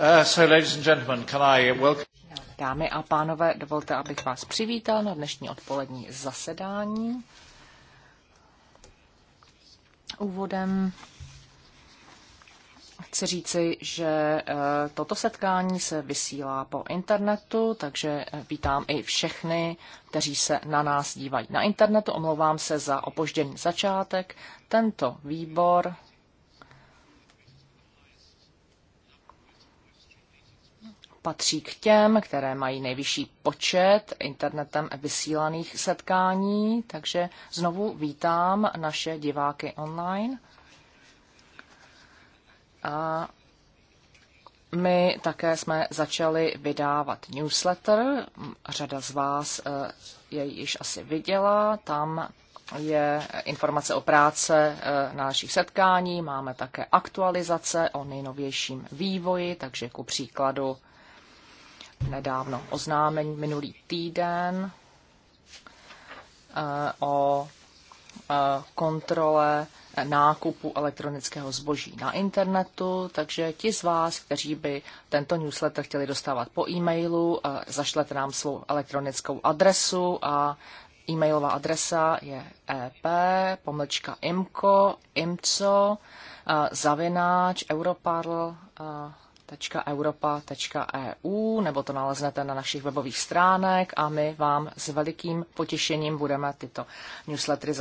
Uh, Dámy a pánové, dovolte, abych vás přivítal na dnešní odpolední zasedání. Úvodem chci říci, že eh, toto setkání se vysílá po internetu, takže eh, vítám i všechny, kteří se na nás dívají na internetu. Omlouvám se za opožděný začátek. Tento výbor patří k těm, které mají nejvyšší počet internetem vysílaných setkání, takže znovu vítám naše diváky online. A my také jsme začali vydávat newsletter. Řada z vás eh, je již asi viděla. Tam je informace o práce eh, na našich setkání. Máme také aktualizace o nejnovějším vývoji, takže ku příkladu nedávno oznámení minulý týden eh, o eh, kontrole nákupu elektronického zboží na internetu, takže ti z vás, kteří by tento newsletter chtěli dostávat po e-mailu, eh, zašlete nám svou elektronickou adresu a e-mailová adresa je ep pomlčka imco, imco zavináč europarl www.europa.eu nebo to naleznete na našich webových stránek a my vám s velikým potěšením budeme tyto newslettery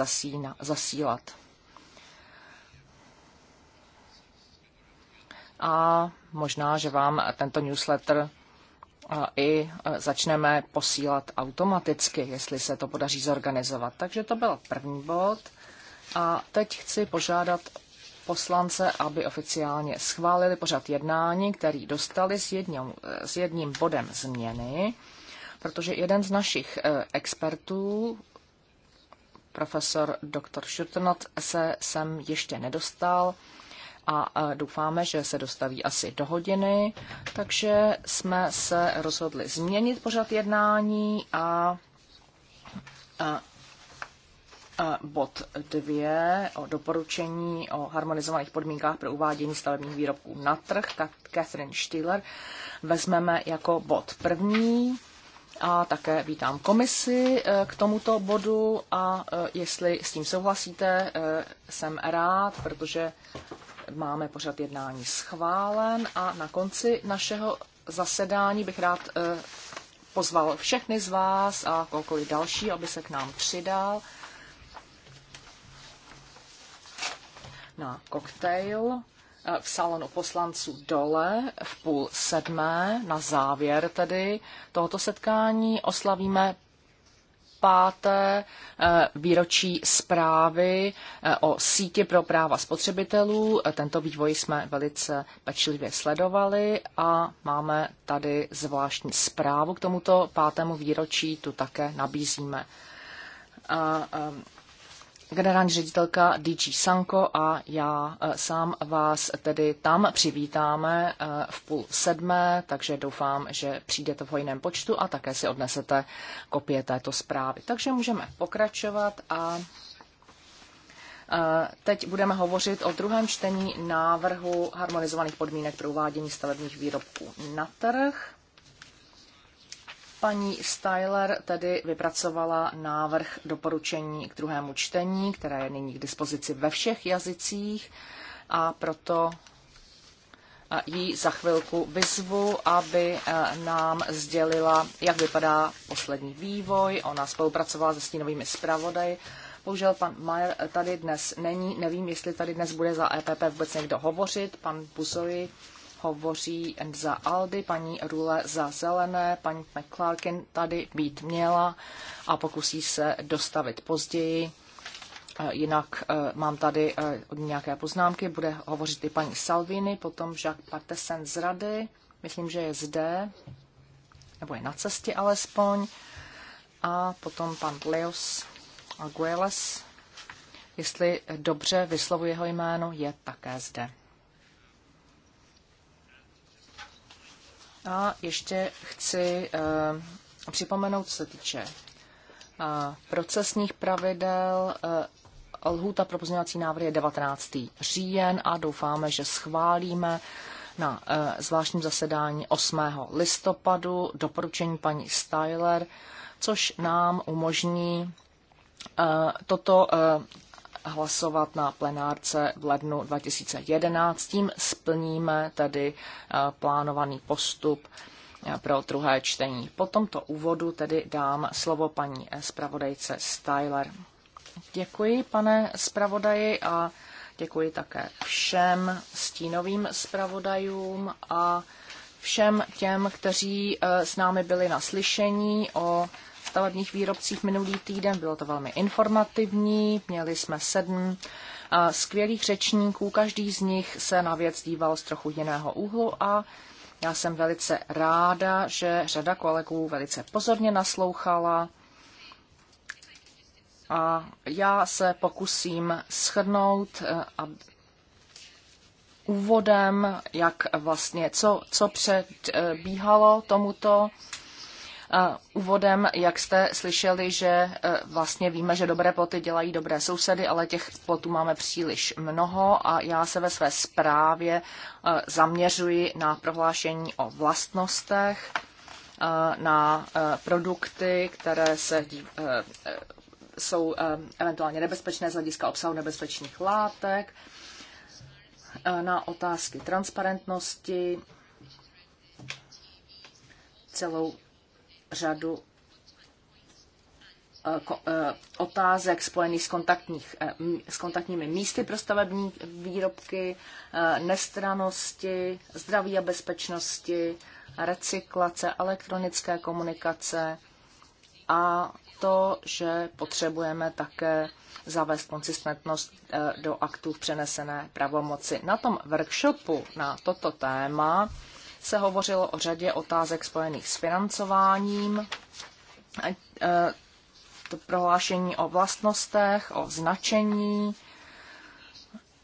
zasílat. A možná, že vám tento newsletter i e, začneme posílat automaticky, jestli se to podaří zorganizovat. Takže to byl první bod. A teď chci požádat poslance, aby oficiálně schválili pořad jednání, který dostali s, jedním, s jedním bodem změny, protože jeden z našich eh, expertů, profesor dr. Šutnot, se sem ještě nedostal a eh, doufáme, že se dostaví asi do hodiny, takže jsme se rozhodli změnit pořad jednání a eh, bod 2 o doporučení o harmonizovaných podmínkách pro uvádění stavebních výrobků na trh, tak Catherine Stiller vezmeme jako bod první. A také vítám komisi e, k tomuto bodu a e, jestli s tím souhlasíte, e, jsem rád, protože máme pořad jednání schválen a na konci našeho zasedání bych rád pozval všechny z vás a kohokoliv další, aby se k nám přidal na koktejl eh, v salonu poslanců dole v půl sedmé. Na závěr tedy tohoto setkání oslavíme páté eh, výročí zprávy eh, o síti pro práva spotřebitelů. Tento vývoj jsme velice pečlivě sledovali a máme tady zvláštní zprávu k tomuto pátému výročí, tu také nabízíme. A generální ředitelka DG Sanko a já e, sám vás tedy tam přivítáme e, v půl sedmé, takže doufám, že přijdete v hojném počtu a také si odnesete kopie této zprávy. Takže můžeme pokračovat a e, Teď budeme hovořit o druhém čtení návrhu harmonizovaných podmínek pro uvádění stavebních výrobků na trh. Paní Styler tedy vypracovala návrh doporučení k druhému čtení, které je nyní k dispozici ve všech jazycích a proto jí za chvilku vyzvu, aby e, nám sdělila, jak vypadá poslední vývoj. Ona spolupracovala se stínovými zpravodaji. Bohužel pan Mayer tady dnes není. Nevím, jestli tady dnes bude za EPP vůbec někdo hovořit. Pan Buzoji hovoří za Aldy, paní Rule za Zelené, paní McClarkin tady být měla a pokusí se dostavit později. E, jinak e, mám tady e, nějaké poznámky, bude hovořit i paní Salvini, potom Jacques Partesen z Rady, myslím, že je zde, nebo je na cestě alespoň, a potom pan Leos Aguelas. jestli dobře vyslovuje jeho jméno, je také zde. A ještě chci eh, připomenout, co se týče eh, procesních pravidel, eh, lhůta pro pozměňovací návrh je 19. říjen a doufáme, že schválíme na zvláštním zasedání 8. listopadu doporučení paní Styler, což nám umožní toto hlasovat na plenárce v lednu 2011. Tím splníme tedy eh, plánovaný postup eh, pro druhé čtení. Po tomto úvodu tedy dám slovo paní eh, zpravodajce Styler. Děkuji, pane zpravodaji, a děkuji také všem stínovým zpravodajům a všem těm, kteří s námi byli na slyšení o stavebních výrobcích minulý týden. Bylo to velmi informativní, měli jsme sedm skvělých řečníků, každý z nich se na věc díval z trochu jiného úhlu a já jsem velice ráda, že řada kolegů velice pozorně naslouchala. A já se pokusím shrnout e, a úvodem, jak vlastně, co, co předbíhalo tomuto úvodem, jak jste slyšeli, že e, vlastně víme, že dobré ploty dělají dobré sousedy, ale těch plotů máme příliš mnoho a já se ve své zprávě e, zaměřuji na prohlášení o vlastnostech, e, na produkty, které se jsou eventuálně nebezpečné z hlediska obsahu nebezpečných látek, na otázky transparentnosti, celou řadu eh, eh, otázek spojených s, kontaktních, eh, s kontaktními místy pro stavební výrobky, nestranosti, zdraví a bezpečnosti, recyklace, elektronické komunikace a to, že potřebujeme také zavést konsistentnost do aktů v přenesené pravomoci. Na tom workshopu na toto téma se hovořilo o řadě otázek spojených s financováním, e, to prohlášení o vlastnostech, o značení.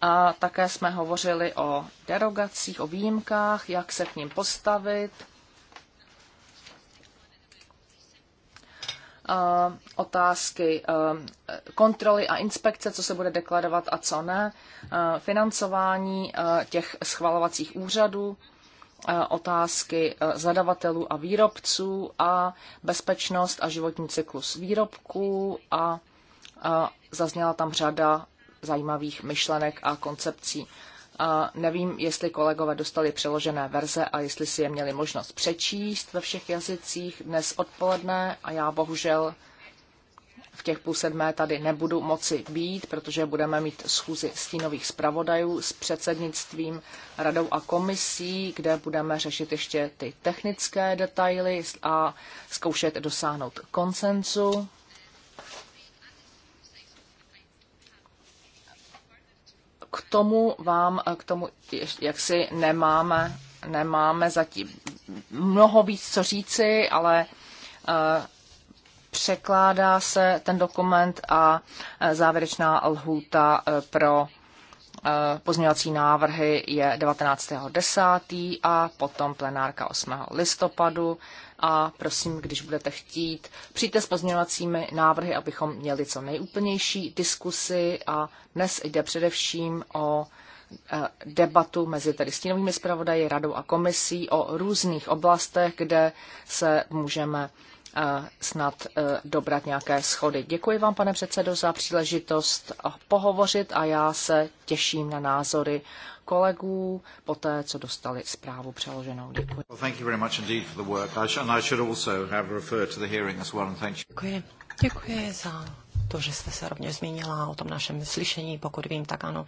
A také jsme hovořili o derogacích, o výjimkách, jak se k ním postavit. otázky e, kontroly a inspekce, co se bude deklarovat a co ne, e, financování těch schvalovacích úřadů. Eh, otázky eh, zadavatelů a výrobců a bezpečnost a životní cyklus výrobků a zazněla tam řada zajímavých myšlenek a koncepcí. Nevím, jestli kolegové dostali přeložené verze a jestli si je měli možnost přečíst ve všech jazycích dnes odpoledne a já bohužel v těch půl sedmé tady nebudu moci být, protože budeme mít schůzi stínových zpravodajů s předsednictvím, radou a komisí, kde budeme řešit ještě ty technické detaily a zkoušet dosáhnout konsenzu. K tomu vám, k tomu, jak si nemáme, nemáme zatím mnoho víc co říci, ale eh, překládá se ten dokument a e, závěrečná lhůta e, pro e, pozměňovací návrhy je 19.10. a potom plenárka 8. listopadu. A prosím, když budete chtít, přijďte s pozměňovacími návrhy, abychom měli co nejúplnější diskusy. A dnes jde především o debatu mezi tedy stínovými zpravodaji, radou a komisí o různých oblastech, kde se můžeme snad e, dobrat nějaké schody. Děkuji vám, pane předsedo, za příležitost pohovořit a já se těším na názory kolegů po té, co dostali zprávu přeloženou. Děkuji. Děkuji. Děkuji za to, že jste se rovně zmínila o tom našem slyšení, pokud vím, tak ano.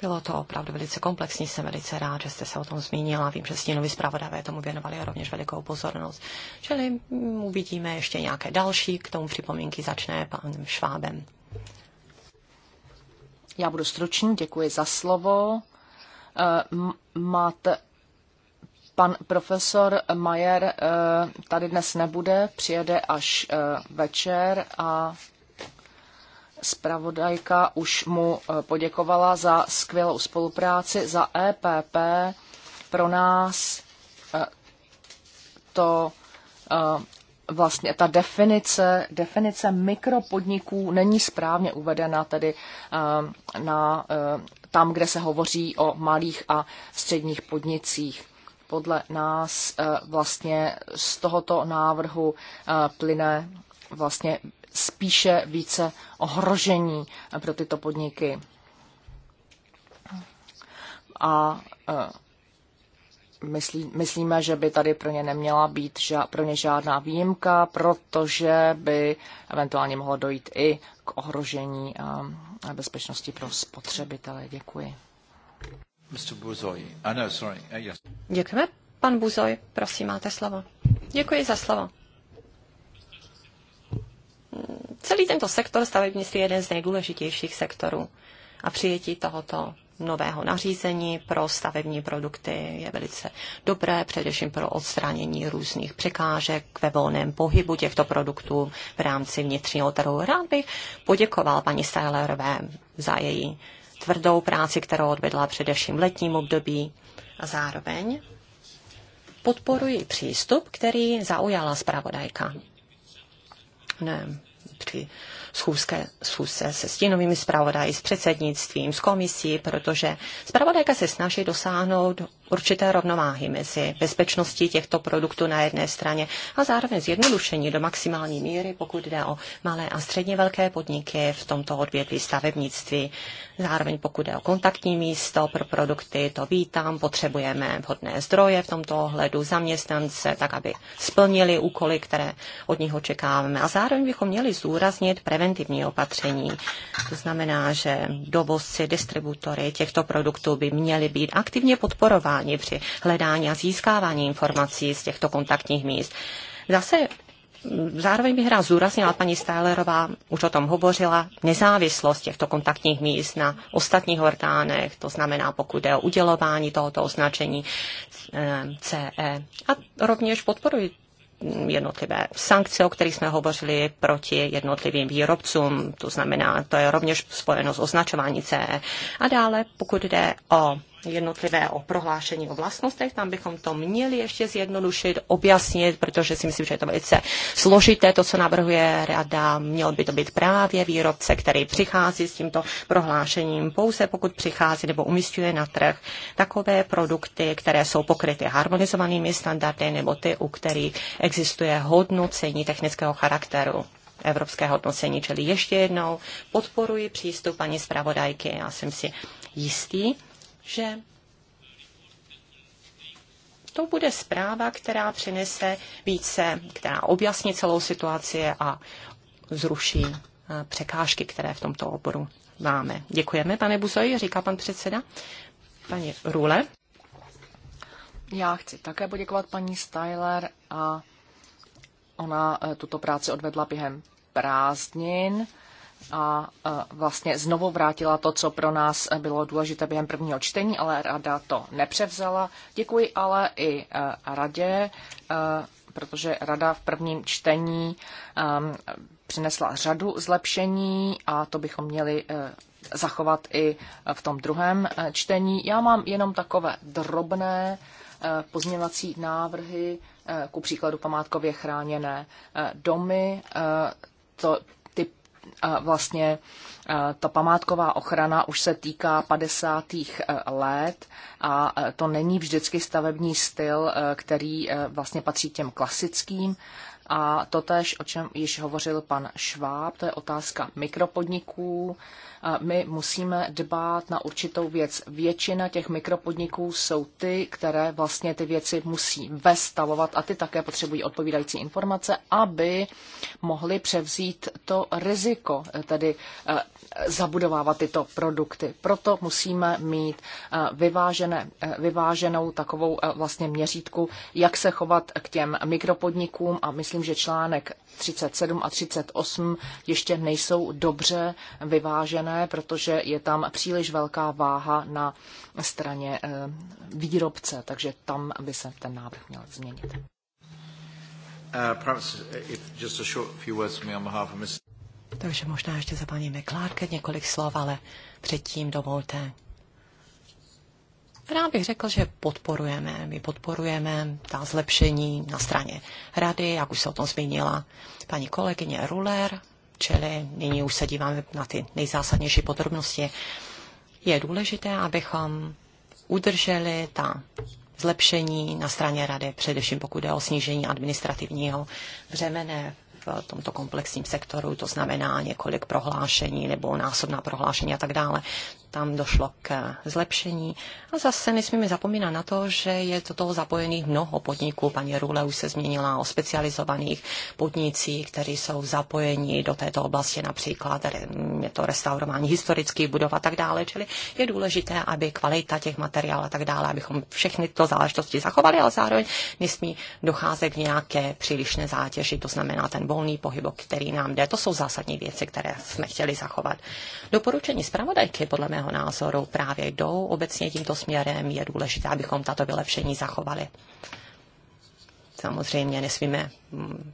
Bylo to opravdu velice komplexní, jsem velice rád, že jste se o tom zmínila. Vím, že stínoví zpravodavé tomu věnovali rovněž velikou pozornost. Čili mm, uvidíme ještě nějaké další, k tomu připomínky začne pan Švábem. Já budu stručný, děkuji za slovo. Eh, máte, pan profesor Majer eh, tady dnes nebude, přijede až eh, večer a Spravodajka už mu eh, poděkovala za skvělou spolupráci, za EPP. Pro nás eh, to eh, vlastně ta definice, definice mikropodniků není správně uvedena tedy na, tam, kde se hovoří o malých a středních podnicích. Podle nás vlastně z tohoto návrhu plyne vlastně spíše více ohrožení pro tyto podniky. A e, myslí, myslíme, že by tady pro ně neměla být ža, pro ně žádná výjimka, protože by eventuálně mohlo dojít i k ohrožení a, e, a bezpečnosti pro spotřebitele. Děkuji. Ah, no, uh, Děkujeme. Pan Buzoj, prosím, máte slovo. Děkuji za slovo celý tento sektor stavebnictví je jeden z nejdůležitějších sektorů a přijetí tohoto nového nařízení pro stavební produkty je velice dobré, především pro odstranění různých překážek ve volném pohybu těchto produktů v rámci vnitřního trhu. Rád bych poděkoval paní Stylerové za její tvrdou práci, kterou odvedla především v letním období a zároveň podporuji přístup, který zaujala zpravodajka podobném při schůzce, schůzce se stínovými zpravodaji, s předsednictvím, s komisí, protože zpravodajka se snaží dosáhnout určité rovnováhy mezi bezpečností těchto produktů na jedné straně a zároveň zjednodušení do maximální míry, pokud jde o malé a středně velké podniky v tomto odvětví stavebnictví. Zároveň pokud jde o kontaktní místo pro produkty, to vítám, potřebujeme vhodné zdroje v tomto ohledu, zaměstnance, tak aby splnili úkoly, které od nich očekáváme. A zároveň bychom měli zúraznit preventivní opatření. To znamená, že dovozci, distributory těchto produktů by měli být aktivně podporováni pomáháni při hledání a získávání informací z těchto kontaktních míst. Zase mm, Zároveň bych rád zúraznila, paní Stylerová už o tom hovořila, nezávislost těchto kontaktních míst na ostatních orgánech, to znamená pokud je o udělování tohoto označení eh, CE. A rovněž podporuji mm, jednotlivé sankce, o kterých jsme hovořili proti jednotlivým výrobcům, to znamená, to je rovněž spojeno s označování CE. A dále, pokud jde o jednotlivé o prohlášení o vlastnostech. Tam bychom to měli ještě zjednodušit, objasnit, protože si myslím, že je to velice složité, to, co navrhuje rada. Měl by to být právě výrobce, který přichází s tímto prohlášením pouze pokud přichází nebo umistuje na trh takové produkty, které jsou pokryty harmonizovanými standardy nebo ty, u kterých existuje hodnocení technického charakteru evropské hodnocení. Čili ještě jednou podporuji přístup paní zpravodajky. Já jsem si jistý, že to bude zpráva, která přinese více, která objasní celou situaci a zruší eh, překážky, které v tomto oboru máme. Děkujeme, pane Buzoji, říká pan předseda. Paní Rule. Já chci také poděkovat paní Styler a ona eh, tuto práci odvedla během prázdnin a vlastně znovu vrátila to, co pro nás bylo důležité během prvního čtení, ale rada to nepřevzala. Děkuji ale i e, radě, e, protože rada v prvním čtení e, přinesla řadu zlepšení a to bychom měli zachovat i v tom druhém čtení. Já mám jenom takové drobné pozměňovací návrhy, ku příkladu památkově chráněné domy. To vlastně ta památková ochrana už se týká 50. E, let a e, to není vždycky stavební styl, e, který vlastně patří těm klasickým a to tež, o čem již hovořil pan Šváb, to je otázka mikropodniků. My musíme dbát na určitou věc. Většina těch mikropodniků jsou ty, které vlastně ty věci musí vestavovat a ty také potřebují odpovídající informace, aby mohli převzít to riziko, tedy e, zabudovávat tyto produkty. Proto musíme mít e, vyvážené, e, vyváženou takovou vlastně měřítku, jak se chovat k těm mikropodnikům a myslím, myslím, že článek 37 a 38 ještě nejsou dobře vyvážené, protože je tam příliš velká váha na straně eh, výrobce, takže tam by se ten návrh měl změnit. Uh, uh, takže možná ještě za paní McClarke několik slov, ale předtím dovolte Rád bych řekl, že podporujeme. My podporujeme ta zlepšení na straně rady, jak už se o tom zmínila paní kolegyně Ruler, čili nyní už se díváme na ty nejzásadnější podrobnosti. Je důležité, abychom udrželi ta zlepšení na straně rady, především pokud jde o snížení administrativního břemene v tomto komplexním sektoru, to znamená několik prohlášení nebo násobná prohlášení a tak dále tam došlo k zlepšení. A zase nesmíme zapomínat na to, že je do toho zapojených mnoho podniků. Paní Rule už se změnila o specializovaných podnicích, kteří jsou zapojeni do této oblasti, například je to restaurování historických budov a tak dále. Čili je důležité, aby kvalita těch materiálů a tak dále, abychom všechny tyto záležitosti zachovali, ale zároveň nesmí docházet k nějaké přílišné zátěži, to znamená ten volný pohyb, který nám jde. To jsou zásadní věci, které jsme chtěli zachovat. Doporučení zpravodajky podle mého mého názoru právě jdou obecně tímto směrem. Je důležité, abychom tato vylepšení zachovali. Samozřejmě nesmíme mm,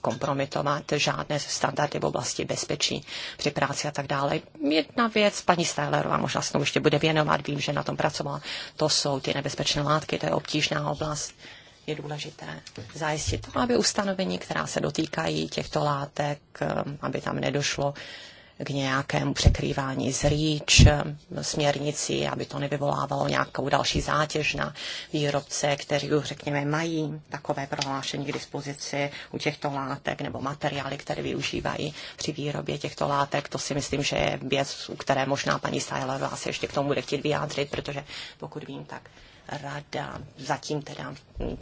kompromitovat žádné standardy v oblasti bezpečí při práci a tak dále. Jedna věc, paní Stylerová možná se tomu ještě bude věnovat, vím, že na tom pracovala, to jsou ty nebezpečné látky, to je obtížná oblast. Je důležité zajistit to, aby ustanovení, která se dotýkají těchto látek, mm, aby tam nedošlo k nějakému překrývání s REACH směrnicí, aby to nevyvolávalo nějakou další zátěž na výrobce, kteří už, řekněme, mají takové prohlášení k dispozici u těchto látek nebo materiály, které využívají při výrobě těchto látek. To si myslím, že je věc, u které možná paní Stylerová se ještě k tomu bude chtít vyjádřit, protože pokud vím, tak rada. Zatím teda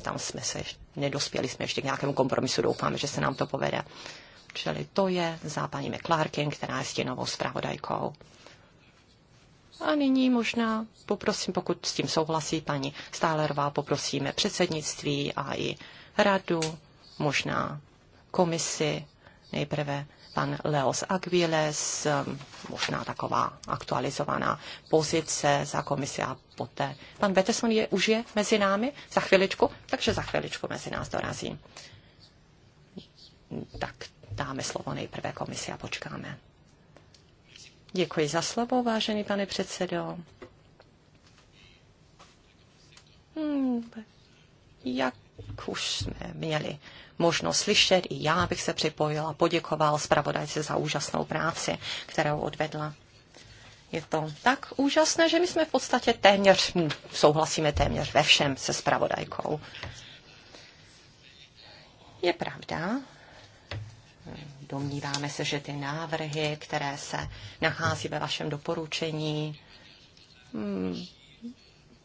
tam jsme se nedospěli jsme ještě k nějakému kompromisu. Doufáme, že se nám to povede. Čili to je za paní McClarkin, která je stěnovou zpravodajkou. A nyní možná poprosím, pokud s tím souhlasí paní Stálerová, poprosíme předsednictví a i radu, možná komisi, nejprve pan Leos Aguiles, um, možná taková aktualizovaná pozice za komisi a poté. Pan Beteson je, už je mezi námi za chviličku, takže za chviličku mezi nás dorazí. Tak dáme slovo nejprve komisi a počkáme. Děkuji za slovo, vážený pane předsedo. Hmm, jak už jsme měli možnost slyšet, i já bych se připojila, poděkoval zpravodajce za úžasnou práci, kterou odvedla. Je to tak úžasné, že my jsme v podstatě téměř, hm, souhlasíme téměř ve všem se spravodajkou. Je pravda, Domníváme se, že ty návrhy, které se nachází ve vašem doporučení, hmm,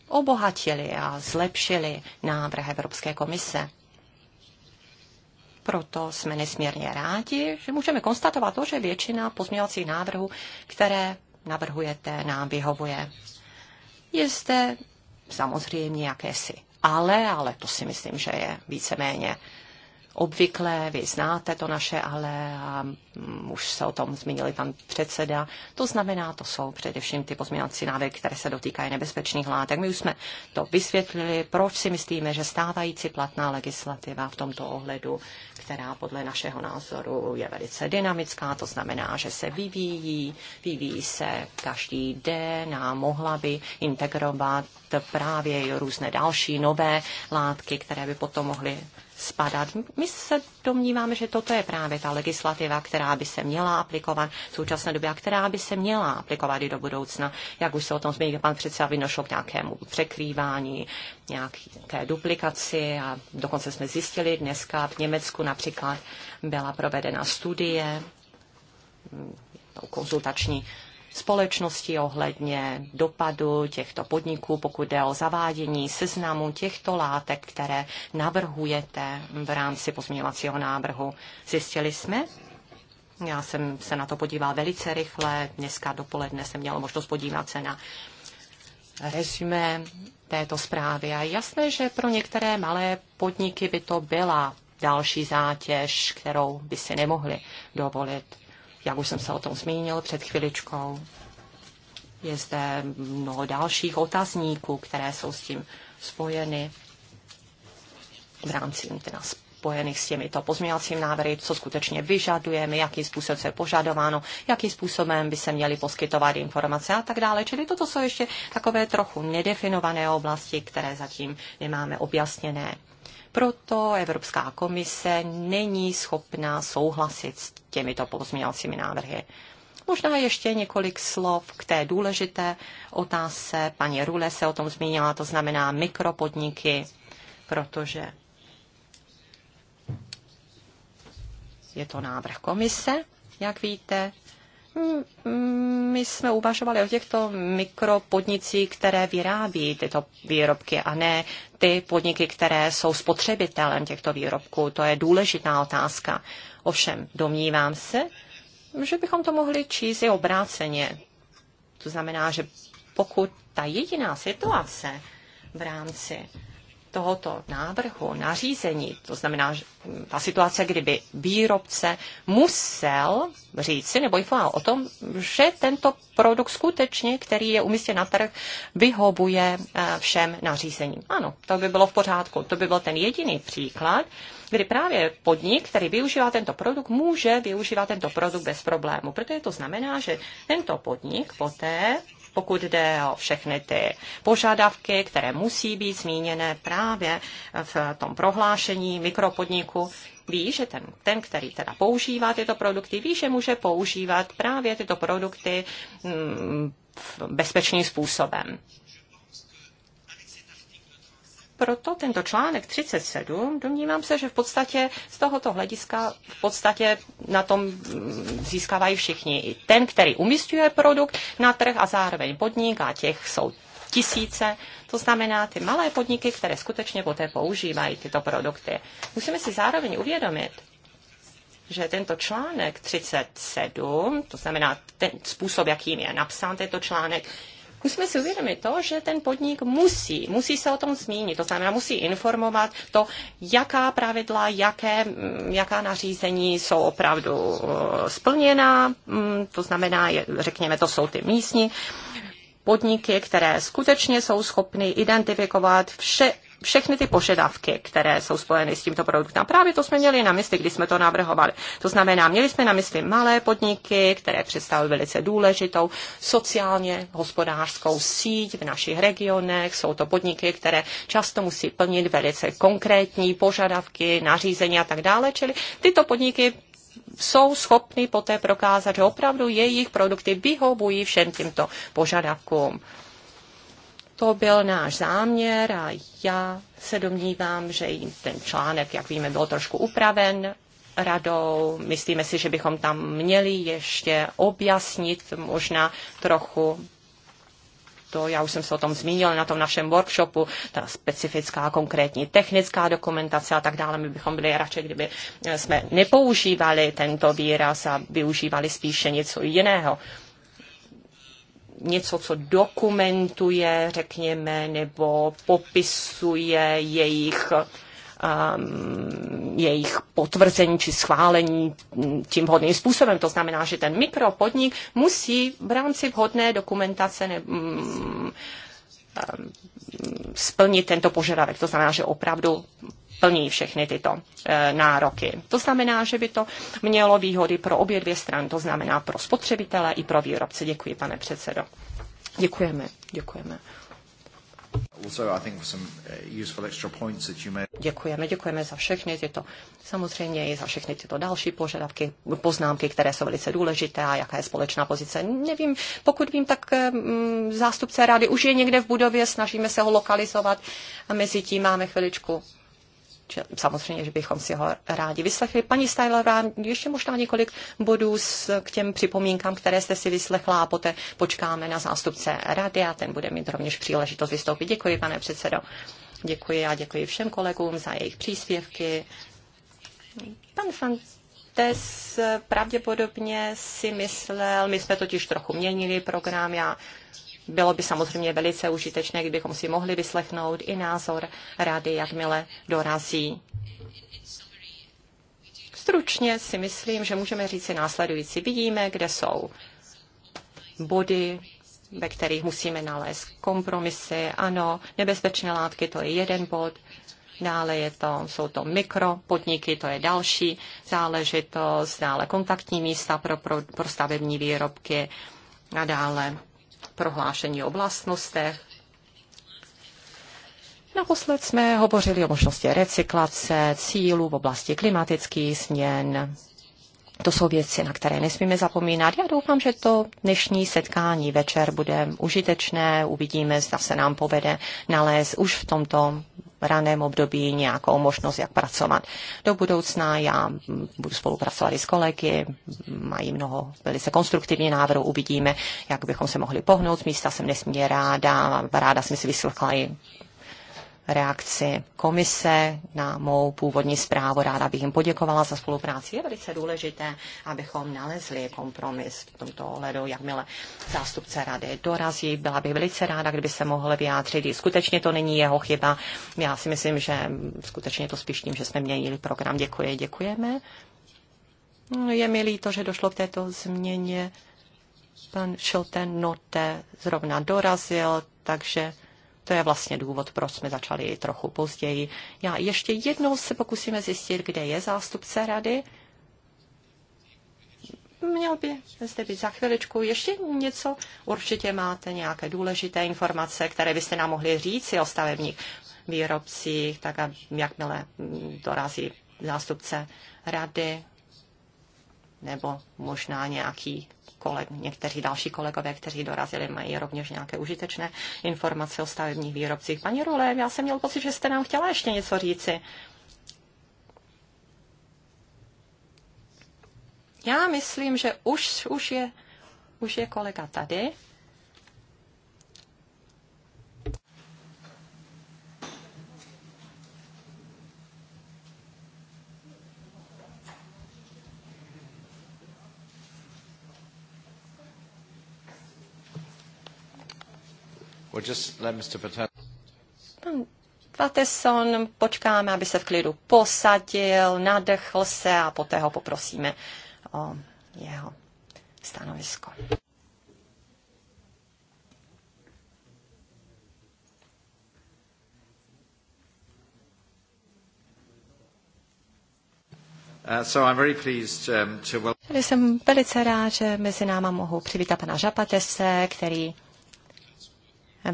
obohatili a zlepšili návrh Evropské komise. Proto jsme nesmírně rádi, že můžeme konstatovat to, že většina pozměňovacích návrhů, které navrhujete, nám vyhovuje. Je zde samozřejmě jakési ale, ale to si myslím, že je víceméně obvyklé, vy znáte to naše ale a mm, už se o tom zmínili pan předseda. To znamená, to jsou především ty pozměňovací návrhy, které se dotýkají nebezpečných látek. My už jsme to vysvětlili, proč si myslíme, že stávající platná legislativa v tomto ohledu, která podle našeho názoru je velice dynamická, to znamená, že se vyvíjí, vyvíjí se každý den a mohla by integrovat právě i různé další nové látky, které by potom mohly spadat. My se domníváme, že toto je právě ta legislativa, která by se měla aplikovat v současné době a která by se měla aplikovat i do budoucna. Jak už se o tom zmínil pan předseda, vynošlo k nějakému překrývání, nějaké duplikaci a dokonce jsme zjistili dneska v Německu například byla provedena studie, mm, konzultační společnosti ohledně dopadu těchto podniků, pokud jde o zavádění seznamu těchto látek, které navrhujete v rámci pozměňovacího návrhu. Zjistili jsme, já jsem se na to podíval velice rychle, dneska dopoledne jsem měl, možnost podívat se na rezume této zprávy. A jasné, že pro některé malé podniky by to byla další zátěž, kterou by si nemohli dovolit. Jak už jsem se o tom zmínil před chviličkou, je zde mnoho dalších otazníků, které jsou s tím spojeny v rámci teda spojených s těmito pozměňovacími návrhy, co skutečně vyžadujeme, jakým způsobem se požadováno, jakým způsobem by se měly poskytovat informace a tak dále. Čili toto jsou ještě takové trochu nedefinované oblasti, které zatím nemáme objasněné. Proto Evropská komise není schopná souhlasit s těmito pozměňovacími návrhy. Možná ještě několik slov k té důležité otázce. Paní Rule se o tom zmínila, to znamená mikropodniky, protože je to návrh komise, jak víte, Mm, my jsme uvažovali o těchto mikropodnicích, které vyrábí tyto výrobky a ne ty podniky, které jsou spotřebitelem těchto výrobků. To je důležitá otázka. Ovšem, domnívám se, že bychom to mohli číst i obráceně. To znamená, že pokud ta jediná situace v rámci tohoto návrhu, nařízení, to znamená hm, ta situace, kdyby výrobce musel říci nebo informovat o tom, že tento produkt skutečně, který je umístěn na trh, vyhovuje eh, všem nařízením. Ano, to by bylo v pořádku. To by byl ten jediný příklad, kdy právě podnik, který využívá tento produkt, může využívat tento produkt bez problému, protože to znamená, že tento podnik poté pokud jde o všechny ty požadavky, které musí být zmíněné právě v tom prohlášení mikropodniku, ví, že ten, ten, který teda používá tyto produkty, ví, že může používat právě tyto produkty mm, bezpečným způsobem proto tento článek 37, domnívám se, že v podstatě z tohoto hlediska v podstatě na tom mm, získávají všichni. I ten, který umistuje produkt na trh a zároveň podnik a těch jsou tisíce. To znamená ty malé podniky, které skutečně poté používají tyto produkty. Musíme si zároveň uvědomit, že tento článek 37, to znamená ten způsob, jakým je napsán tento článek, musíme si uvědomit to, že ten podnik musí, musí se o tom zmínit. To znamená, musí informovat to, jaká pravidla, jaké, mm, jaká nařízení jsou opravdu uh, splněná. Mm, to znamená, řekněme, to jsou ty místní podniky, které skutečně jsou schopny identifikovat vše, všechny ty požadavky, které jsou spojeny s tímto produktem. Právě to jsme měli na mysli, když jsme to navrhovali. To znamená, měli jsme na mysli malé podniky, které představují velice důležitou sociálně hospodářskou síť v našich regionech. Jsou to podniky, které často musí plnit velice konkrétní požadavky, nařízení a tak dále. Čili tyto podniky jsou schopny poté prokázat, že opravdu jejich produkty vyhovují všem těmto požadavkům. To byl náš záměr a já se domnívám, že ten článek, jak víme, byl trošku upraven radou. Myslíme si, že bychom tam měli ještě objasnit možná trochu to, já už jsem se o tom zmínil na tom našem workshopu, ta specifická konkrétní technická dokumentace a tak dále. My bychom byli radši, kdyby eh, jsme nepoužívali tento výraz a využívali spíše něco jiného něco, co dokumentuje, řekněme, nebo popisuje jejich um, jejich potvrzení či schválení tím vhodným způsobem. To znamená, že ten mikropodnik musí v rámci vhodné dokumentace ne, mm, um, splnit tento požadavek. To znamená, že opravdu plní všechny tyto e, nároky. To znamená, že by to mělo výhody pro obě dvě strany, to znamená pro spotřebitele i pro výrobce. Děkuji, pane předsedo. Děkujeme, děkujeme. Uh, děkujeme, děkujeme za všechny tyto, samozřejmě i za všechny tyto další požadavky, poznámky, které jsou velice důležité a jaká je společná pozice. Nevím, pokud vím, tak e, zástupce rady už je někde v budově, snažíme se ho lokalizovat a mezi tím máme chviličku samozřejmě, že bychom si ho rádi vyslechli. Paní Stylerová, ještě možná několik bodů s, k těm připomínkám, které jste si vyslechla a poté počkáme na zástupce rady a ten bude mít rovněž příležitost vystoupit. Děkuji, pane předsedo. Děkuji a děkuji všem kolegům za jejich příspěvky. Pan Fantes pravděpodobně si myslel, my jsme totiž trochu měnili program, já bylo by samozřejmě velice užitečné, kdybychom si mohli vyslechnout i názor rady, jakmile dorazí. Stručně si myslím, že můžeme říct si následující. Vidíme, kde jsou body, ve kterých musíme nalézt kompromisy. Ano, nebezpečné látky, to je jeden bod. Dále je to, jsou to mikropodniky, to je další záležitost, dále kontaktní místa pro, pro, pro stavební výrobky a dále prohlášení o vlastnostech. Naposled jsme hovořili o možnosti recyklace, cílů v oblasti klimatických změn. To jsou věci, na které nesmíme zapomínat. Já doufám, že to dnešní setkání večer bude užitečné. Uvidíme, zda se nám povede nalézt už v tomto raném období nějakou možnost, jak pracovat. Do budoucna já budu spolupracovat i s kolegy, mají mnoho velice konstruktivní návrhů, uvidíme, jak bychom se mohli pohnout. Z místa jsem nesmírně ráda, ráda jsem si vyslechla i reakci komise na mou původní zprávu. Ráda bych jim poděkovala za spolupráci. Je velice důležité, abychom nalezli kompromis v tomto ohledu, jakmile zástupce rady dorazí. Byla bych velice ráda, kdyby se mohl vyjádřit. Skutečně to není jeho chyba. Já si myslím, že skutečně to spíš tím, že jsme měnili program. Děkuji, děkujeme. No, je mi líto, že došlo k této změně. Pan Šilten Note zrovna dorazil, takže to je vlastně důvod, proč jsme začali trochu později. Já ještě jednou se pokusíme zjistit, kde je zástupce rady. Měl by zde být za chviličku ještě něco. Určitě máte nějaké důležité informace, které byste nám mohli říct o stavebních výrobcích, tak a jakmile dorazí zástupce rady, nebo možná nějaký koleg, někteří další kolegové, kteří dorazili, mají rovněž nějaké užitečné informace o stavebních výrobcích. Paní Rule, já jsem měl pocit, že jste nám chtěla ještě něco říci. Já myslím, že už, už, je, už je kolega tady. We'll just let Mr. Patel... Pan Vateson, počkáme, aby se v klidu posadil, nadechl se a poté ho poprosíme o jeho stanovisko. Tady uh, so I'm very pleased, um, Jsem velice rád, že mezi náma mohu přivítat pana Žapatese, který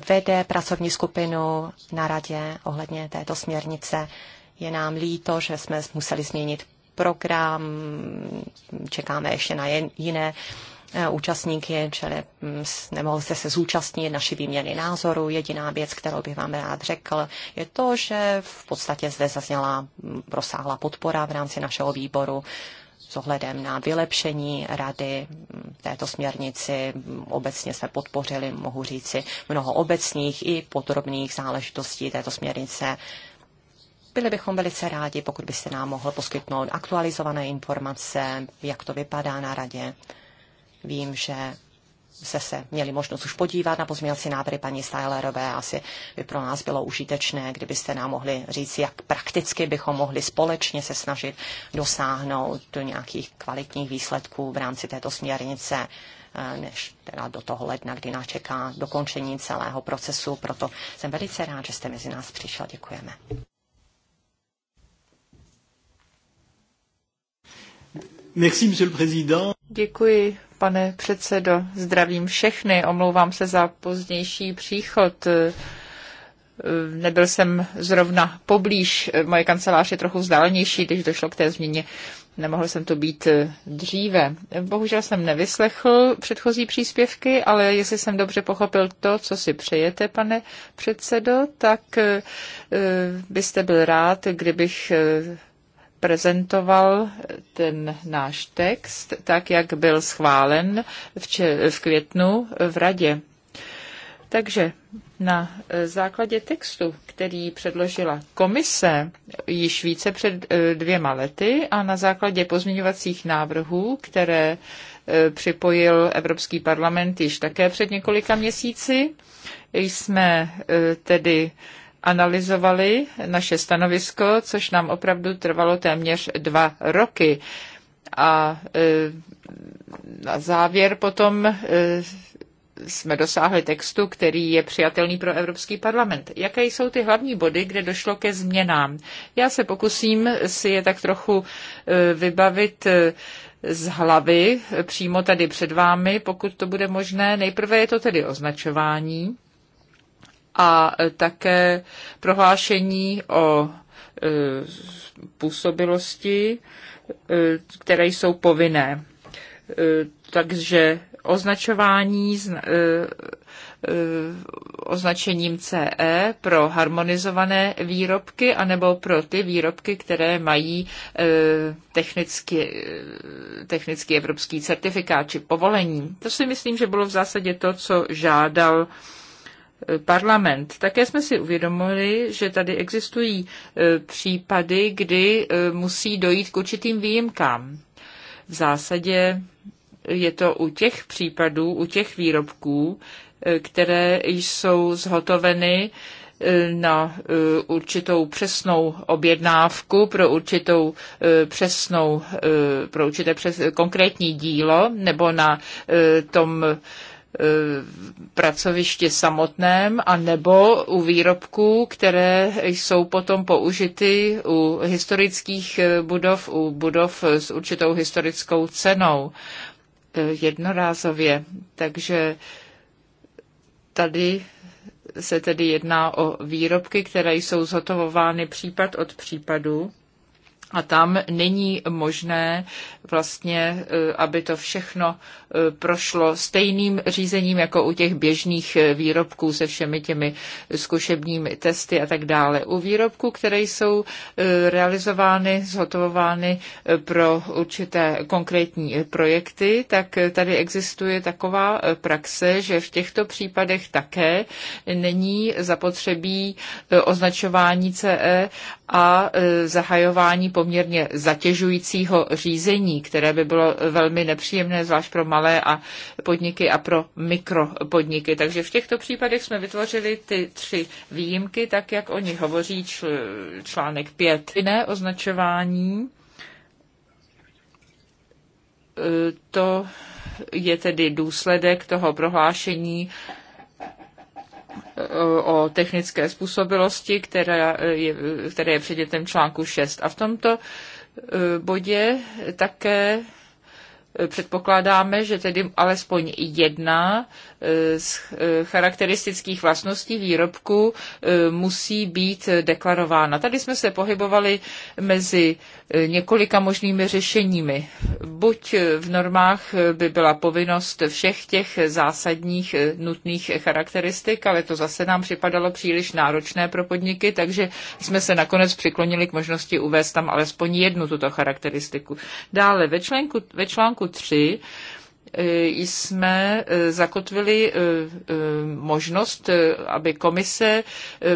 vede pracovní skupinu na radě ohledně této směrnice. Je nám líto, že jsme museli změnit program, čekáme ještě na jiné eh, účastníky, čili hm, nemohl jste se zúčastnit naší výměny názoru. Jediná věc, kterou bych vám rád řekl, je to, že v podstatě zde zazněla hm, rozsáhlá podpora v rámci našeho výboru s ohledem na vylepšení rady této směrnici. Obecně jsme podpořili, mohu říci, mnoho obecných i podrobných záležitostí této směrnice. Byli bychom velice rádi, pokud byste nám mohl poskytnout aktualizované informace, jak to vypadá na radě. Vím, že se se měli možnost už podívat na pozměňovací návrhy paní Stylerové. Asi by pro nás bylo užitečné, kdybyste nám mohli říct, jak prakticky bychom mohli společně se snažit dosáhnout do nějakých kvalitních výsledků v rámci této směrnice eh, než teda do toho ledna, kdy nás čeká dokončení celého procesu. Proto jsem velice rád, že jste mezi nás přišel. Děkujeme. Merci, monsieur le président. Děkuji, pane předsedo. Zdravím všechny. Omlouvám se za pozdější příchod. Nebyl jsem zrovna poblíž. Moje kancelář je trochu vzdálenější, když došlo k té změně. Nemohl jsem to být dříve. Bohužel jsem nevyslechl předchozí příspěvky, ale jestli jsem dobře pochopil to, co si přejete, pane předsedo, tak eh, byste byl rád, kdybych eh, prezentoval ten náš text, tak jak byl schválen v, če- v květnu v radě. Takže na základě textu, který předložila komise již více před eh, dvěma lety a na základě pozměňovacích návrhů, které eh, připojil Evropský parlament již také před několika měsíci, jsme eh, tedy analyzovali naše stanovisko, což nám opravdu trvalo téměř dva roky. A e, na závěr potom e, jsme dosáhli textu, který je přijatelný pro Evropský parlament. Jaké jsou ty hlavní body, kde došlo ke změnám? Já se pokusím si je tak trochu e, vybavit z hlavy, přímo tady před vámi, pokud to bude možné. Nejprve je to tedy označování a také prohlášení o e, působilosti, e, které jsou povinné. E, takže označování označením CE pro harmonizované výrobky anebo pro ty výrobky, které mají technicky, technicky evropský certifikát či povolení. To si myslím, že bylo v zásadě to, co žádal parlament. Také jsme si uvědomili, že tady existují e, případy, kdy e, musí dojít k určitým výjimkám. V zásadě je to u těch případů, u těch výrobků, e, které jsou zhotoveny na určitou přesnou objednávku pro určitou přesnou, pro určité přes, konkrétní dílo nebo na tom Eh, pracovišti samotném a nebo u výrobků, které jsou potom použity u historických eh, budov, u budov s určitou historickou cenou eh, jednorázově. Takže tady se tedy jedná o výrobky, které jsou zhotovovány případ od případu a tam není možné vlastně, e, aby to všechno e, prošlo stejným řízením jako u těch běžných e, výrobků se všemi těmi zkušebními testy a tak dále. U výrobků, které jsou realizovány, zhotovovány pro určité konkrétní projekty, tak tady existuje taková praxe, že v těchto případech také není zapotřebí označování CE a zahajování po poměrně zatěžujícího řízení, které by bylo velmi nepříjemné, zvlášť pro malé a podniky a pro mikropodniky. Takže v těchto případech jsme vytvořili ty tři výjimky, tak jak o nich hovoří čl- článek 5. Jiné označování e, to je tedy důsledek toho prohlášení Eh, o technické způsobilosti, která eh, je, které je předmětem článku 6. A v tomto eh, bodě také předpokládáme, že tedy alespoň jedna z eh, eh, charakteristických vlastností výrobku eh, musí být deklarována. Tady jsme se pohybovali mezi několika možnými řešeními. Buď v normách by byla povinnost všech těch zásadních nutných charakteristik, ale to zase nám připadalo příliš náročné pro podniky, takže jsme se nakonec přiklonili k možnosti uvést tam alespoň jednu tuto charakteristiku. Dále ve, článku ve článku 3 E, jsme e, zakotvili e, možnost, aby komise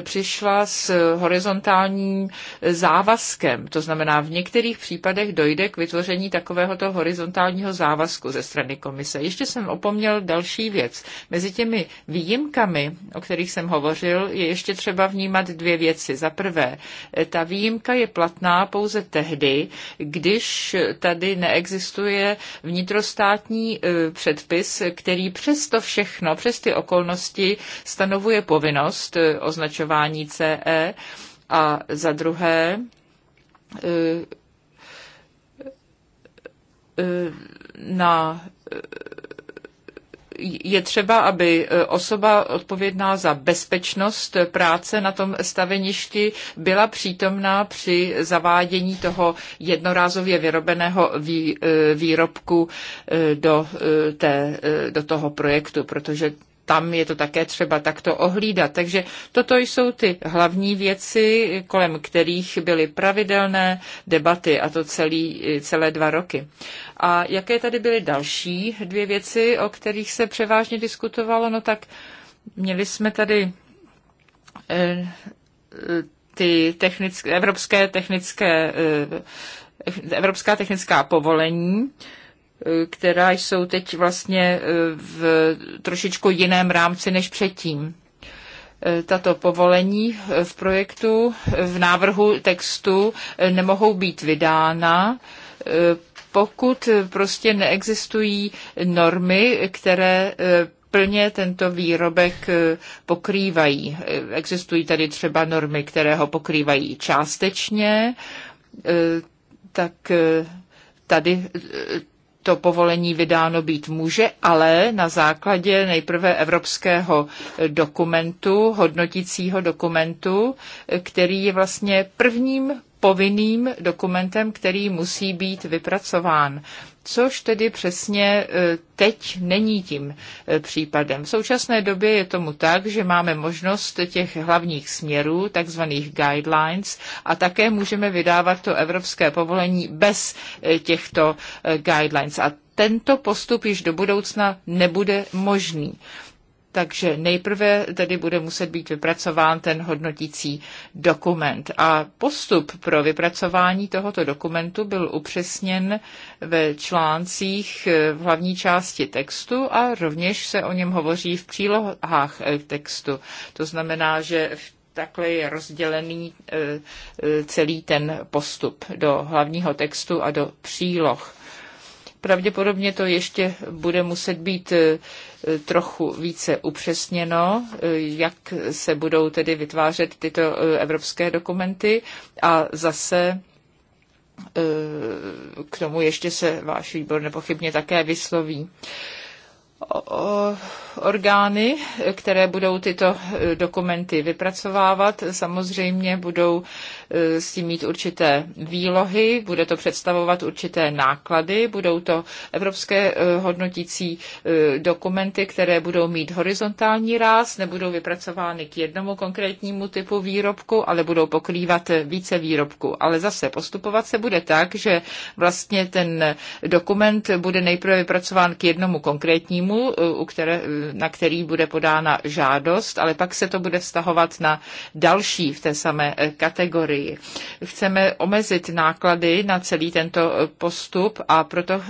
přišla s horizontálním závazkem. To znamená, v některých případech dojde k vytvoření takovéhoto horizontálního závazku ze strany komise. Ještě jsem opomněl další věc. Mezi těmi výjimkami, o kterých jsem hovořil, je ještě třeba vnímat dvě věci. Za prvé, ta výjimka je platná pouze tehdy, když tady neexistuje vnitrostátní E, předpis, který přes to všechno, přes ty okolnosti stanovuje povinnost e, označování CE a za druhé e, na je třeba, aby e, osoba odpovědná za bezpečnost práce na tom staveništi byla přítomná při zavádění toho jednorázově vyrobeného e, výrobku e, do, té, do toho projektu, protože tam je to také třeba takto ohlídat. Takže toto jsou ty hlavní věci, kolem kterých byly pravidelné debaty a to celý, celé dva roky. A jaké tady byly další dvě věci, o kterých se převážně diskutovalo? No tak měli jsme tady eh, ty technické, evropské technické, eh, evropská technická povolení, eh, která jsou teď vlastně v trošičku jiném rámci než předtím. Tato povolení v projektu, v návrhu textu nemohou být vydána, pokud eh, prostě neexistují normy, které eh, plně tento výrobek eh, pokrývají. Existují tady třeba normy, které ho pokrývají částečně, tak tady to povolení vydáno být může, ale na základě nejprve evropského dokumentu, hodnotícího dokumentu, který je vlastně prvním povinným dokumentem, který musí být vypracován což tedy přesně e, teď není tím e, případem. V současné době je tomu tak, že máme možnost těch hlavních směrů, takzvaných guidelines, a také můžeme vydávat to evropské povolení bez e, těchto guidelines. A tento postup již do budoucna nebude možný. Takže nejprve tedy bude muset být vypracován ten hodnotící dokument. A postup pro vypracování tohoto dokumentu byl upřesněn ve článcích eh, v hlavní části textu a rovněž se o něm hovoří v přílohách eh, textu. To znamená, že v takhle je rozdělený eh, celý ten postup do hlavního textu a do příloh. Pravděpodobně to ještě bude muset být eh, trochu více upřesněno, eh, jak se budou tedy vytvářet tyto eh, evropské dokumenty a zase k tomu ještě se váš výbor nepochybně také vysloví orgány, které budou tyto e, dokumenty vypracovávat. Samozřejmě budou e, s tím mít určité výlohy, bude to představovat určité náklady, budou to evropské e, hodnotící dokumenty, které budou mít horizontální ráz, nebudou vypracovány k jednomu konkrétnímu typu výrobku, ale budou pokrývat více výrobků. Ale zase postupovat se bude tak, že vlastně ten dokument bude nejprve vypracován k jednomu konkrétnímu příjmu, eh, u které, eh, na který bude podána žádost, ale pak se to bude vztahovat na další v té samé eh, kategorii. Chceme omezit náklady na celý tento postup a proto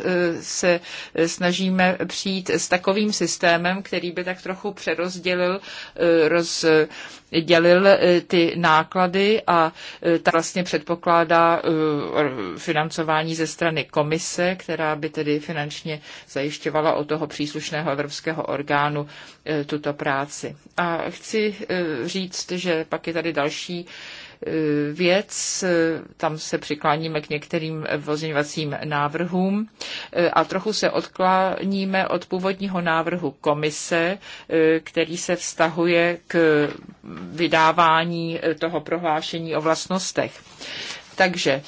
se snažíme přijít s takovým systémem, který by tak trochu přerozdělil roz, dělil ty náklady a ta vlastně předpokládá financování ze strany komise, která by tedy finančně zajišťovala o toho příslušného příslušného evropského orgánu e, tuto práci. A chci e, říct, že pak je tady další e, věc, tam se přikláníme k některým pozměňovacím návrhům a trochu se odkláníme od původního návrhu komise, který se vztahuje k vydávání toho prohlášení o vlastnostech. Takže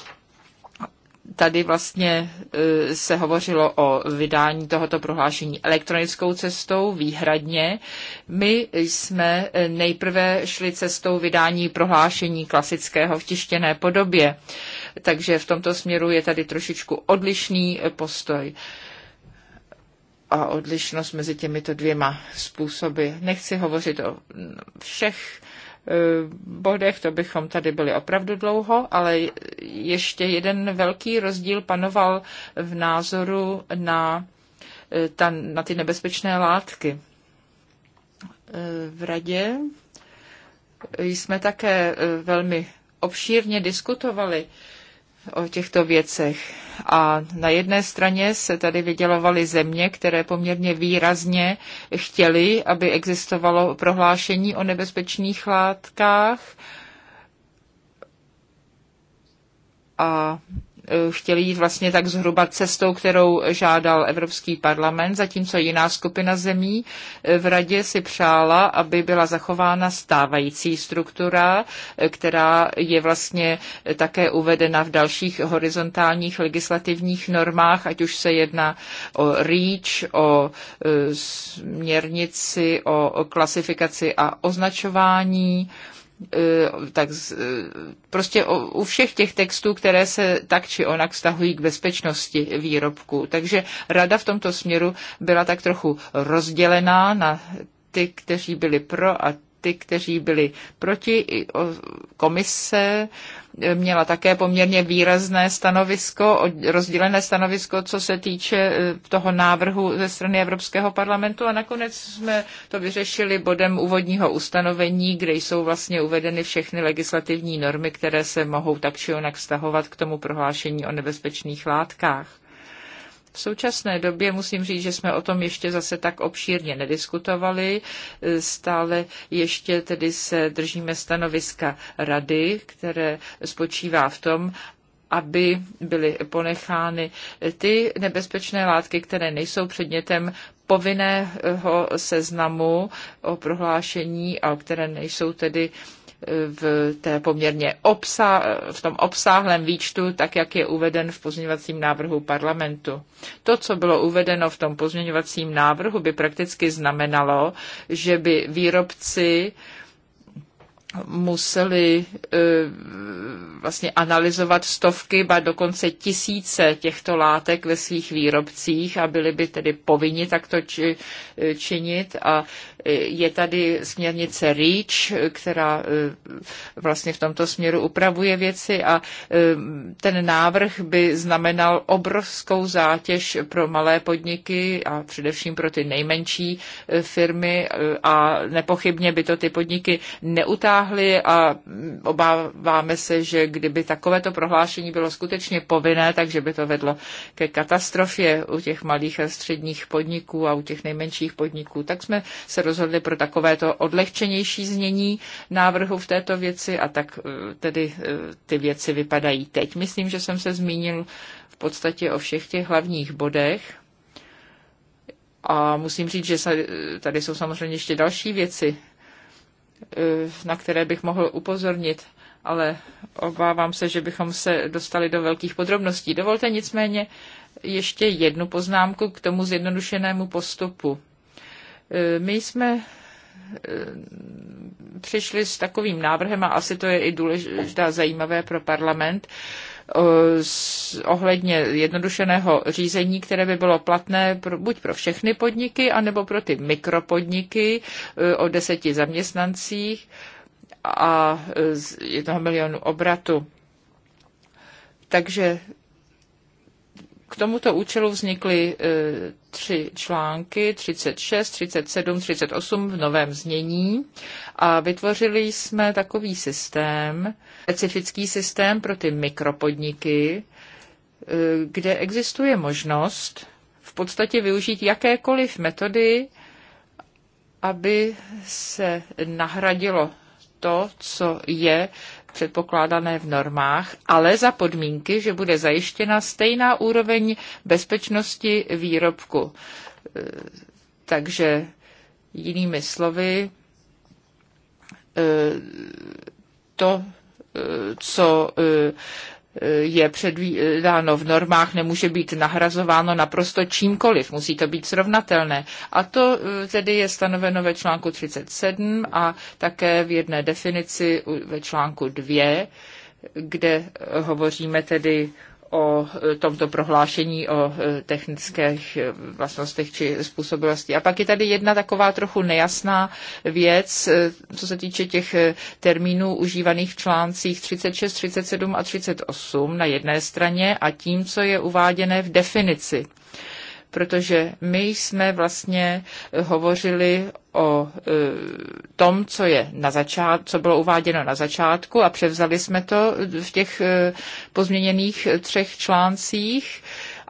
tady vlastně e, se hovořilo o vydání tohoto prohlášení elektronickou cestou výhradně. My jsme e, nejprve šli cestou vydání prohlášení klasického v tištěné podobě, takže v tomto směru je tady trošičku odlišný postoj a odlišnost mezi těmito dvěma způsoby. Nechci hovořit o všech Eh, bodech, to bychom tady byli opravdu dlouho, ale ještě jeden velký rozdíl panoval v názoru na, eh, ta, na ty nebezpečné látky. Eh, v radě jsme také velmi obšírně diskutovali o těchto věcech a na jedné straně se tady vydělovaly země, které poměrně výrazně chtěly, aby existovalo prohlášení o nebezpečných látkách. A Eh, chtěli jít vlastně tak zhruba cestou, kterou žádal Evropský parlament, zatímco jiná skupina zemí eh, v radě si přála, aby byla zachována stávající struktura, eh, která je vlastně také uvedena v dalších horizontálních legislativních normách, ať už se jedná o REACH, o směrnici, o klasifikaci a označování. Eh, tak eh, prostě u všech těch textů, které se tak či onak vztahují k bezpečnosti výrobku. Takže rada v tomto směru byla tak trochu rozdělená na ty, kteří byli pro a ty, kteří byli proti. Komise e, měla také poměrně výrazné stanovisko, rozdělené stanovisko, co se týče e, toho návrhu ze strany Evropského parlamentu a nakonec jsme to vyřešili bodem úvodního ustanovení, kde jsou vlastně uvedeny všechny legislativní normy, které se mohou tak či onak vztahovat k tomu prohlášení o nebezpečných látkách. V současné době musím říct, že jsme o tom ještě zase tak obšírně nediskutovali. Stále ještě tedy se držíme stanoviska rady, které spočívá v tom, aby byly ponechány ty nebezpečné látky, které nejsou předmětem povinného seznamu o prohlášení a které nejsou tedy v, té poměrně obsa, v tom obsáhlém výčtu, tak jak je uveden v pozměňovacím návrhu parlamentu. To, co bylo uvedeno v tom pozměňovacím návrhu, by prakticky znamenalo, že by výrobci museli eh, vlastně analyzovat stovky, ba dokonce tisíce těchto látek ve svých výrobcích a byli by tedy povinni takto eh, činit. A eh, je tady směrnice REACH, která vlastně v tomto směru upravuje věci a ten návrh by znamenal obrovskou zátěž pro malé podniky a především pro ty nejmenší firmy a nepochybně by to ty podniky neutáhly dosáhli a obáváme se, že kdyby takovéto prohlášení bylo skutečně povinné, takže by to vedlo ke katastrofě u těch malých a středních podniků a u těch nejmenších podniků. Tak jsme se rozhodli pro takovéto odlehčenější znění návrhu v této věci a tak eh, tedy eh, ty věci vypadají teď. Myslím, že jsem se zmínil v podstatě o všech těch hlavních bodech. A musím říct, že eh, tady jsou samozřejmě ještě další věci, Eh, na které bych mohl upozornit, ale obávám se, že bychom se dostali do velkých podrobností. Dovolte nicméně ještě jednu poznámku k tomu zjednodušenému postupu. Eh, my jsme eh, přišli s takovým návrhem, a asi to je i důležité zajímavé pro parlament, ohledně jednodušeného řízení, které by bylo platné pro, buď pro všechny podniky, anebo pro ty mikropodniky e, o deseti zaměstnancích a e, jednoho milionu obratu. Takže tomuto účelu vznikly e, tři články 36, 37, 38 v novém znění a vytvořili jsme takový systém, specifický systém pro ty mikropodniky, e, kde existuje možnost v podstatě využít jakékoliv metody, aby se nahradilo to, co je předpokládané v normách, ale za podmínky, že bude zajištěna stejná úroveň bezpečnosti výrobku. E, takže jinými slovy, e, to, e, co je předvídáno v normách, nemůže být nahrazováno naprosto čímkoliv, musí to být srovnatelné. A to eh, tedy je stanoveno ve článku 37 a také v jedné definici ve článku 2, kde hovoříme tedy o tomto prohlášení o e, technických e, vlastnostech či způsobilosti. A pak je tady jedna taková trochu nejasná věc, e, co se týče těch termínů užívaných v článcích 36, 37 a 38 na jedné straně a tím, co je uváděné v definici protože my jsme vlastně hovořili o e, tom, co, je na začát, co bylo uváděno na začátku a převzali jsme to v těch e, pozměněných třech článcích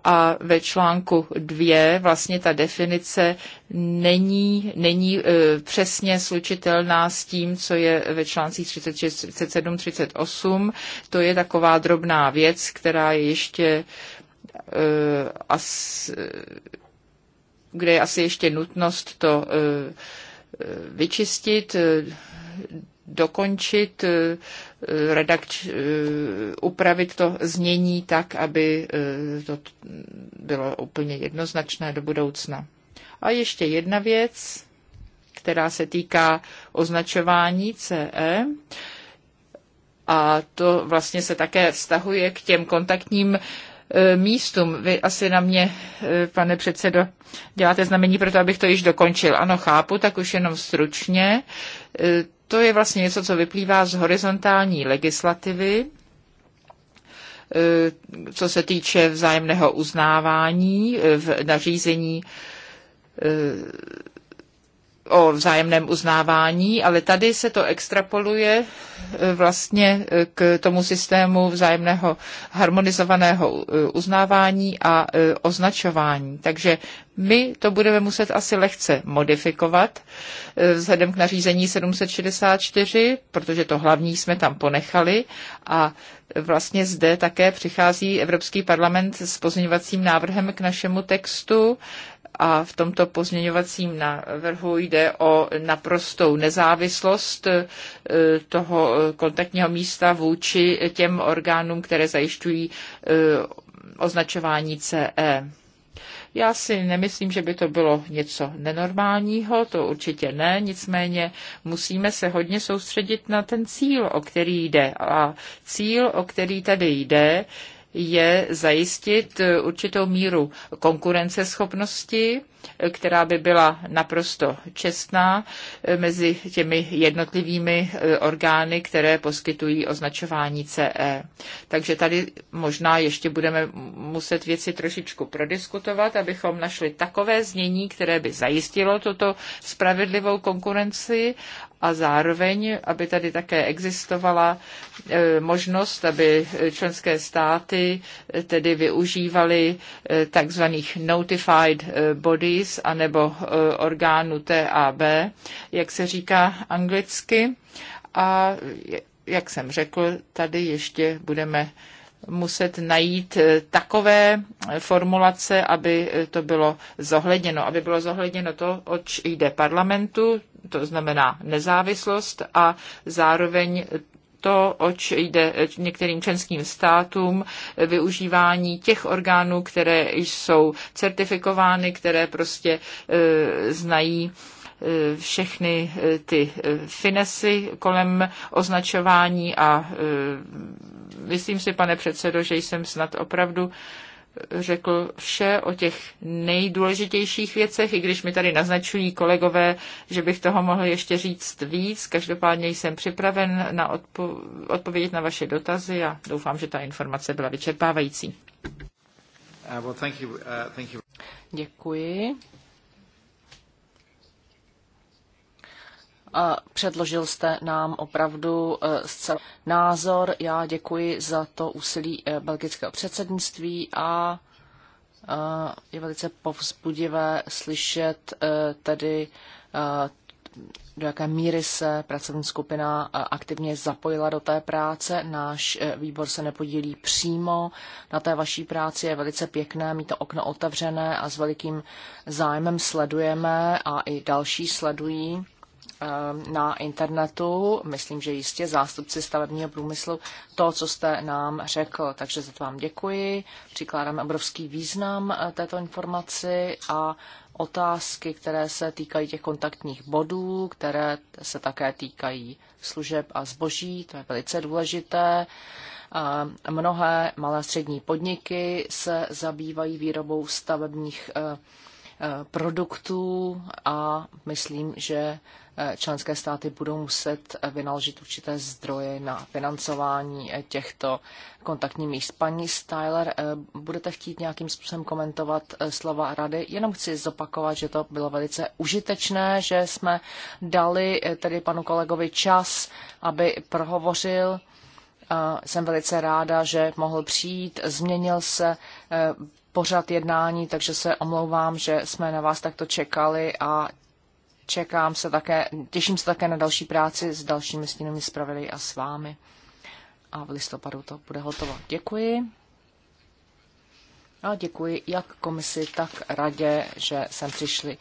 a ve článku dvě vlastně ta definice není, není e, přesně slučitelná s tím, co je ve článcích 36, 37, 38. To je taková drobná věc, která je ještě Eh, kde je asi ještě nutnost to eh, vyčistit, eh, dokončit, redakč, upravit to znění tak, aby to bylo úplně jednoznačné do budoucna. A ještě jedna věc, která se týká označování CE. A to vlastně se také vztahuje k těm kontaktním E, místům. Vy asi na mě, e, pane předsedo, děláte znamení pro to, abych to již dokončil. Ano, chápu, tak už jenom stručně. E, to je vlastně něco, co vyplývá z horizontální legislativy, co se týče vzájemného uznávání v nařízení o vzájemném uznávání, ale tady se to extrapoluje eh, vlastně eh, k tomu systému vzájemného harmonizovaného eh, uznávání a označování. Takže my to budeme muset asi lehce modifikovat vzhledem k nařízení 764, protože to hlavní jsme tam ponechali a vlastně zde také přichází Evropský parlament s pozměňovacím návrhem k našemu textu, a v tomto pozměňovacím návrhu jde o naprostou nezávislost e, toho kontaktního místa vůči těm orgánům, které zajišťují e, označování CE. Já si nemyslím, že by to bylo něco nenormálního, to určitě ne, nicméně musíme se hodně soustředit na ten cíl, o který jde. A cíl, o který tady jde, je zajistit určitou míru konkurenceschopnosti která by byla naprosto čestná eh, mezi těmi jednotlivými eh, orgány, které poskytují označování CE. Takže tady možná ještě budeme muset věci trošičku prodiskutovat, abychom našli takové znění, které by zajistilo tuto spravedlivou konkurenci a zároveň, aby tady také existovala eh, možnost, aby členské státy tedy využívaly takzvaných notified body, Police anebo eh, orgánu TAB, jak se říká anglicky. A jak jsem řekl, tady ještě budeme muset najít eh, takové eh, formulace, aby to bylo zohledněno, aby bylo zohledněno to, oč jde parlamentu, to znamená nezávislost a zároveň to, oč jde některým členským státům, eh, využívání těch orgánů, které jsou certifikovány, které prostě eh, znají eh, všechny ty finesy kolem označování a myslím si, pane předsedo, že jsem snad opravdu řekl vše o těch nejdůležitějších věcech, i když mi tady naznačují kolegové, že bych toho mohl ještě říct víc. Každopádně jsem připraven na odpo- odpovědět na vaše dotazy a doufám, že ta informace byla vyčerpávající. Uh, well, thank you, uh, thank you. Děkuji. Předložil jste nám opravdu e, zcela názor. Já děkuji za to úsilí e, belgického předsednictví a e, je velice povzbudivé slyšet tedy, do jaké míry se pracovní skupina aktivně zapojila do té práce. Náš výbor se nepodílí přímo na té vaší práci. Je velice pěkné mít to okno otevřené a s velikým zájmem sledujeme a i další sledují Eh, na internetu, myslím, že jistě zástupci stavebního průmyslu, to, co jste nám řekl. Takže za to vám děkuji. Přikládám obrovský význam eh, této informaci a otázky, které se týkají těch kontaktních bodů, které se také týkají služeb a zboží, to je velice důležité. Eh, mnohé malé střední podniky se zabývají výrobou stavebních produktů a myslím, že eh, členské státy budou muset eh, vynaložit určité zdroje na financování eh, těchto kontaktních míst. Paní Styler, budete chtít nějakým způsobem komentovat slova rady? Jenom chci zopakovat, že to bylo velice užitečné, že jsme dali tedy panu kolegovi čas, aby prohovořil jsem velice ráda, že mohl přijít, změnil se, pořad jednání, takže se omlouvám, že jsme na vás takto čekali a čekám se také, těším se také na další práci s dalšími stínovými zpravili a s vámi. A v listopadu to bude hotovo. Děkuji. A děkuji jak komisi, tak radě, že sem přišli.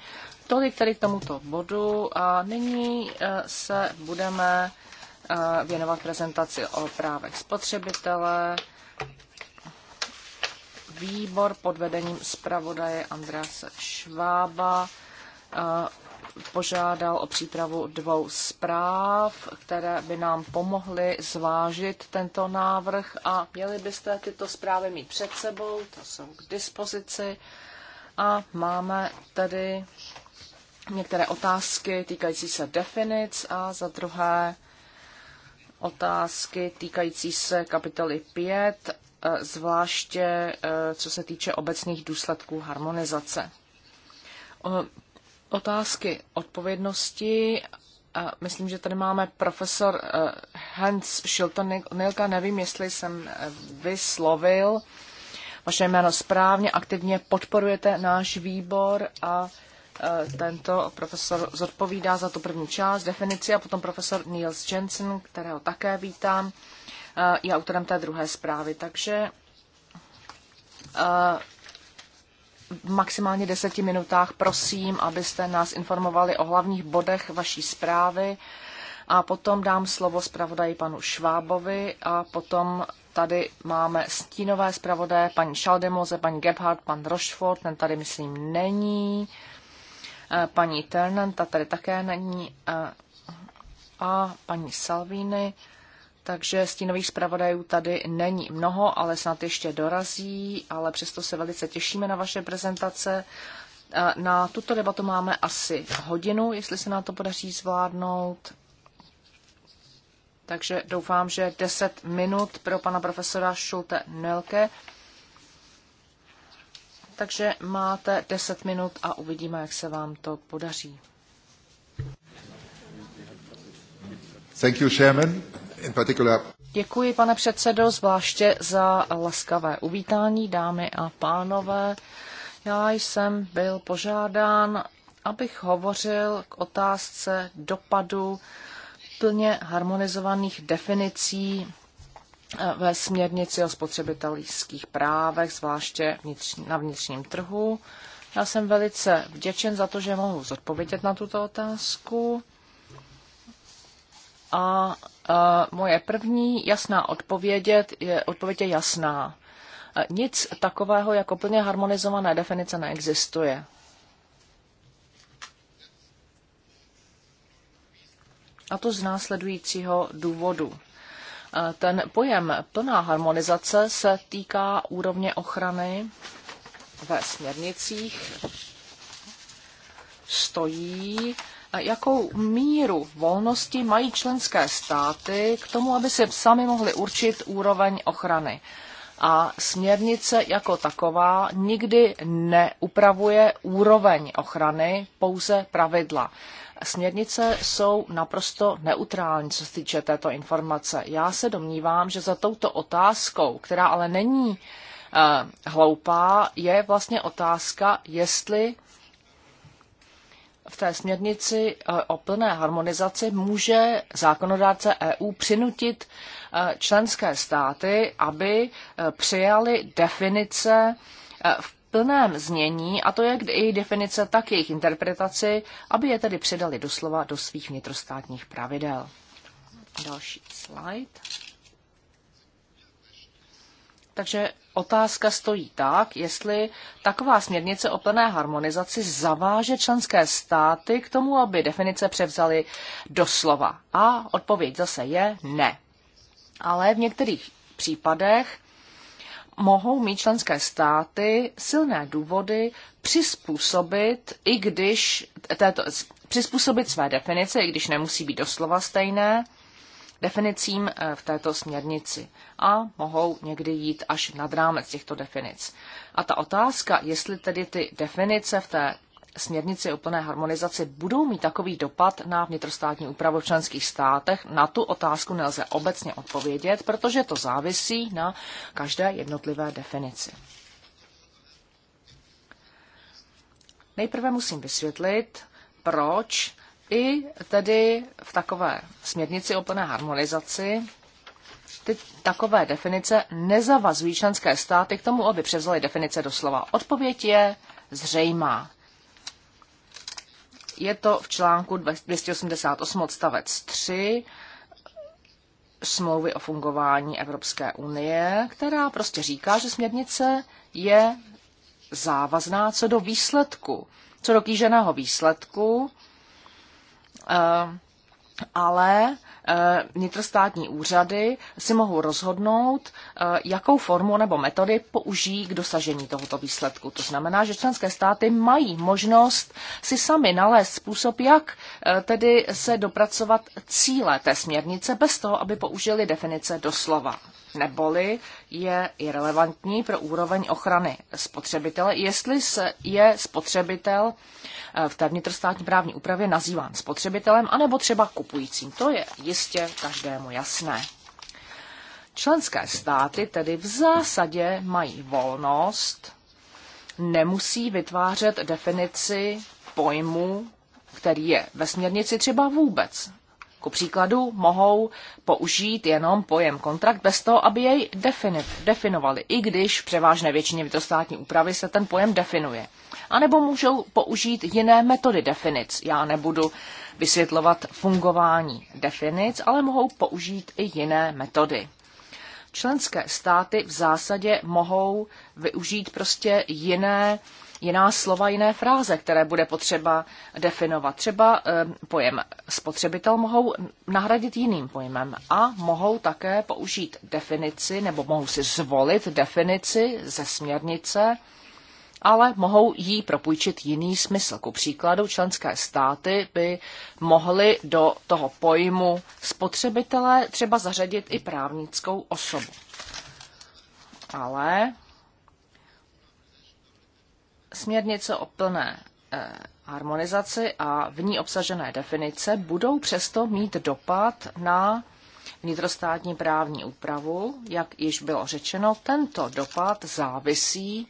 Tolik tady k tomuto bodu a nyní eh, se budeme eh, věnovat prezentaci o právech spotřebitele výbor pod vedením zpravodaje Andrase Švába eh, požádal o přípravu dvou zpráv, které by nám pomohly zvážit tento návrh a měli byste tyto zprávy mít před sebou, to jsou k dispozici. A máme tedy některé otázky týkající se definic a za druhé otázky týkající se kapitoly 5 E, zvláště e, co se týče obecných důsledků harmonizace. Otázky odpovědnosti. Myslím, že tady máme profesor e, Hans Shilton Nilka. Nevím, jestli jsem vyslovil vaše jméno správně. Aktivně podporujete náš výbor a tento profesor zodpovídá za tu první část, definici, a potom profesor Niels Jensen, kterého také vítám Eh, je autorem té druhé zprávy. Takže eh, v maximálně deseti minutách prosím, abyste nás informovali o hlavních bodech vaší zprávy a potom dám slovo zpravodaji panu Švábovi a potom tady máme stínové zpravodaje, paní Šaldemoze, paní Gebhardt, pan Rochefort, ten tady myslím není, eh, paní Ternan, ta tady také není a paní Salvini takže stínových zpravodajů tady není mnoho, ale snad ještě dorazí, ale přesto se velice těšíme na vaše prezentace. Na tuto debatu máme asi hodinu, jestli se nám to podaří zvládnout. Takže doufám, že 10 minut pro pana profesora Šulte Nelke. Takže máte 10 minut a uvidíme, jak se vám to podaří. Thank you, Chairman. Děkuji, pane předsedo, zvláště za laskavé uvítání, dámy a pánové. Já jsem byl požádán, abych hovořil k otázce dopadu plně harmonizovaných definicí eh, ve směrnici o spotřebitelských právech, zvláště na vnitřním trhu. Já jsem velice vděčen za to, že mohu zodpovědět na tuto otázku. A moje první jasná odpověď je, odpověď je jasná. Nic takového jako plně harmonizované definice neexistuje. A to z následujícího důvodu. Ten pojem plná harmonizace se týká úrovně ochrany ve směrnicích. Stojí jakou míru volnosti mají členské státy k tomu, aby se sami mohli určit úroveň ochrany. A směrnice jako taková nikdy neupravuje úroveň ochrany, pouze pravidla. Směrnice jsou naprosto neutrální, co se týče této informace. Já se domnívám, že za touto otázkou, která ale není eh, hloupá, je vlastně otázka, jestli v té směrnici eh, o plné harmonizaci může zákonodárce EU přinutit eh, členské státy, aby eh, přijali definice v plném znění, a to jak jejich definice, tak jejich interpretaci, aby je tedy předali doslova do svých vnitrostátních pravidel. Další slide. Takže otázka stojí tak, jestli taková směrnice o plné harmonizaci zaváže členské státy k tomu, aby definice převzaly doslova. A odpověď zase je ne. Ale v některých případech mohou mít členské státy silné důvody přizpůsobit, i když této, přizpůsobit své definice, i když nemusí být doslova stejné, definicím eh, v této směrnici a mohou někdy jít až nad rámec těchto definic. A ta otázka, jestli tedy ty definice v té směrnici o plné harmonizaci budou mít takový dopad na vnitrostátní úpravu v členských státech, na tu otázku nelze obecně odpovědět, protože to závisí na každé jednotlivé definici. Nejprve musím vysvětlit, proč i tedy v takové směrnici o plné harmonizaci ty takové definice nezavazují členské státy k tomu, aby převzaly definice doslova. Odpověď je zřejmá. Je to v článku 288 odstavec 3 smlouvy o fungování Evropské unie, která prostě říká, že směrnice je závazná co do výsledku, co do kýženého výsledku Eh, ale eh, vnitrostátní úřady si mohou rozhodnout, eh, jakou formu nebo metody použijí k dosažení tohoto výsledku. To znamená, že členské státy mají možnost si sami nalézt způsob, jak tedy se dopracovat cíle té směrnice bez toho, aby použili definice doslova neboli je irrelevantní pro úroveň ochrany spotřebitele, jestli se je spotřebitel eh, v té vnitrostátní právní úpravě nazýván spotřebitelem anebo třeba kupujícím. To je jistě každému jasné. Členské státy tedy v zásadě mají volnost, nemusí vytvářet definici pojmu, který je ve směrnici třeba vůbec ku příkladu, mohou použít jenom pojem kontrakt bez toho, aby jej definovali, i když převážné většině vnitrostátní úpravy se ten pojem definuje. A nebo můžou použít jiné metody definic. Já nebudu vysvětlovat fungování definic, ale mohou použít i jiné metody. Členské státy v zásadě mohou využít prostě jiné uh, jiná slova, jiné fráze, které bude potřeba definovat. Třeba pojem spotřebitel mohou nahradit jiným pojmem a mohou také použít definici nebo mohou si zvolit definici ze směrnice, ale mohou jí propůjčit jiný smysl. Ku příkladu členské státy by mohly do toho pojmu spotřebitele třeba zařadit i právnickou osobu. Ale Směrnice o plné eh, harmonizaci a v ní obsažené definice budou přesto mít dopad na vnitrostátní právní úpravu. Jak již bylo řečeno, tento dopad závisí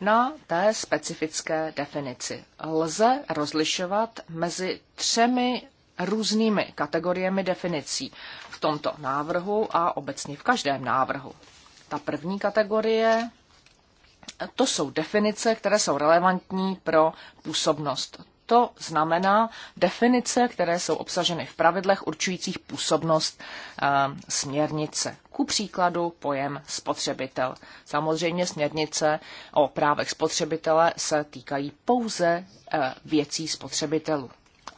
na té specifické definici. Lze rozlišovat mezi třemi různými kategoriemi definicí v tomto návrhu a obecně v každém návrhu. Ta první kategorie to jsou definice, které jsou relevantní pro působnost. To znamená definice, které jsou obsaženy v pravidlech určujících působnost e, směrnice. Ku příkladu pojem spotřebitel. Samozřejmě směrnice o právech spotřebitele se týkají pouze e, věcí spotřebitelů.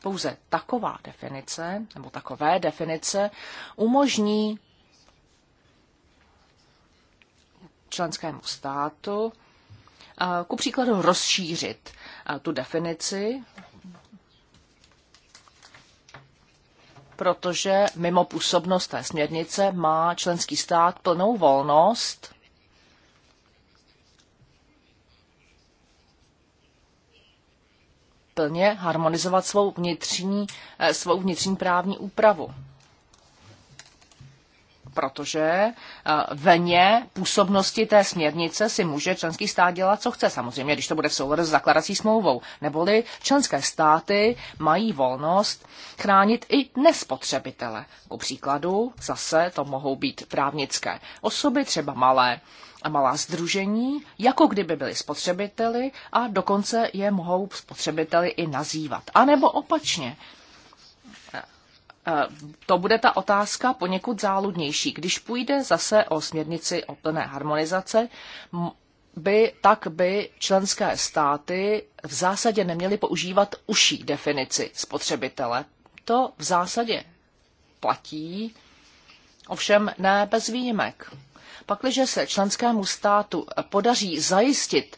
Pouze taková definice nebo takové definice umožní členskému státu ku příkladu rozšířit tu definici, protože mimo působnost té směrnice má členský stát plnou volnost plně harmonizovat svou vnitřní, eh, svou vnitřní právní úpravu protože eh, veně působnosti té směrnice si může členský stát dělat, co chce, samozřejmě, když to bude v souladu s zakladací smlouvou. Neboli členské státy mají volnost chránit i nespotřebitele. Ku příkladu zase to mohou být právnické osoby, třeba malé a malá združení, jako kdyby byly spotřebiteli a dokonce je mohou spotřebiteli i nazývat. A nebo opačně, Eh, to bude ta otázka poněkud záludnější. Když půjde zase o směrnici o plné harmonizace, by, tak by členské státy v zásadě neměly používat užší definici spotřebitele. To v zásadě platí, ovšem ne bez výjimek. Pakliže se členskému státu podaří zajistit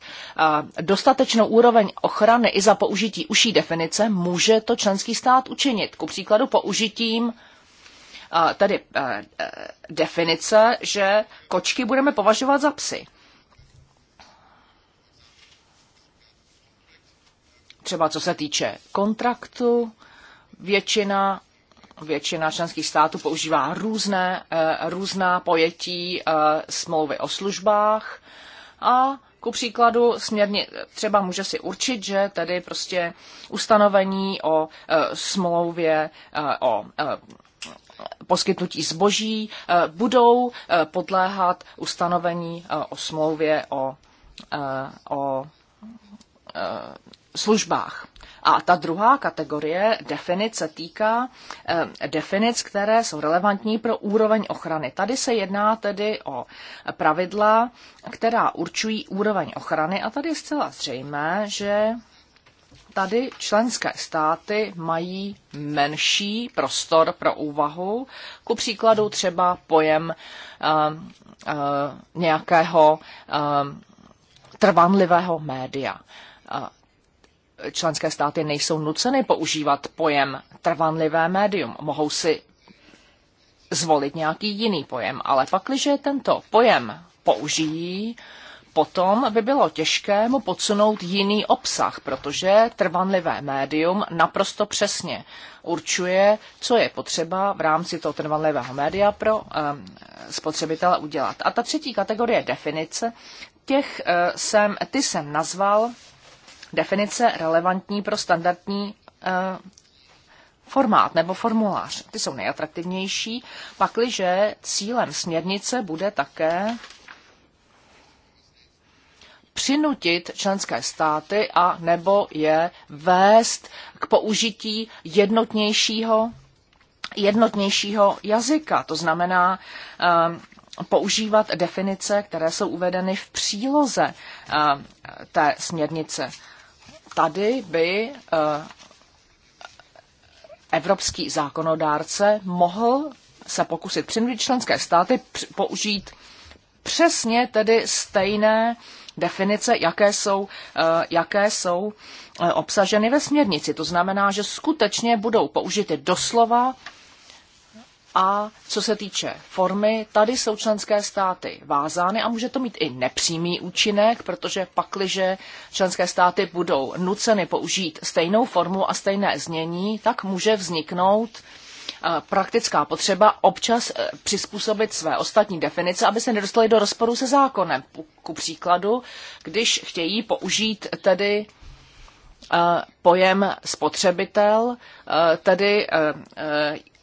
eh, dostatečnou úroveň ochrany i za použití užší definice, může to členský stát učinit. Ku příkladu použitím eh, tedy eh, definice, že kočky budeme považovat za psy. Třeba co se týče kontraktu, většina většina členských států používá různé, eh, různá pojetí eh, smlouvy o službách a ku příkladu směrně, třeba může si určit, že tedy prostě ustanovení o eh, smlouvě o poskytnutí zboží budou podléhat ustanovení o smlouvě o, o službách. A ta druhá kategorie definic se týká eh, definic, které jsou relevantní pro úroveň ochrany. Tady se jedná tedy o pravidla, která určují úroveň ochrany a tady je zcela zřejmé, že tady členské státy mají menší prostor pro úvahu, ku příkladu třeba pojem uh, uh, nějakého uh, trvanlivého média. Uh, členské státy nejsou nuceny používat pojem trvanlivé médium. Mohou si zvolit nějaký jiný pojem, ale pakliže tento pojem použijí, potom by bylo těžké mu podsunout jiný obsah, protože trvanlivé médium naprosto přesně určuje, co je potřeba v rámci toho trvanlivého média pro um, spotřebitele udělat. A ta třetí kategorie definice, těch uh, jsem, ty jsem nazval definice relevantní pro standardní eh, formát nebo formulář. Ty jsou nejatraktivnější, pakliže cílem směrnice bude také přinutit členské státy a nebo je vést k použití jednotnějšího, jednotnějšího jazyka. To znamená um, používat definice, které jsou uvedeny v příloze um, té směrnice tady by eh, evropský zákonodárce mohl se pokusit přinutit členské státy použít přesně tedy stejné definice, jaké jsou, eh, jaké jsou eh, obsaženy ve směrnici. To znamená, že skutečně budou použity doslova a co se týče formy, tady jsou členské státy vázány a může to mít i nepřímý účinek, protože pakliže členské státy budou nuceny použít stejnou formu a stejné znění, tak může vzniknout eh, praktická potřeba občas eh, přizpůsobit své ostatní definice, aby se nedostali do rozporu se zákonem. Ku příkladu, když chtějí použít tedy eh, pojem spotřebitel, tedy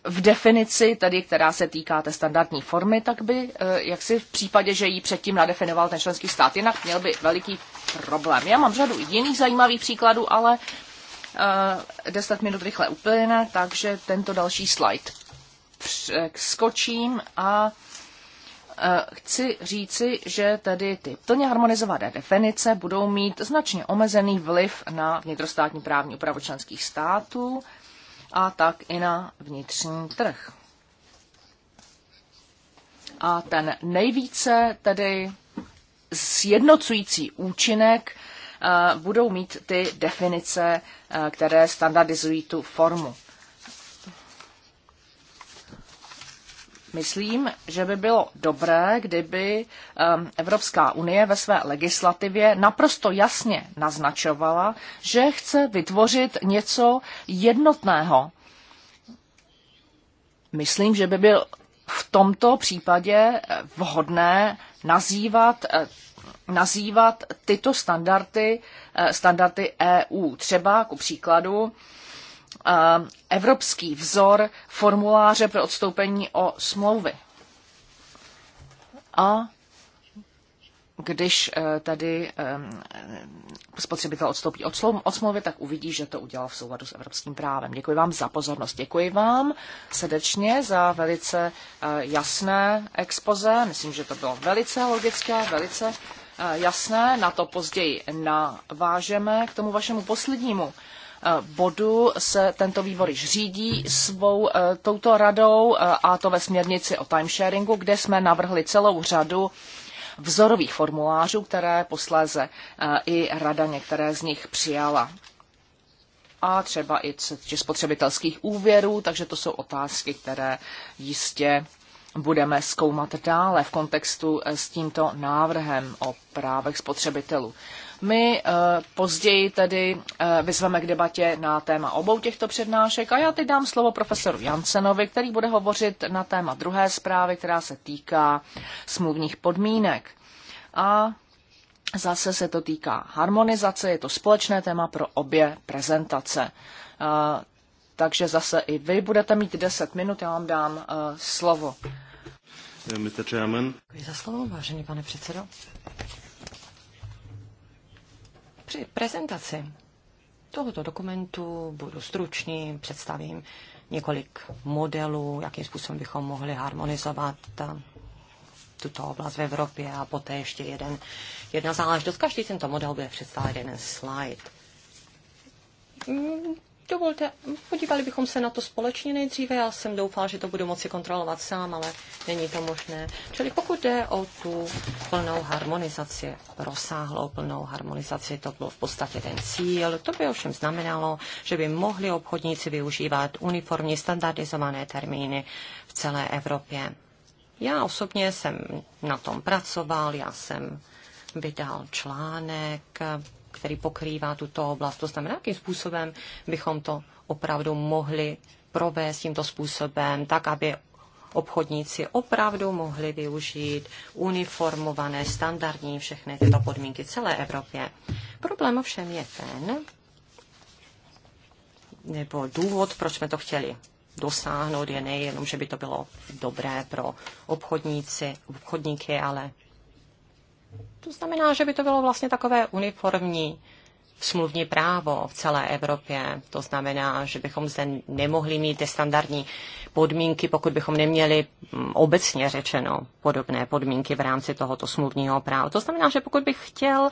v definici, tedy která se týká té standardní formy, tak by, eh, jak si v případě, že ji předtím nadefinoval ten členský stát, jinak měl by veliký problém. Já mám řadu jiných zajímavých příkladů, ale 10 eh, minut rychle uplyne, takže tento další slide skočím a eh, chci říci, že tedy ty plně harmonizované definice budou mít značně omezený vliv na vnitrostátní právní úpravu členských států a tak i na vnitřní trh. A ten nejvíce tedy sjednocující účinek eh, budou mít ty definice, eh, které standardizují tu formu. Myslím, že by bylo dobré, kdyby um, Evropská unie ve své legislativě naprosto jasně naznačovala, že chce vytvořit něco jednotného. Myslím, že by byl v tomto případě eh, vhodné nazývat eh, nazývat tyto standardy eh, standardy EU. Třeba ku příkladu Eh, evropský vzor formuláře pro odstoupení o smlouvy. A když eh, tady eh, spotřebitel odstoupí od smlouvy, tak uvidí, že to udělal v souladu s evropským právem. Děkuji vám za pozornost. Děkuji vám srdečně za velice jasné expoze. Myslím, že to bylo velice logické, velice jasné. Na to později navážeme k tomu vašemu poslednímu Eh, bodu se tento výbor již řídí svou eh, touto radou, eh, a to ve směrnici o timesharingu, kde jsme navrhli celou řadu vzorových formulářů, které posléze i rada některé z nich přijala. A třeba i spotřebitelských úvěrů, takže to jsou otázky, které jistě budeme zkoumat dále v kontextu s tímto návrhem o právech spotřebitelů. My eh, později tedy eh, vyzveme k debatě na téma obou těchto přednášek a já teď dám slovo profesoru Jansenovi, který bude hovořit na téma druhé zprávy, která se týká smluvních podmínek. A Zase se to týká harmonizace, je to společné téma pro obě prezentace. Eh, takže zase i vy budete mít 10 minut, já vám dám slovo. Mr. Chairman. Děkuji za slovo, vážený pane předsedo. Při prezentaci tohoto dokumentu budu stručný, představím několik modelů, jakým způsobem bychom mohli harmonizovat eh, tuto oblast v Evropě a poté ještě jeden, jedna záležitost. Každý tento model bude představit jeden slide. Mm, Dovolte, podívali bychom se na to společně nejdříve. Já jsem doufal, že to budu moci kontrolovat sám, ale není to možné. Čili pokud jde o tu plnou harmonizaci, rozsáhlou plnou harmonizaci, to byl v podstatě ten cíl. To by ovšem znamenalo, že by mohli obchodníci využívat uniformní standardizované termíny v celé Evropě. Já osobně jsem na tom pracoval, já jsem vydal článek který pokrývá tuto oblast. To znamená, jakým způsobem bychom to opravdu mohli provést tímto způsobem, tak aby obchodníci opravdu mohli využít uniformované, standardní všechny tyto podmínky celé Evropě. Problém ovšem je ten, nebo důvod, proč jsme to chtěli dosáhnout, je nejenom, že by to bylo dobré pro obchodníci, obchodníky, ale to znamená, že by to bylo vlastně takové uniformní smluvní právo v celé Evropě. To znamená, že bychom zde nemohli mít ty standardní podmínky, pokud bychom neměli mm, obecně řečeno podobné podmínky v rámci tohoto smluvního práva. To znamená, že pokud bych chtěl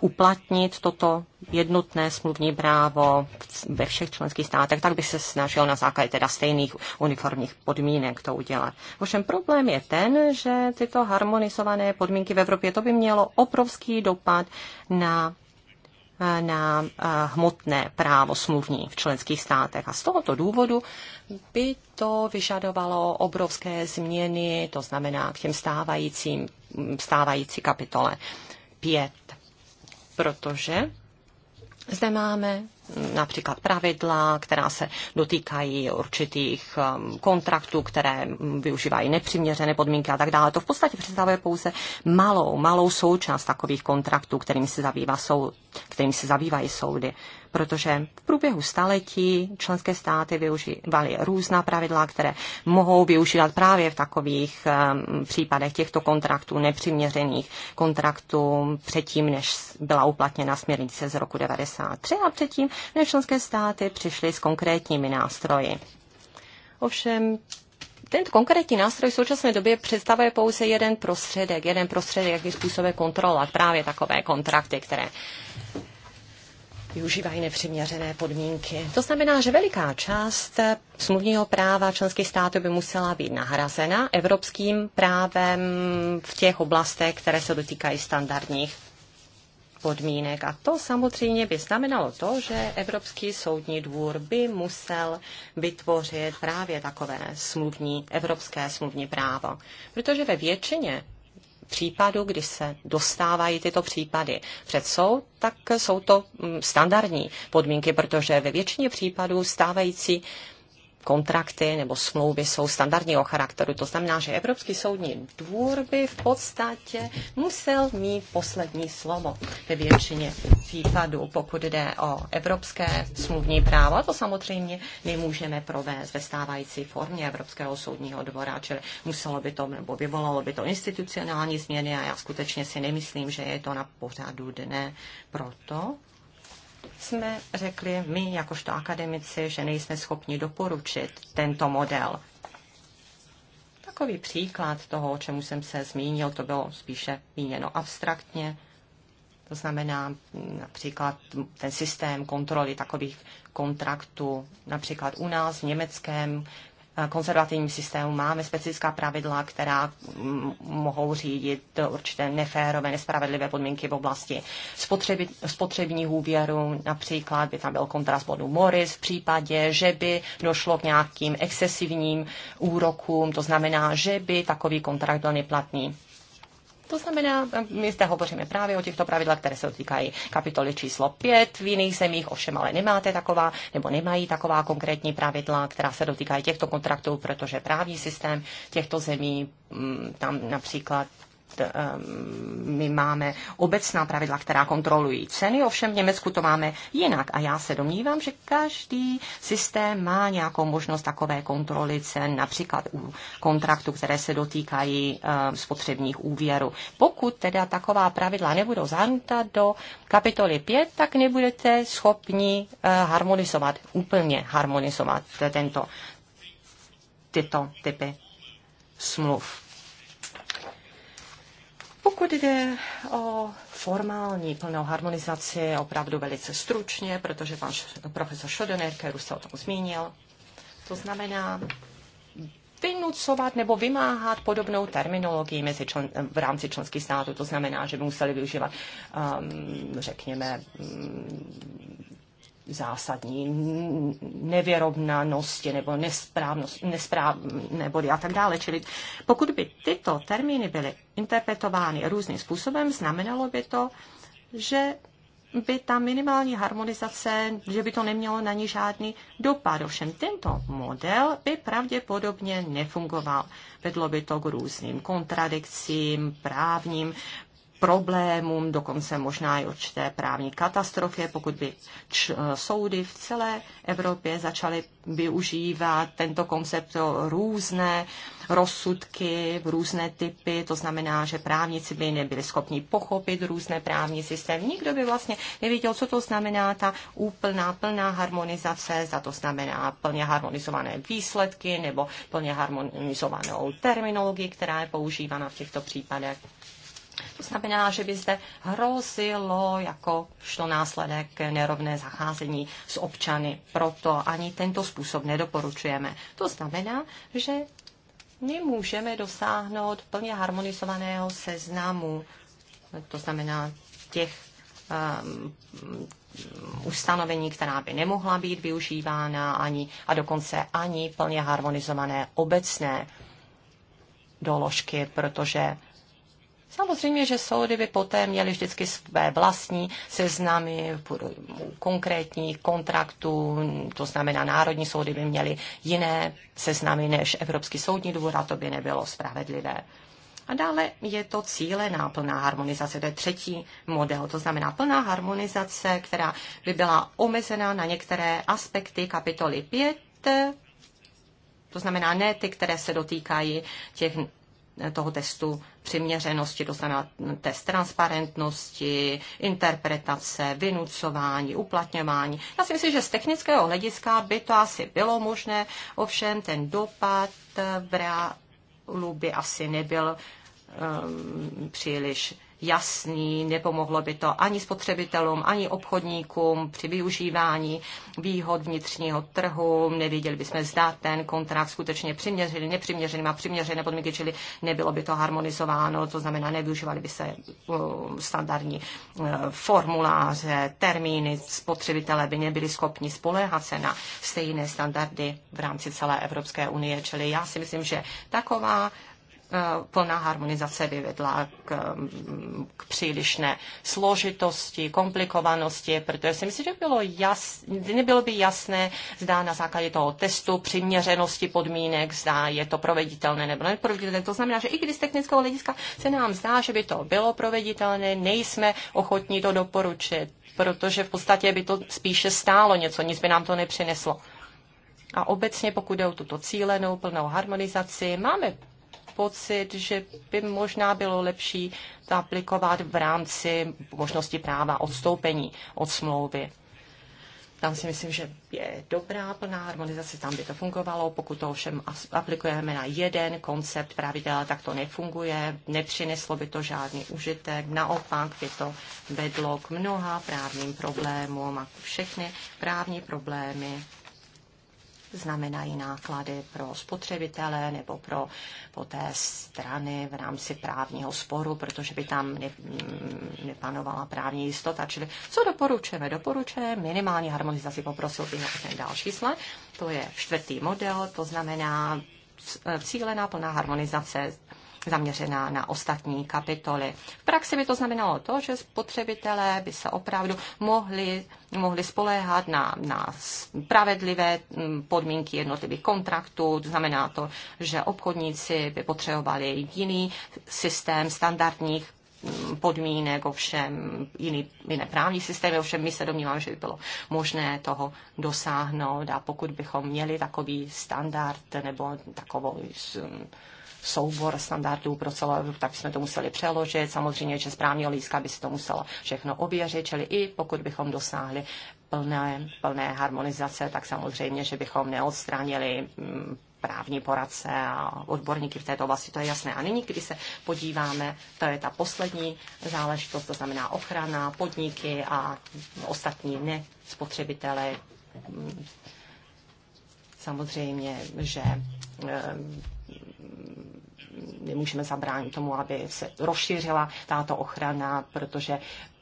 uplatnit toto jednotné smluvní právo ve všech členských státech, tak by se snažil na základě teda stejných uniformních podmínek to udělat. Ovšem problém je ten, že tyto harmonizované podmínky v Evropě, to by mělo obrovský dopad na na eh, hmotné právo smluvní v členských státech. A z tohoto důvodu by to vyžadovalo obrovské změny, to znamená k těm stávajícím, stávající kapitole 5 protože zde máme například pravidla, která se dotýkají určitých um, kontraktů, které využívají nepřiměřené podmínky a tak dále. To v podstatě představuje pouze malou, malou součást takových kontraktů, kterým se, zabývá soud, kterým se zabývají soudy. Protože v průběhu staletí členské státy využívaly různá pravidla, které mohou využívat právě v takových um, případech těchto kontraktů, nepřiměřených kontraktů, předtím, než byla uplatněna směrnice z roku 93 a předtím, než no členské státy přišly s konkrétními nástroji. Ovšem, tento konkrétní nástroj v současné době představuje pouze jeden prostředek, jeden prostředek, jaký způsobem kontrolovat právě takové kontrakty, které využívají nepřiměřené podmínky. To znamená, že veliká část smluvního práva členských států by musela být nahrazena evropským právem v těch oblastech, které se dotýkají standardních podmínek. A to samozřejmě by znamenalo to, že Evropský soudní dvůr by musel vytvořit právě takové smluvní, evropské smluvní právo. Protože ve většině případů, kdy se dostávají tyto případy před soud, tak jsou to mm, standardní podmínky, protože ve většině případů stávající kontrakty nebo smlouvy jsou standardního charakteru. To znamená, že Evropský soudní dvůr by v podstatě musel mít poslední slovo ve většině případů, pokud jde o evropské smluvní právo. A to samozřejmě nemůžeme provést ve stávající formě Evropského soudního dvora, čili muselo by to nebo vyvolalo by to institucionální změny a já skutečně si nemyslím, že je to na pořadu dne. Proto jsme řekli my, jakožto akademici, že nejsme schopni doporučit tento model. Takový příklad toho, o čemu jsem se zmínil, to bylo spíše míněno abstraktně. To znamená například ten systém kontroly takových kontraktů. Například u nás v německém konzervativním systému máme specifická pravidla, která mm, mohou řídit určité neférové, nespravedlivé podmínky v oblasti spotřeby, spotřebních úvěrů. Například by tam byl kontrast bodu Morris v případě, že by došlo k nějakým excesivním úrokům, to znamená, že by takový kontrakt byl neplatný. To znamená, my zde hovoříme právě o těchto pravidlech, které se dotýkají kapitoly číslo 5. V jiných zemích ovšem ale nemáte taková, nebo nemají taková konkrétní pravidla, která se dotýkají těchto kontraktů, protože právní systém těchto zemí, mm, tam například Um, my máme obecná pravidla, která kontrolují ceny, ovšem v Německu to máme jinak. A já se domnívám, že každý systém má nějakou možnost takové kontroly cen, například u kontraktů, které se dotýkají um, spotřebních úvěrů. Pokud teda taková pravidla nebudou zahrnuta do kapitoly 5, tak nebudete schopni uh, harmonizovat, úplně harmonizovat tento, tyto typy smluv. Pokud jde o formální plnou harmonizaci, opravdu velice stručně, protože pan profesor Schodenerker už se o tom zmínil, to znamená vynucovat nebo vymáhat podobnou terminologii mezi člen, v rámci členských států. To znamená, že by museli využívat, um, řekněme, um, zásadní nevěrovnanosti nebo nesprávnost, nesprávné body a tak dále. Čili pokud by tyto termíny byly interpretovány různým způsobem, znamenalo by to, že by ta minimální harmonizace, že by to nemělo na ní žádný dopad. Ovšem tento model by pravděpodobně nefungoval. Vedlo by to k různým kontradikcím, právním problémům, dokonce možná i určité právní katastrofě, pokud by č- eh, soudy v celé Evropě začaly využívat tento koncept pro různé rozsudky, různé typy, to znamená, že právníci by nebyli schopni pochopit různé právní systémy. Nikdo by vlastně nevěděl, co to znamená ta úplná, plná harmonizace, za to znamená plně harmonizované výsledky nebo plně harmonizovanou terminologii, která je používána v těchto případech. To znamená, že by zde hrozilo jako šlo následek nerovné zacházení s občany. Proto ani tento způsob nedoporučujeme. To znamená, že nemůžeme dosáhnout plně harmonizovaného seznamu, to znamená těch um, ustanovení, která by nemohla být využívána ani, a dokonce ani plně harmonizované obecné doložky, protože Samozřejmě, že soudy by poté měly vždycky své vlastní seznamy konkrétních kontraktů, to znamená národní soudy by měly jiné seznamy než Evropský soudní dvůr a to by nebylo spravedlivé. A dále je to cílená plná harmonizace, to je třetí model, to znamená plná harmonizace, která by byla omezená na některé aspekty kapitoly 5, to znamená ne ty, které se dotýkají těch toho testu přiměřenosti, to znamená test transparentnosti, interpretace, vynucování, uplatňování. Já si myslím, že z technického hlediska by to asi bylo možné, ovšem ten dopad v reálu by asi nebyl um, příliš jasný, nepomohlo by to ani spotřebitelům, ani obchodníkům při využívání výhod vnitřního trhu, nevěděli bychom, zda ten kontrakt skutečně přiměřený, nepřiměřený a přiměřené podmínky, čili nebylo by to harmonizováno, to znamená, nevyužívali by se eh, standardní eh, formuláře, termíny, spotřebitelé by nebyli schopni spoléhat se na stejné standardy v rámci celé Evropské unie. Čili já si myslím, že taková Eh, plná harmonizace by vedla k, k přílišné složitosti, komplikovanosti, protože si myslím, že bylo jas, nebylo by jasné, zda na základě toho testu přiměřenosti podmínek, zda je to proveditelné nebo neproveditelné. To znamená, že i když z technického hlediska se nám zdá, že by to bylo proveditelné, nejsme ochotní to doporučit, protože v podstatě by to spíše stálo něco, nic by nám to nepřineslo. A obecně, pokud jde o tuto cílenou plnou harmonizaci, máme pocit, že by možná bylo lepší to aplikovat v rámci možnosti práva odstoupení od smlouvy. Tam si myslím, že je dobrá plná harmonizace, tam by to fungovalo. Pokud to ovšem aplikujeme na jeden koncept pravidel, tak to nefunguje, nepřineslo by to žádný užitek. Naopak by to vedlo k mnoha právním problémům a všechny právní problémy znamenají náklady pro spotřebitele nebo pro poté strany v rámci právního sporu, protože by tam ne, nepanovala právní jistota. Čili co doporučujeme? Doporučujeme minimální harmonizaci, poprosil i na ten další slide. To je čtvrtý model, to znamená cílená plná harmonizace zaměřená na ostatní kapitoly. V praxi by to znamenalo to, že spotřebitelé by se opravdu mohli, mohli spoléhat na, na spravedlivé mm, podmínky jednotlivých kontraktů. To znamená to, že obchodníci by potřebovali jiný systém standardních mm, podmínek, ovšem jiný, jiné právní systémy, ovšem my se domníváme, že by bylo možné toho dosáhnout a pokud bychom měli takový standard nebo takovou mm, soubor standardů pro celou Evropu, tak jsme to museli přeložit. Samozřejmě, že správního lístka by se to muselo všechno ověřit, čili i pokud bychom dosáhli plné, plné harmonizace, tak samozřejmě, že bychom neodstranili mm, právní poradce a odborníky v této oblasti, to je jasné. A nyní, když se podíváme, to je ta poslední záležitost, to znamená ochrana, podniky a ostatní nespotřebitele. Samozřejmě, že eh, nemůžeme zabránit tomu, aby se rozšířila tato ochrana, protože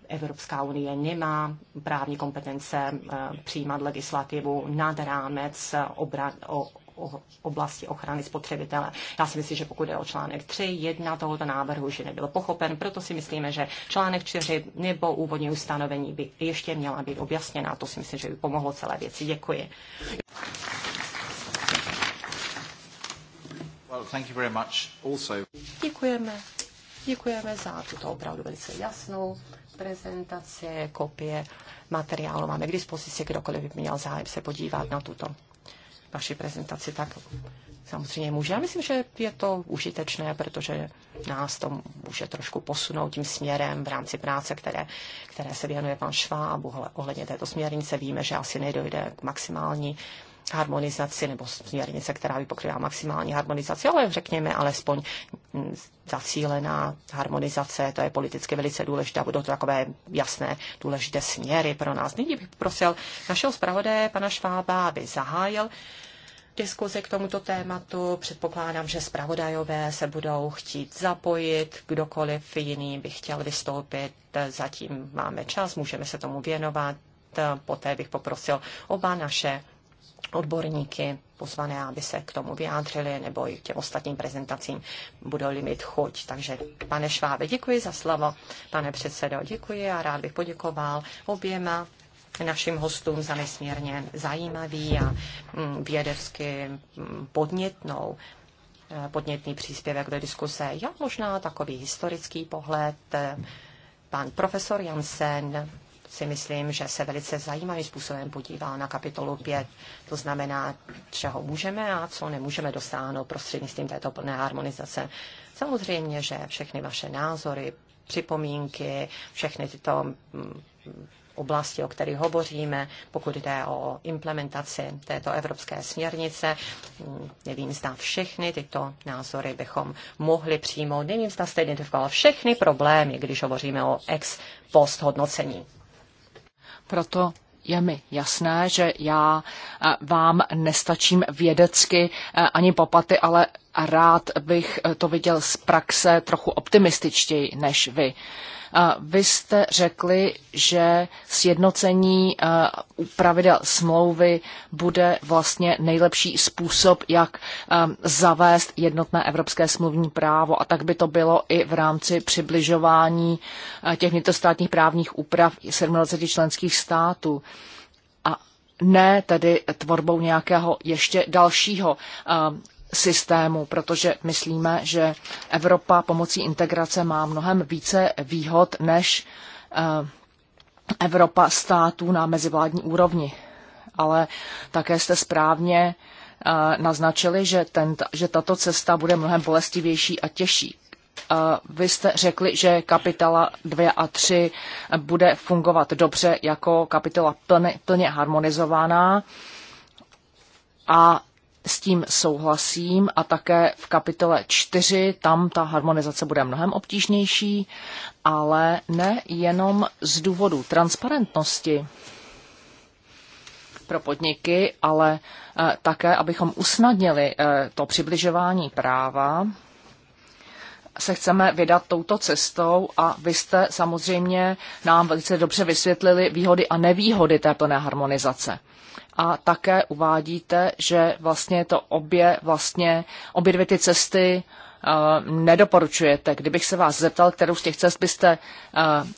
Evropská unie nemá právní kompetence eh, přijímat legislativu nad rámec obran, o, o oblasti ochrany spotřebitele. Já si myslím, že pokud je o článek 3, 1 tohoto návrhu, že nebyl pochopen, proto si myslíme, že článek 4 nebo úvodní ustanovení by ještě měla být objasněna. To si myslím, že by pomohlo celé věci. Děkuji. Děkujeme. Děkujeme za tuto opravdu velice jasnou prezentaci, kopie materiálu máme k dispozici, kdokoliv by měl zájem se podívat na tuto vaši prezentaci, tak samozřejmě může. Já myslím, že je to užitečné, protože nás to může trošku posunout tím směrem v rámci práce, které, které se věnuje pan Šváb. Ohledně této směrnice víme, že asi nedojde k maximální harmonizaci nebo směrnice, která by pokryla maximální harmonizaci, ale řekněme alespoň zacílená harmonizace, to je politicky velice důležité budou to takové jasné důležité směry pro nás. Nyní bych prosil našeho zpravodaje, pana Švába, aby zahájil diskuzi k tomuto tématu. Předpokládám, že zpravodajové se budou chtít zapojit, kdokoliv jiný by chtěl vystoupit. Zatím máme čas, můžeme se tomu věnovat. Poté bych poprosil oba naše odborníky pozvané, aby se k tomu vyjádřili, nebo i k těm ostatním prezentacím budou-li mít chuť. Takže, pane Švábe, děkuji za slovo. Pane předsedo, děkuji a rád bych poděkoval oběma našim hostům za nesmírně zajímavý a mm, vědecky mm, podnětnou eh, podnětný příspěvek do diskuse. Já možná takový historický pohled. Eh, pan profesor Jansen si myslím, že se velice zajímavým způsobem podíval na kapitolu 5, to znamená, čeho můžeme a co nemůžeme dosáhnout prostřednictvím této plné harmonizace. Samozřejmě, že všechny vaše názory, připomínky, všechny tyto mm, oblasti, o kterých hovoříme, pokud jde o implementaci této evropské směrnice. Mm, nevím, zda všechny tyto názory bychom mohli přijmout. Nevím, zda jste identifikoval všechny problémy, když hovoříme o ex post hodnocení. Proto je mi jasné, že já eh, vám nestačím vědecky eh, ani popaty, ale rád bych eh, to viděl z praxe trochu optimističtěji než vy. Vy jste řekli, že sjednocení pravidel smlouvy bude vlastně nejlepší způsob, jak zavést jednotné evropské smluvní právo. A tak by to bylo i v rámci přibližování těch vnitrostátních právních úprav 27 členských států a ne tedy tvorbou nějakého ještě dalšího systému, protože myslíme, že Evropa pomocí integrace má mnohem více výhod než eh, Evropa států na mezivládní úrovni. Ale také jste správně eh, naznačili, že, ten, že tato cesta bude mnohem bolestivější a těžší. Eh, vy jste řekli, že kapitola 2 a 3 bude fungovat dobře jako kapitola plně, plně harmonizovaná a s tím souhlasím a také v kapitole 4 tam ta harmonizace bude mnohem obtížnější, ale ne jenom z důvodu transparentnosti pro podniky, ale eh, také, abychom usnadnili eh, to přibližování práva, se chceme vydat touto cestou a vy jste samozřejmě nám velice dobře vysvětlili výhody a nevýhody té plné harmonizace a také uvádíte, že vlastně to obě, vlastně obě dvě ty cesty uh, nedoporučujete. Kdybych se vás zeptal, kterou z těch cest byste uh,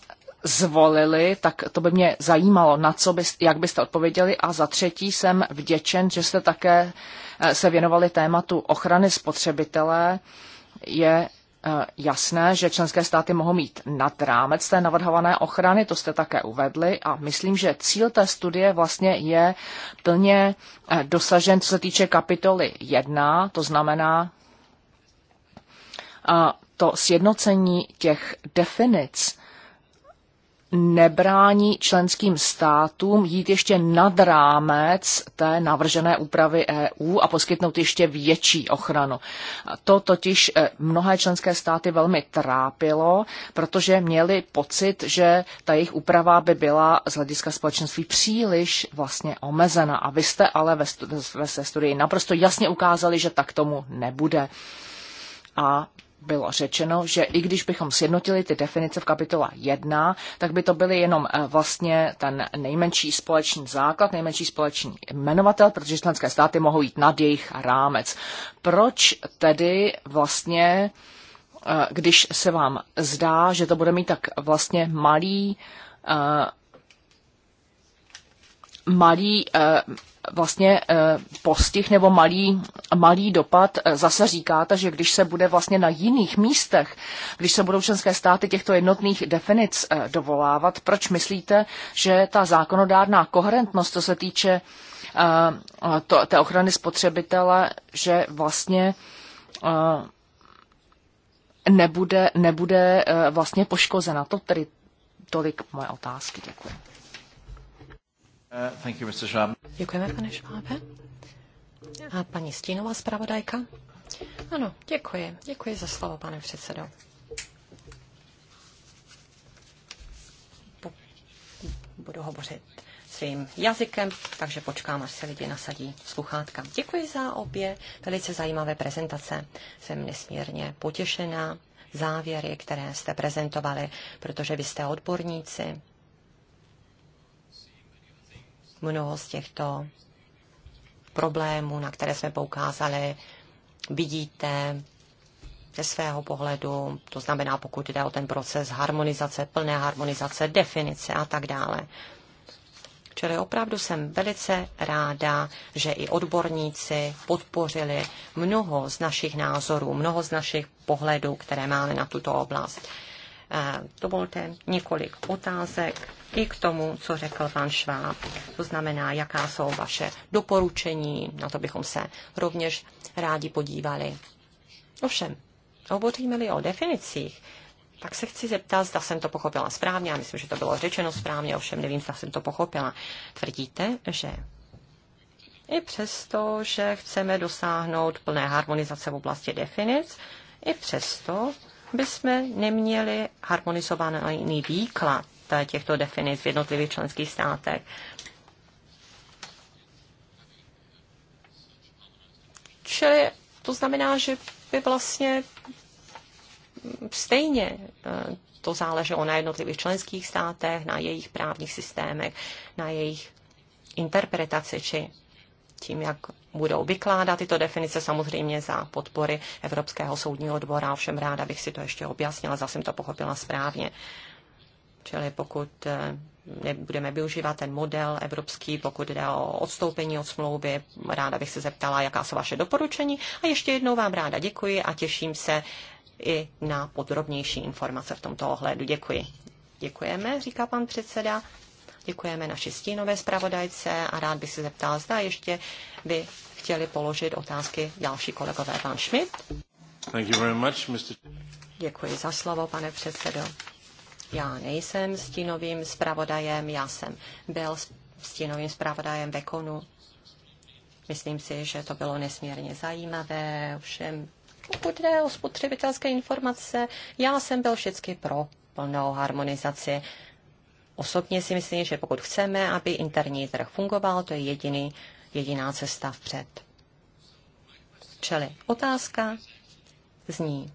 zvolili, tak to by mě zajímalo, na co byste, jak byste odpověděli. A za třetí jsem vděčen, že jste také eh, se věnovali tématu ochrany spotřebitele. Je Eh, jasné, že členské státy mohou mít nad rámec té navrhované ochrany, to jste také uvedli a myslím, že cíl té studie vlastně je plně eh, dosažen, co se týče kapitoly 1, to znamená eh, to sjednocení těch definic nebrání členským státům jít ještě nad rámec té navržené úpravy EU a poskytnout ještě větší ochranu. To totiž eh, mnohé členské státy velmi trápilo, protože měli pocit, že ta jejich úprava by byla z hlediska společenství příliš vlastně omezena. A vy jste ale ve, ve, studii naprosto jasně ukázali, že tak tomu nebude. A bylo řečeno, že i když bychom sjednotili ty definice v kapitola 1, tak by to byly jenom eh, vlastně ten nejmenší společný základ, nejmenší společný jmenovatel, protože členské státy mohou jít nad jejich rámec. Proč tedy vlastně, eh, když se vám zdá, že to bude mít tak vlastně malý eh, malý, vlastně eh, postih nebo malý, malý dopad. Eh, zase říkáte, že když se bude vlastně na jiných místech, když se budou členské státy těchto jednotných definic eh, dovolávat, proč myslíte, že ta zákonodárná koherentnost, co se týče to, té ochrany spotřebitele, že vlastně nebude, nebude vlastně poškozena. To tedy tolik moje otázky. Děkuji. Uh, Děkujeme, pane Švábe. A paní Stínová zpravodajka? Ano, děkuji. Děkuji za slovo, pane předsedo. Budu hovořit svým jazykem, takže počkám, až se lidi nasadí sluchátka. Děkuji za obě velice zajímavé prezentace. Jsem nesmírně potěšená závěry, které jste prezentovali, protože vy jste odborníci, mnoho z těchto problémů, na které jsme poukázali, vidíte ze svého pohledu, to znamená, pokud jde o ten proces harmonizace, plné harmonizace, definice a tak dále. Čili opravdu jsem velice ráda, že i odborníci podpořili mnoho z našich názorů, mnoho z našich pohledů, které máme na tuto oblast. Eh, dovolte několik otázek i k tomu, co řekl pan Šváb. To znamená, jaká jsou vaše doporučení, na to bychom se rovněž rádi podívali. Ovšem, hovoříme-li o definicích, tak se chci zeptat, zda jsem to pochopila správně. Já myslím, že to bylo řečeno správně, ovšem nevím, zda jsem to pochopila. Tvrdíte, že i přesto, že chceme dosáhnout plné harmonizace v oblasti definic, i přesto jsme neměli harmonizovaný výklad těchto definic v jednotlivých členských státech. Čili to znamená, že by vlastně stejně eh, to záleželo na jednotlivých členských státech, na jejich právních systémech, na jejich interpretaci či tím, jak budou vykládat tyto definice, samozřejmě za podpory Evropského soudního dvora. Všem ráda bych si to ještě objasnila, zase jsem to pochopila správně. Čili pokud eh, nebudeme využívat ten model evropský, pokud jde o odstoupení od smlouvy. Ráda bych se zeptala, jaká jsou vaše doporučení. A ještě jednou vám ráda děkuji a těším se i na podrobnější informace v tomto ohledu. Děkuji. Děkujeme, říká pan předseda. Děkujeme naši stínové zpravodajce a rád bych se zeptal, zda ještě by chtěli položit otázky další kolegové. Pan Schmidt. Thank you very much, Mr. Děkuji za slovo, pane předsedo. Já nejsem stínovým zpravodajem, já jsem byl stínovým zpravodajem konu. Myslím si, že to bylo nesmírně zajímavé, ovšem pokud jde o spotřebitelské informace, já jsem byl vždycky pro plnou harmonizaci osobně si myslím, že pokud chceme, aby interní trh fungoval, to je jediný, jediná cesta vpřed. Čili otázka zní,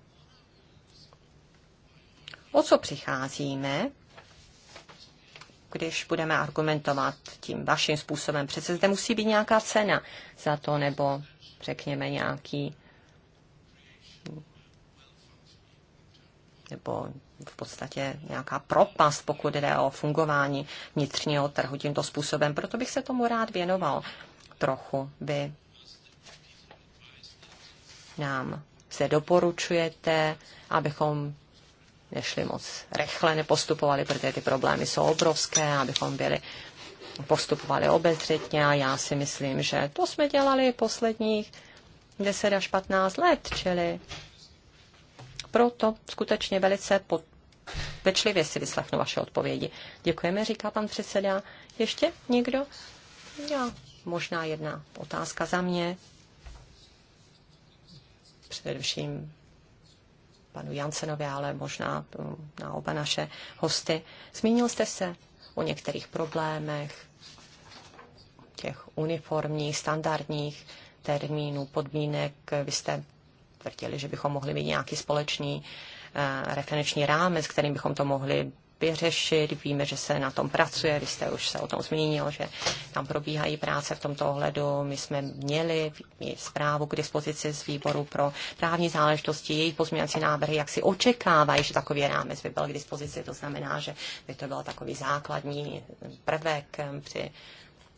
o co přicházíme, když budeme argumentovat tím vaším způsobem. Přece zde musí být nějaká cena za to, nebo řekněme nějaký nebo v podstatě nějaká propast, pokud jde o fungování vnitřního trhu tímto způsobem. Proto bych se tomu rád věnoval trochu. Vy nám se doporučujete, abychom nešli moc rychle, nepostupovali, protože ty problémy jsou obrovské, abychom byli postupovali obezřetně a já si myslím, že to jsme dělali posledních 10 až 15 let, čili proto skutečně velice pod, pečlivě si vyslechnu vaše odpovědi. Děkujeme, říká pan předseda. Ještě někdo? Já. Možná jedna otázka za mě. Především panu Jansenovi, ale možná mm, na oba naše hosty. Zmínil jste se o některých problémech, těch uniformních, standardních termínů, podmínek. Vy jste tvrdili, že bychom mohli mít nějaký společný Eh, referenční rámec, kterým bychom to mohli vyřešit. Víme, že se na tom pracuje, vy jste už se o tom zmínil, že tam probíhají práce v tomto ohledu. My jsme měli zprávu k dispozici z výboru pro právní záležitosti, jejich pozměňovací návrhy, jak si očekávají, že takový rámec by byl k dispozici. To znamená, že by to byl takový základní prvek eh, při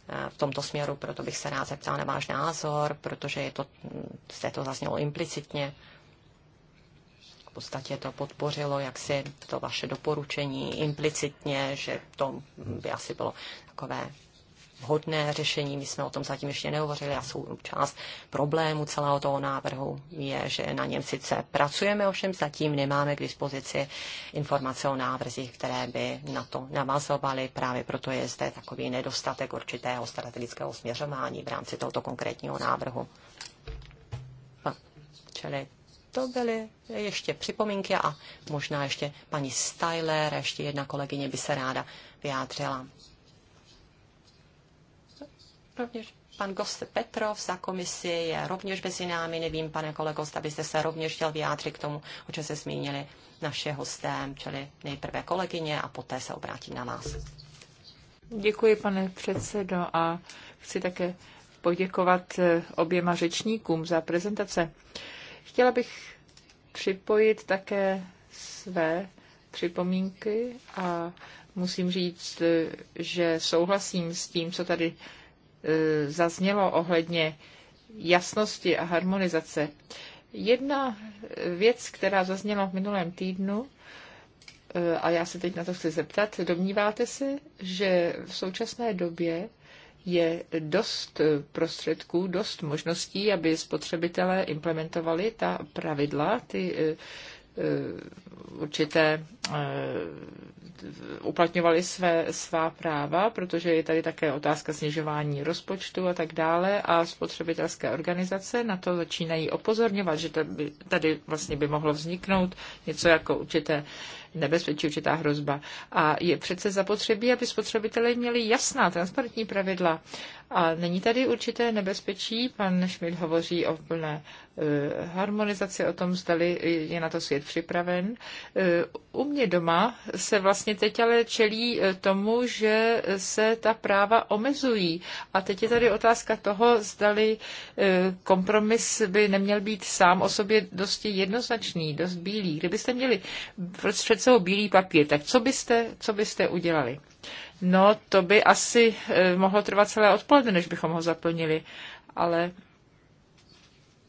eh, v tomto směru, proto bych se rád zeptal na váš názor, protože je to, hm, jste to zaznělo implicitně podstatě to podpořilo, jak si to vaše doporučení implicitně, že to by asi bylo takové vhodné řešení. My jsme o tom zatím ještě nehovořili a část problému celého toho návrhu je, že na něm sice pracujeme, ovšem zatím nemáme k dispozici informace o návrzích, které by na to navazovaly. Právě proto je zde takový nedostatek určitého strategického směřování v rámci tohoto konkrétního návrhu. Čili to byly ještě připomínky a možná ještě paní Styler, ještě jedna kolegyně by se ráda vyjádřila. Rovněž pan Gost Petrov za komisi je rovněž mezi námi. Nevím, pane kolego, zda byste se rovněž chtěl vyjádřit k tomu, o čem se zmínili naše hosté, čili nejprve kolegyně a poté se obrátím na vás. Děkuji, pane předsedo, a chci také poděkovat eh, oběma řečníkům za prezentace. Chtěla bych připojit také své připomínky a musím říct, že souhlasím s tím, co tady e, zaznělo ohledně jasnosti a harmonizace. Jedna věc, která zazněla v minulém týdnu, e, a já se teď na to chci zeptat, domníváte se, že v současné době je dost prostředků, dost možností, aby spotřebitelé implementovali ta pravidla, ty eh, eh, určité eh, uplatňovali své, svá práva, protože je tady také otázka snižování rozpočtu a tak dále a spotřebitelské organizace na to začínají opozorňovat, že tady vlastně by mohlo vzniknout něco jako určité nebezpečí, určitá hrozba. A je přece zapotřebí, aby spotřebitelé měli jasná, transparentní pravidla. A není tady určité nebezpečí, pan Schmidt hovoří o plné eh, harmonizaci, o tom, zda je na to svět připraven. Eh, u mě doma se vlastně teď ale čelí eh, tomu, že se ta práva omezují. A teď je tady otázka toho, zdali kompromis by neměl být sám o sobě dosti jednoznačný, dost bílý. Kdybyste měli prostřed sebou bílý papír, tak co byste, co byste udělali? No, to by asi eh, mohlo trvat celé odpoledne, než bychom ho zaplnili, ale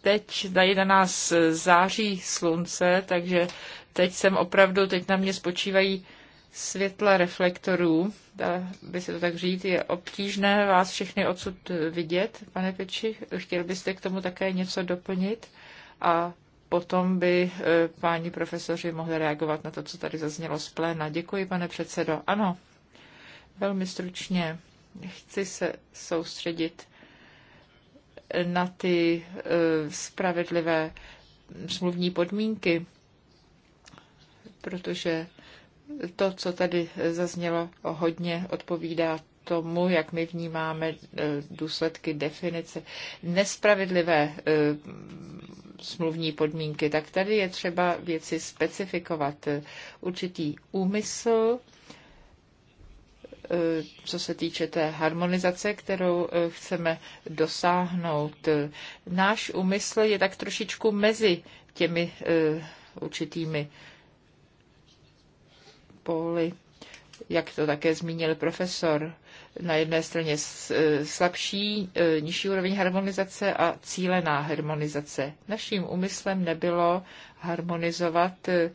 teď na nás eh, září slunce, takže teď jsem opravdu, teď na mě spočívají světla reflektorů, dá by se to tak říct, je obtížné vás všechny odsud eh, vidět. Pane Peči, chtěl byste k tomu také něco doplnit? A potom by e, páni profesoři mohli reagovat na to, co tady zaznělo z pléna. Děkuji, pane předsedo. Ano, velmi stručně chci se soustředit na ty e, spravedlivé smluvní podmínky, protože to, co tady zaznělo, hodně odpovídá tomu, jak my vnímáme e, důsledky definice. Nespravedlivé smluvní podmínky, tak tady je třeba věci specifikovat. Určitý úmysl, eh, co se týče té harmonizace, kterou eh, chceme dosáhnout. Náš úmysl je tak trošičku mezi těmi eh, určitými poli, jak to také zmínil profesor na jedné straně e, slabší, e, nižší úroveň harmonizace a cílená harmonizace. Naším úmyslem nebylo harmonizovat e,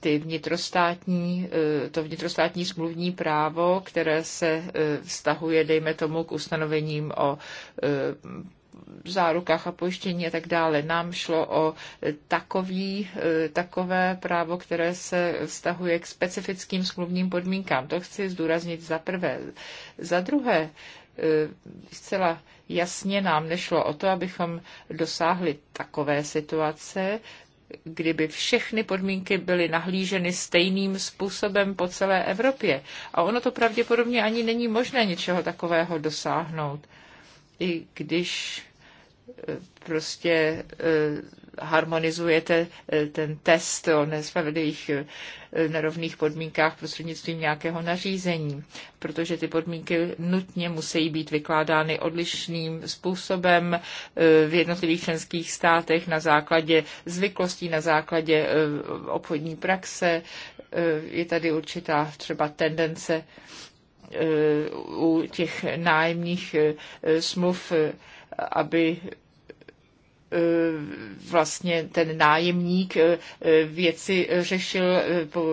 ty vnitrostátní, to vnitrostátní smluvní právo, které se vztahuje, dejme tomu, k ustanovením o zárukách a pojištění a tak dále. Nám šlo o takový, eh, takové právo, které se vztahuje k specifickým smluvním podmínkám. To chci zdůraznit za prvé. Za druhé, eh, zcela jasně nám nešlo o to, abychom dosáhli takové situace, kdyby všechny podmínky byly nahlíženy stejným způsobem po celé Evropě. A ono to pravděpodobně ani není možné něčeho takového dosáhnout. I když prostě eh, harmonizujete eh, ten test o nespravedlivých eh, nerovných podmínkách prostřednictvím nějakého nařízení, protože ty podmínky nutně musí být vykládány odlišným způsobem v jednotlivých členských státech na základě zvyklostí, na základě obchodní praxe. Je tady určitá třeba tendence u těch nájemních smluv aby vlastně ten nájemník eh, věci řešil, eh,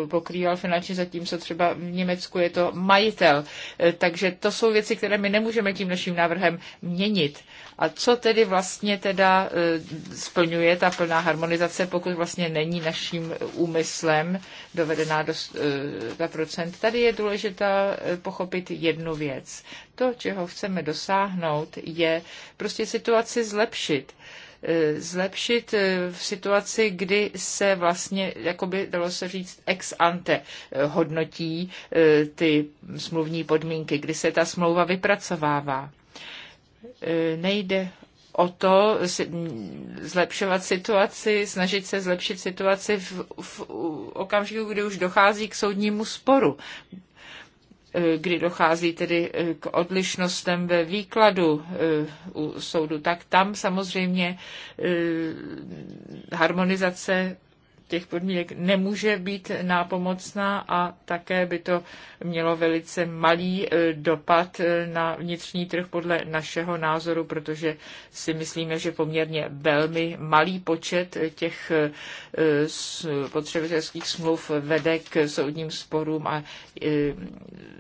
pokrýval finančně za tím, co třeba v Německu je to majitel. Eh, takže to jsou věci, které my nemůžeme tím naším návrhem měnit. A co tedy vlastně teda splňuje ta plná harmonizace, pokud vlastně není naším úmyslem dovedená do 100%? Tady je důležité pochopit jednu věc. To, čeho chceme dosáhnout, je prostě situaci zlepšit. E, zlepšit e, v situaci, kdy se vlastně, jako by dalo se říct, ex ante e, hodnotí ty smluvní podmínky, kdy se ta smlouva vypracovává. Nejde o to zlepšovat situaci, snažit se zlepšit situaci v, v okamžiku, kdy už dochází k soudnímu sporu kdy dochází tedy e, k odlišnostem ve výkladu e, u soudu, tak tam samozřejmě e, harmonizace těch podmínek nemůže být nápomocná a také by to mělo velice malý e, dopad e, na vnitřní trh podle našeho názoru, protože si myslíme, že poměrně velmi malý počet e, těch potřebitelských smluv vede k soudním sporům a,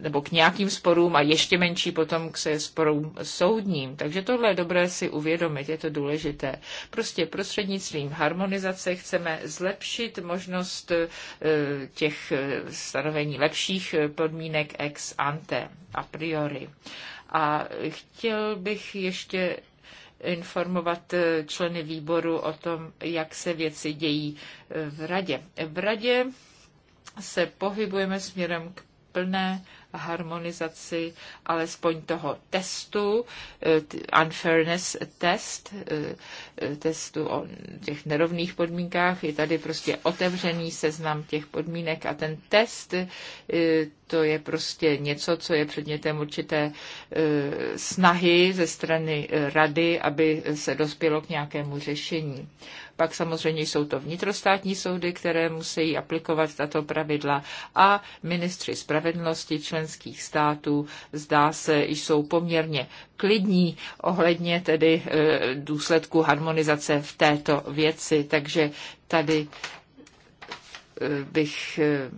nebo k nějakým sporům a ještě menší potom k se sporům soudním. Takže tohle je dobré si uvědomit, je to důležité. Prostě prostřednictvím harmonizace chceme zlepšit zvážit možnost eh, těch eh, stanovení lepších eh, podmínek ex ante a priori. A chtěl bych ještě informovat členy výboru o tom, jak se věci dějí v radě. V radě se pohybujeme směrem k plné harmonizaci alespoň toho testu, eh, unfairness test, eh, eh, testu o těch nerovných podmínkách. Je tady prostě otevřený seznam těch podmínek a ten test to je prostě něco, co je předmětem určité snahy ze strany rady, aby se dospělo k nějakému řešení. Pak samozřejmě jsou to vnitrostátní soudy, které musí aplikovat tato pravidla a ministři spravedlnosti členských států zdá se, jsou poměrně klidní ohledně tedy eh, důsledku harmonizace v této věci, takže tady eh, bych eh,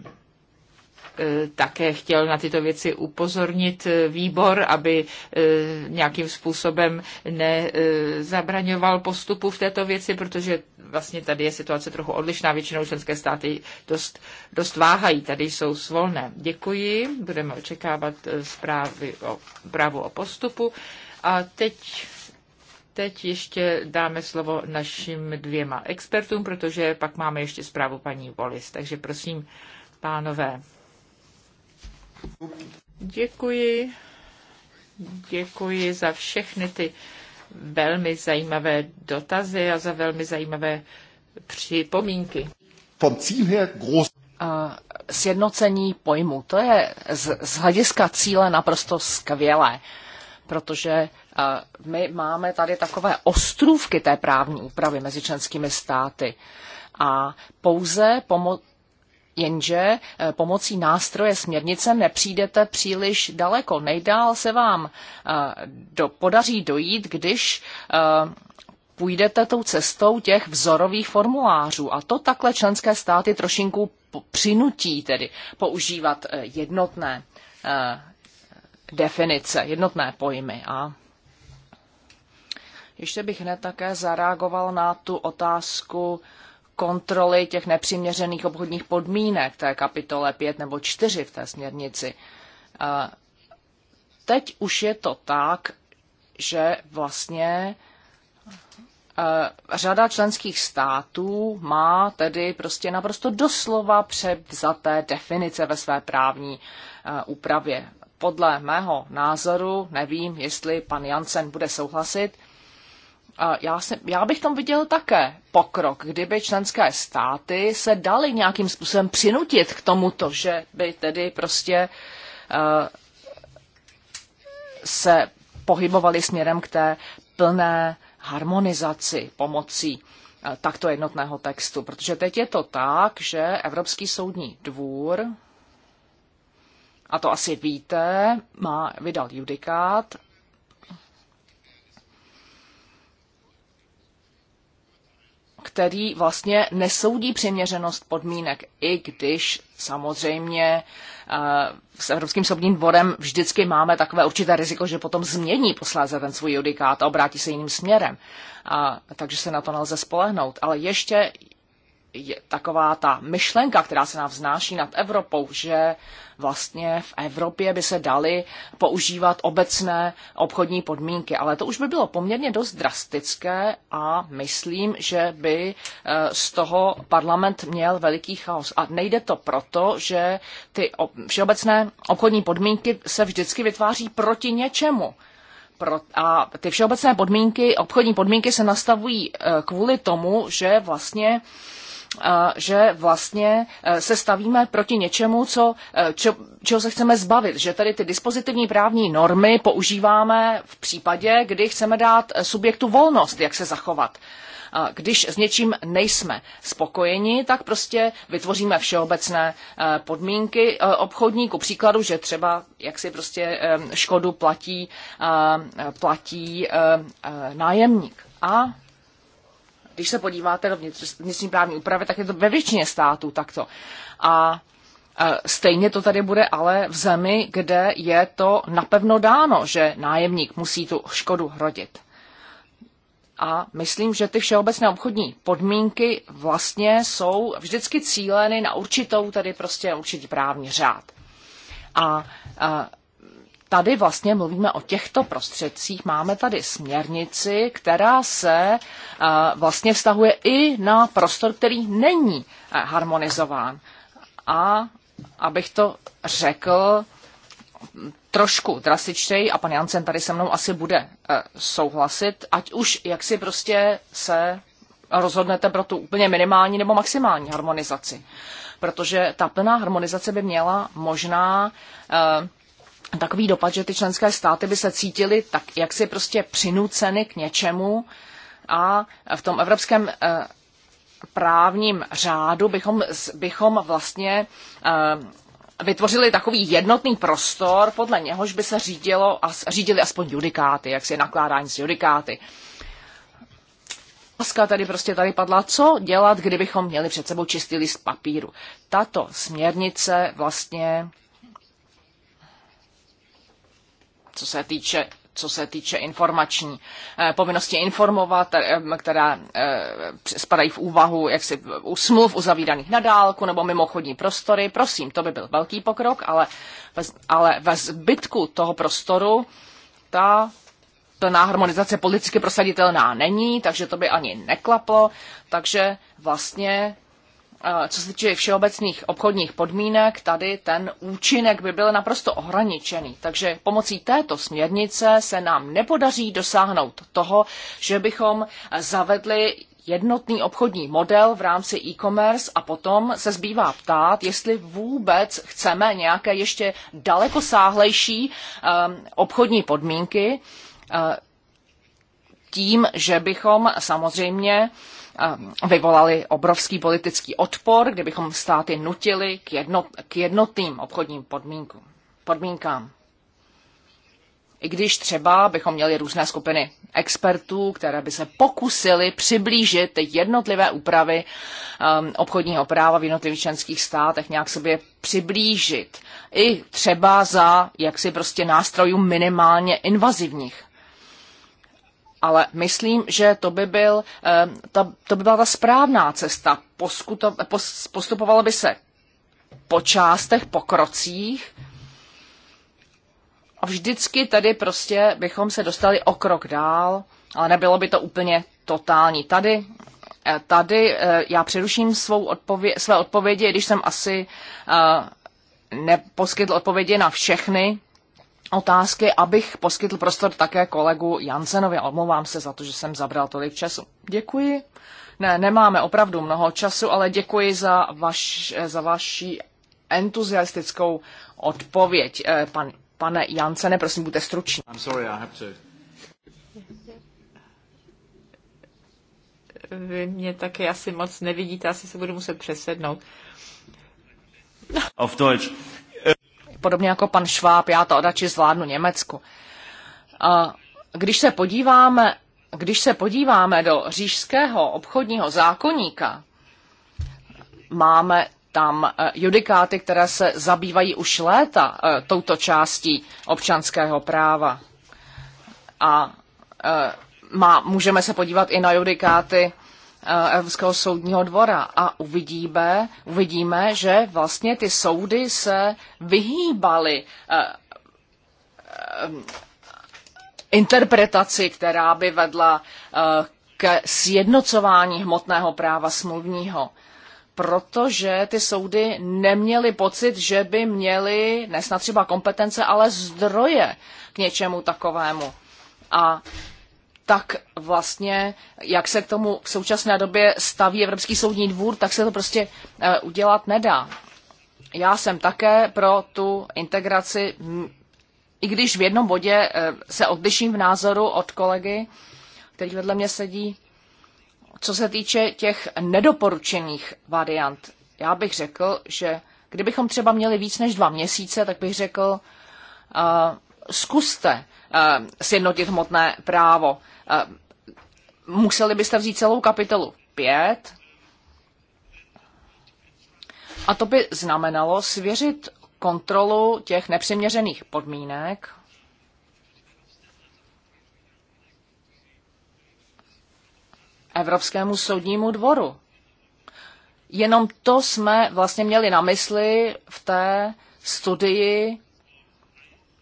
Eh, také chtěl na tyto věci upozornit eh, výbor, aby eh, nějakým způsobem nezabraňoval postupu v této věci, protože vlastně tady je situace trochu odlišná. Většinou členské státy dost, dost váhají, tady jsou svolné. Děkuji, budeme očekávat zprávy o, právu o postupu. A teď Teď ještě dáme slovo našim dvěma expertům, protože pak máme ještě zprávu paní Volis. Takže prosím, pánové. Děkuji. Děkuji za všechny ty velmi zajímavé dotazy a za velmi zajímavé připomínky. A sjednocení pojmu, to je z, z hlediska cíle naprosto skvělé, protože my máme tady takové ostrůvky té právní úpravy mezi členskými státy a pouze pomo- Jenže eh, pomocí nástroje směrnice nepřijdete příliš daleko. Nejdál se vám eh, do, podaří dojít, když eh, půjdete tou cestou těch vzorových formulářů. A to takhle členské státy trošinku přinutí tedy používat jednotné definice, jednotné pojmy. A ještě bych hned také zareagoval na tu otázku kontroly těch nepřiměřených obchodních podmínek, to je kapitole 5 nebo 4 v té směrnici. Teď už je to tak, že vlastně řada členských států má tedy prostě naprosto doslova převzaté definice ve své právní úpravě. Podle mého názoru, nevím, jestli pan Jansen bude souhlasit, já, se, já bych tam viděl také pokrok, kdyby členské státy se daly nějakým způsobem přinutit k tomuto, že by tedy prostě uh, se pohybovali směrem k té plné harmonizaci pomocí uh, takto jednotného textu. Protože teď je to tak, že Evropský soudní dvůr, a to asi víte, má, vydal judikát který vlastně nesoudí přiměřenost podmínek, i když samozřejmě eh, s Evropským soudním dvorem vždycky máme takové určité riziko, že potom změní posléze ten svůj judikát a obrátí se jiným směrem. A, takže se na to nelze spolehnout. Ale ještě je taková ta myšlenka, která se nám vznáší nad Evropou, že vlastně v Evropě by se daly používat obecné obchodní podmínky. Ale to už by bylo poměrně dost drastické a myslím, že by eh, z toho parlament měl veliký chaos. A nejde to proto, že ty všeobecné obchodní podmínky se vždycky vytváří proti něčemu. Pro, a ty všeobecné podmínky, obchodní podmínky se nastavují eh, kvůli tomu, že vlastně že vlastně e, se stavíme proti něčemu, co, e, čo, čeho se chceme zbavit, že tady ty dispozitivní právní normy používáme v případě, kdy chceme dát e, subjektu volnost, jak se zachovat. Když s něčím nejsme spokojeni, tak prostě vytvoříme všeobecné podmínky obchodníku. Příkladu, že třeba jak si prostě škodu platí, platí nájemník. A když se podíváte do vnitřní právní úpravy, tak je to ve většině států takto. A e, Stejně to tady bude ale v zemi, kde je to napevno dáno, že nájemník musí tu škodu hrodit. A myslím, že ty všeobecné obchodní podmínky vlastně jsou vždycky cíleny na určitou, tady prostě určitý právní řád. A, a e, tady vlastně mluvíme o těchto prostředcích. Máme tady směrnici, která se eh, vlastně vztahuje i na prostor, který není eh, harmonizován. A abych to řekl trošku drastičtěji, a pan Jansen tady se mnou asi bude eh, souhlasit, ať už jak si prostě se rozhodnete pro tu úplně minimální nebo maximální harmonizaci. Protože ta plná harmonizace by měla možná takový dopad, že ty členské státy by se cítily tak jak si prostě přinuceny k něčemu a v tom evropském eh, právním řádu bychom, bychom vlastně eh, vytvořili takový jednotný prostor, podle něhož by se řídilo, řídili aspoň judikáty, jak si je nakládání s judikáty. Láska tady prostě tady padla, co dělat, kdybychom měli před sebou čistý list papíru. Tato směrnice vlastně co se týče co se týče informační eh, povinnosti informovat, eh, která eh, spadají v úvahu jak si u smluv uzavíraných na dálku nebo mimochodní prostory. Prosím, to by byl velký pokrok, ale, ale ve zbytku toho prostoru ta plná harmonizace politicky prosaditelná není, takže to by ani neklaplo, takže vlastně Eh, co se týče všeobecných obchodních podmínek, tady ten účinek by byl naprosto ohraničený. Takže pomocí této směrnice se nám nepodaří dosáhnout toho, že bychom zavedli jednotný obchodní model v rámci e-commerce a potom se zbývá ptát, jestli vůbec chceme nějaké ještě daleko sáhlejší ehm, obchodní podmínky eh, tím, že bychom samozřejmě Eh, vyvolali obrovský politický odpor, kdybychom státy nutili k, jedno, k jednotným obchodním podmínkům, podmínkám. I když třeba bychom měli různé skupiny expertů, které by se pokusily přiblížit ty jednotlivé úpravy um, obchodního práva v jednotlivých členských státech, nějak sobě přiblížit. I třeba za jaksi prostě nástrojů minimálně invazivních ale myslím, že to by, byl, eh, ta, to by byla ta správná cesta. Poskuto, postupovalo by se po částech, po krocích a vždycky tady prostě bychom se dostali o krok dál, ale nebylo by to úplně totální. Tady eh, Tady eh, já přeruším svou odpově- své odpovědi, když jsem asi neposkytl odpovědi na všechny otázky, abych poskytl prostor také kolegu Jansenovi. Omlouvám se za to, že jsem zabral tolik času. Děkuji. Ne, nemáme opravdu mnoho času, ale děkuji za, vaš, za vaši entuziastickou odpověď. Eh, pan, pane Jansene, prosím, buďte struční. I'm sorry, I have to. Vy mě taky asi moc nevidíte, asi se budu muset přesednout. Auf Deutsch podobně jako pan Šváb, já to odači zvládnu Německu. A když se podíváme, když se podíváme do říšského obchodního zákonníka, máme tam eh, judikáty, které se zabývají už léta eh, touto částí občanského práva. A eh, má, můžeme se podívat i na judikáty Eh, Evropského soudního dvora a uvidíme, uvidíme, že vlastně ty soudy se vyhýbaly eh, eh, interpretaci, která by vedla k sjednocování hmotného práva smluvního protože ty soudy neměly pocit, že by měly, nesnad třeba kompetence, ale zdroje k něčemu takovému. A tak vlastně, jak se k tomu v současné době staví Evropský soudní dvůr, tak se to prostě eh, udělat nedá. Já jsem také pro tu integraci, i když v jednom bodě eh, se odliším v názoru od kolegy, který vedle mě sedí, co se týče těch nedoporučených variant. Já bych řekl, že kdybychom třeba měli víc než dva měsíce, tak bych řekl, uh, zkuste sjednotit hmotné právo. Eh, museli byste vzít celou kapitolu 5 a to by znamenalo svěřit kontrolu těch nepřiměřených podmínek Evropskému soudnímu dvoru. Jenom to jsme vlastně měli na mysli v té studii,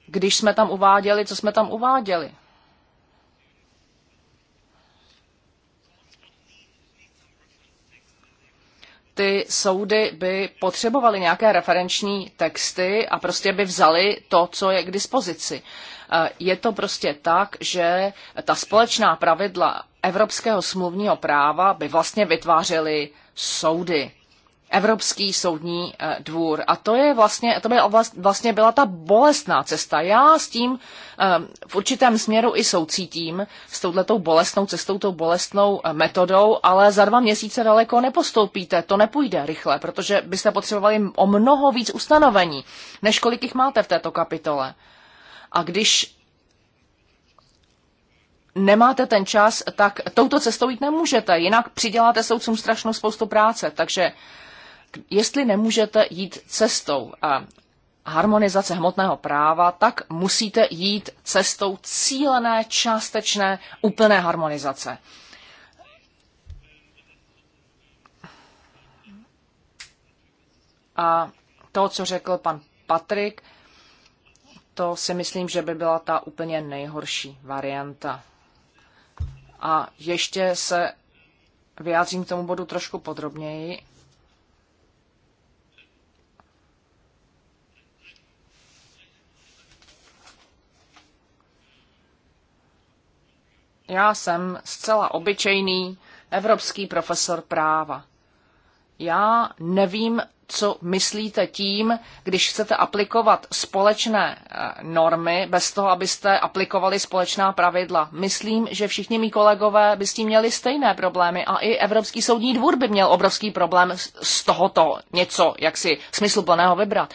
když jsme tam uváděli, co jsme tam uváděli. ty soudy by potřebovaly nějaké referenční texty a prostě by vzali to, co je k dispozici. Eh, je to prostě tak, že ta společná pravidla evropského smluvního práva by vlastně vytvářely soudy. Evropský soudní eh, dvůr. A to je vlastně, to by vlastně byla ta bolestná cesta. Já s tím eh, v určitém směru i soucítím s touhletou bolestnou cestou, tou bolestnou eh, metodou, ale za dva měsíce daleko nepostoupíte, to nepůjde rychle, protože byste potřebovali o mnoho víc ustanovení, než kolik jich máte v této kapitole. A když nemáte ten čas, tak touto cestou jít nemůžete, jinak přiděláte soudcům strašnou spoustu práce. Takže jestli nemůžete jít cestou harmonizace hmotného práva, tak musíte jít cestou cílené, částečné, úplné harmonizace. A to, co řekl pan Patrik, to si myslím, že by byla ta úplně nejhorší varianta. A ještě se vyjádřím k tomu bodu trošku podrobněji. Já jsem zcela obyčejný evropský profesor práva. Já nevím, co myslíte tím, když chcete aplikovat společné eh, normy bez toho, abyste aplikovali společná pravidla. Myslím, že všichni mý kolegové by s tím měli stejné problémy a i Evropský soudní dvůr by měl obrovský problém z tohoto něco jak si smysluplného vybrat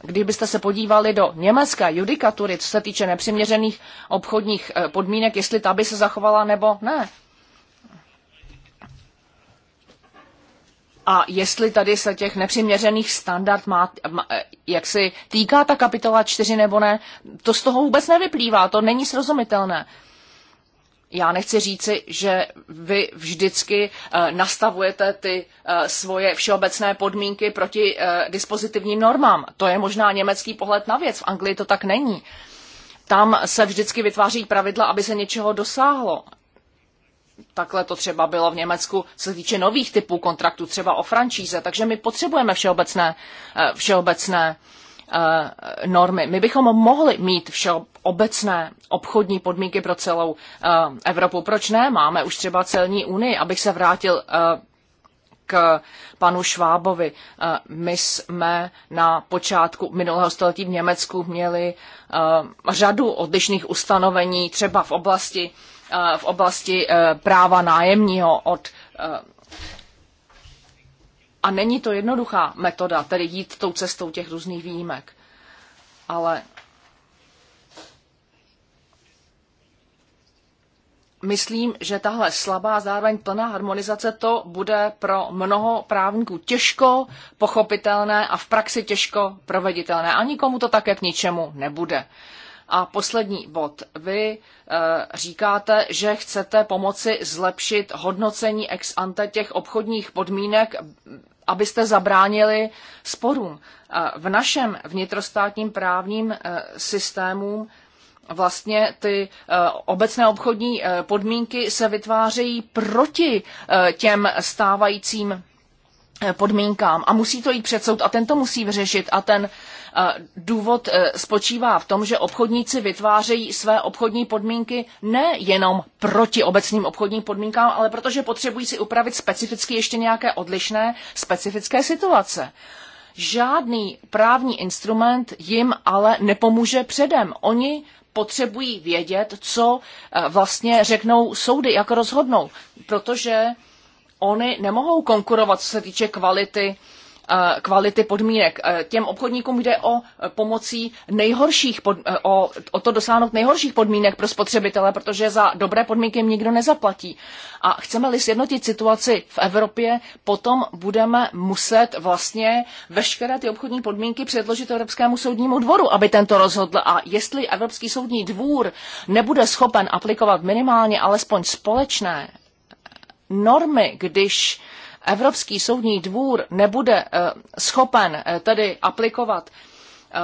kdybyste se podívali do německé judikatury, co se týče nepřiměřených obchodních eh, podmínek, jestli ta by se zachovala nebo ne. A jestli tady se těch nepřiměřených standard má, eh, jak si týká ta kapitola 4 nebo ne, to z toho vůbec nevyplývá, to není srozumitelné já nechci říci, že vy vždycky eh, nastavujete ty eh, svoje všeobecné podmínky proti eh, dispozitivním normám. To je možná německý pohled na věc, v Anglii to tak není. Tam se vždycky vytváří pravidla, aby se něčeho dosáhlo. Takhle to třeba bylo v Německu, co se týče nových typů kontraktů, třeba o franšíze. Takže my potřebujeme všeobecné, všeobecné uh, Eh, normy. My bychom mohli mít všeobecné obchodní podmínky pro celou eh, Evropu. Proč ne? Máme už třeba celní unii, abych se vrátil eh, k panu Švábovi. My jsme na počátku minulého století v Německu měli řadu odlišných ustanovení, třeba v oblasti, v oblasti práva nájemního od a není to jednoduchá metoda, tedy jít tou cestou těch různých výjimek. Ale myslím, že tahle slabá, zároveň plná harmonizace, to bude pro mnoho právníků těžko pochopitelné a v praxi těžko proveditelné. A nikomu to také k ničemu nebude. A poslední bod. Vy eh, říkáte, že chcete pomoci zlepšit hodnocení ex ante těch obchodních podmínek, abyste zabránili sporům. Eh, v našem vnitrostátním právním eh, systému vlastně ty obecné obchodní podmínky se vytvářejí proti těm stávajícím Eh, podmínkám a musí to jít před soud a ten to musí vyřešit a ten eh, důvod eh, spočívá v tom, že obchodníci vytvářejí své obchodní podmínky nejenom proti obecným obchodním podmínkám, ale protože potřebují si upravit specificky ještě nějaké odlišné specifické situace. Žádný právní instrument jim ale nepomůže předem. Oni potřebují vědět, co vlastně řeknou soudy, jak rozhodnou, protože Oni nemohou konkurovat, co se týče kvality eh, kvality podmínek. Eh, těm obchodníkům jde o eh, pomocí nejhorších, pod, o, o to dosáhnout nejhorších podmínek pro spotřebitele, protože za dobré podmínky jim nikdo nezaplatí. A chceme-li sjednotit situaci v Evropě, potom budeme muset vlastně veškeré ty obchodní podmínky předložit Evropskému soudnímu dvoru, aby tento rozhodl. A jestli Evropský soudní dvůr nebude schopen aplikovat minimálně alespoň společné normy, když Evropský soudní dvůr nebude eh, schopen eh, tedy aplikovat eh,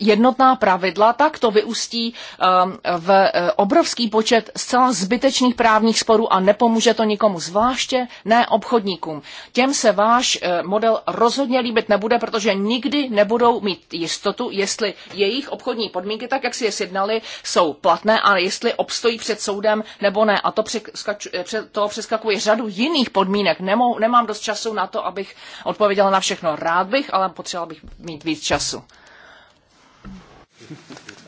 jednotná pravidla, tak to vyústí um, v eh, obrovský počet zcela zbytečných právních sporů a nepomůže to nikomu, zvláště ne obchodníkům. Těm se váš eh, model rozhodně líbit nebude, protože nikdy nebudou mít jistotu, jestli jejich obchodní podmínky, tak jak si je sjednali, jsou platné a jestli obstojí před soudem nebo ne. A to, eh, toho přeskakuje řadu jiných podmínek. Nemou, nemám dost času na to, abych odpověděla na všechno. Rád bych, ale potřeboval bych mít víc času.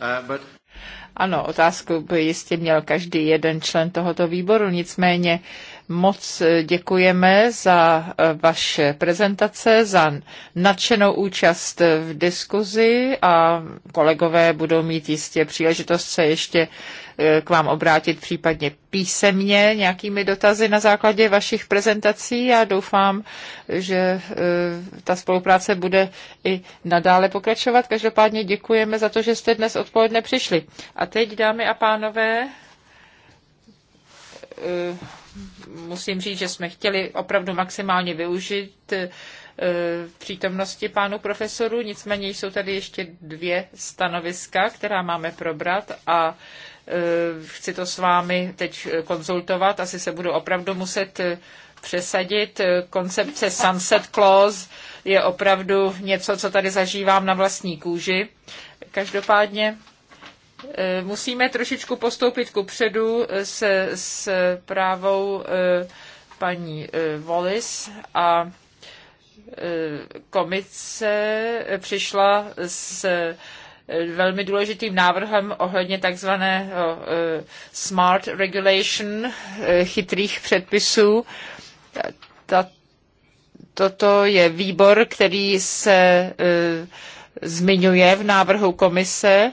Uh, ano, otázku by jistě měl každý jeden člen tohoto výboru, nicméně Moc děkujeme za e, vaše prezentace, za nadšenou účast v diskuzi a kolegové budou mít jistě příležitost se ještě e, k vám obrátit případně písemně nějakými dotazy na základě vašich prezentací a doufám, že e, ta spolupráce bude i nadále pokračovat. Každopádně děkujeme za to, že jste dnes odpoledne přišli. A teď, dámy a pánové, musím říct, že jsme chtěli opravdu maximálně využít eh, přítomnosti pánu profesoru, nicméně jsou tady ještě dvě stanoviska, která máme probrat a eh, chci to s vámi teď konzultovat. Asi se budu opravdu muset eh, přesadit. Koncepce Sunset Clause je opravdu něco, co tady zažívám na vlastní kůži. Každopádně Eh, musíme trošičku postoupit ku předu eh, se, s právou eh, paní Volis a komice přišla s velmi důležitým návrhem ohledně takzvaného smart regulation, chytrých předpisů. toto je výbor, který se zmiňuje v návrhu komise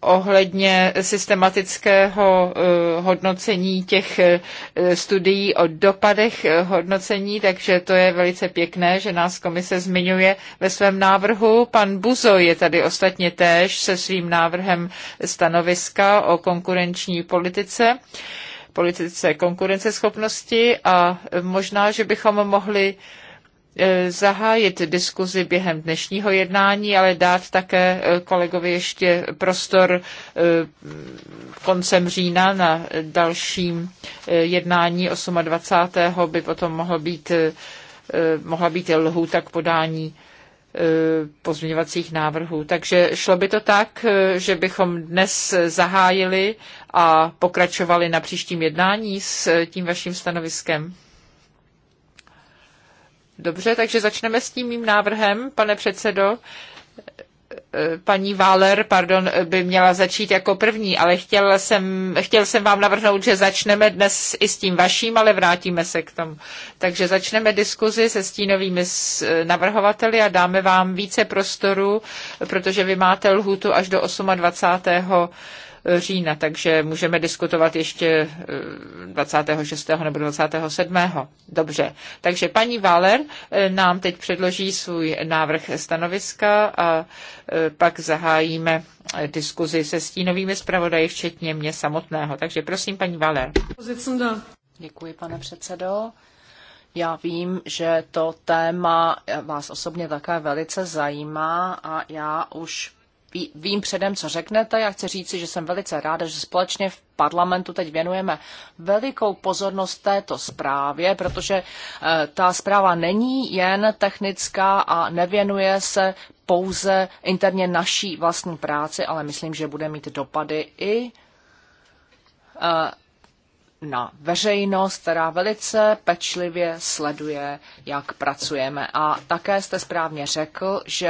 ohledně systematického eh, hodnocení těch eh, studií o dopadech eh, hodnocení, takže to je velice pěkné, že nás komise zmiňuje ve svém návrhu. Pan Buzo je tady ostatně též se svým návrhem stanoviska o konkurenční politice politice konkurenceschopnosti a možná, že bychom mohli uh, Eh, zahájit diskuzi během dnešního jednání, ale dát také eh, kolegovi ještě prostor eh, koncem října na dalším jednání 28. by potom mohla být, mohla být lhůta k podání pozměňovacích návrhů. Takže šlo by to tak, že bychom dnes zahájili a pokračovali na příštím jednání s tím vaším stanoviskem? Dobře, takže začneme s tím mým návrhem, pane předsedo. Paní Váler, pardon, by měla začít jako první, ale chtěl jsem, chtěl jsem vám navrhnout, že začneme dnes i s tím vaším, ale vrátíme se k tomu. Takže začneme diskuzi se stínovými navrhovateli a dáme vám více prostoru, protože vy máte lhůtu až do 28 října, takže můžeme diskutovat ještě 26. Eh, nebo 27. Dobře, takže paní Valer eh, nám teď předloží svůj návrh stanoviska a eh, pak zahájíme diskuzi se stínovými zpravodaji, včetně mě samotného. Takže prosím, paní Valer. Děkuji, pane předsedo. Já vím, že to téma vás osobně také velice zajímá a já už vím předem, co řeknete. Já chci říci, že jsem velice ráda, že společně v parlamentu teď věnujeme velikou pozornost této zprávě, protože eh, ta zpráva není jen technická a nevěnuje se pouze interně naší vlastní práci, ale myslím, že bude mít dopady i eh, na veřejnost, která velice pečlivě sleduje, jak pracujeme. A také jste správně řekl, že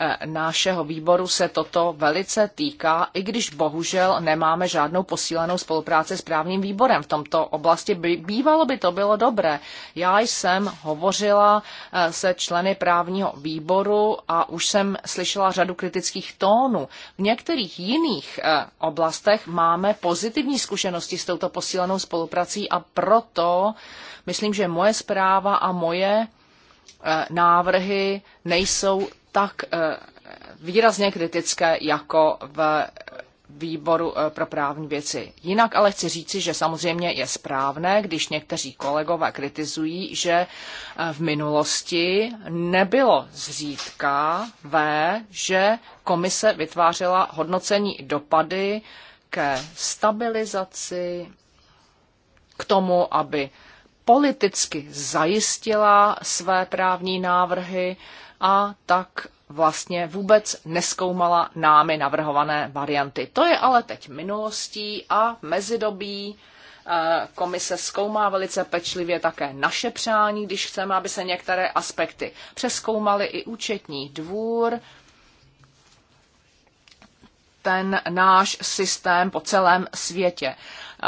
eh, našeho výboru se toto velice týká, i když bohužel nemáme žádnou posílenou spolupráci s právním výborem v tomto oblasti. Bývalo by to bylo dobré. Já jsem hovořila eh, se členy právního výboru a už jsem slyšela řadu kritických tónů. V některých jiných eh, oblastech máme pozitivní zkušenosti s touto posílenou posílenou spoluprací a proto myslím, že moje zpráva a moje eh, návrhy nejsou tak eh, výrazně kritické jako v výboru eh, pro právní věci. Jinak ale chci říci, že samozřejmě je správné, když někteří kolegové kritizují, že v minulosti nebylo zřídka ve, že komise vytvářela hodnocení dopady ke stabilizaci k tomu, aby politicky zajistila své právní návrhy a tak vlastně vůbec neskoumala námi navrhované varianty. To je ale teď minulostí a mezidobí eh, komise zkoumá velice pečlivě také naše přání, když chceme, aby se některé aspekty přeskoumaly i účetní dvůr. Ten náš systém po celém světě eh,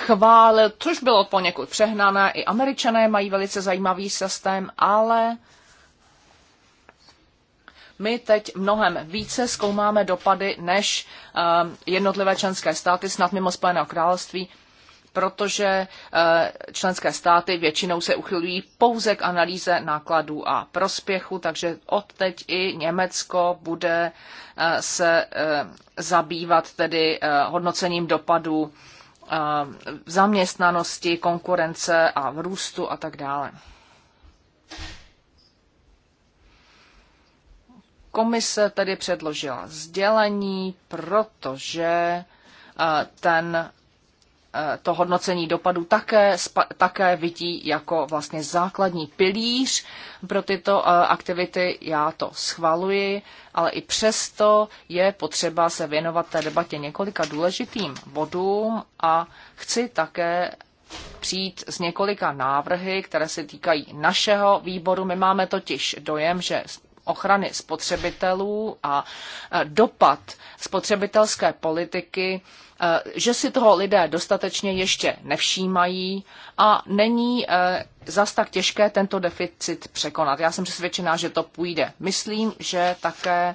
chválil, což bylo poněkud přehnané. I američané mají velice zajímavý systém, ale my teď mnohem více zkoumáme dopady než ehm, jednotlivé členské státy, snad mimo Spojeného království, protože eh, členské státy většinou se uchylují pouze k analýze nákladů a prospěchu, takže odteď i Německo bude eh, se ehm, zabývat tedy eh, hodnocením dopadů zaměstnanosti, konkurence a v růstu a tak dále. Komise tedy předložila sdělení, protože ten Eh, to hodnocení dopadu také, také vidí jako vlastně základní pilíř pro tyto eh, aktivity. Já to schvaluji, ale i přesto je potřeba se věnovat té debatě několika důležitým bodům a chci také přijít s několika návrhy, které se týkají našeho výboru. My máme totiž dojem, že ochrany spotřebitelů a e, dopad spotřebitelské politiky, e, že si toho lidé dostatečně ještě nevšímají a není e, zas tak těžké tento deficit překonat. Já jsem přesvědčená, že to půjde. Myslím, že také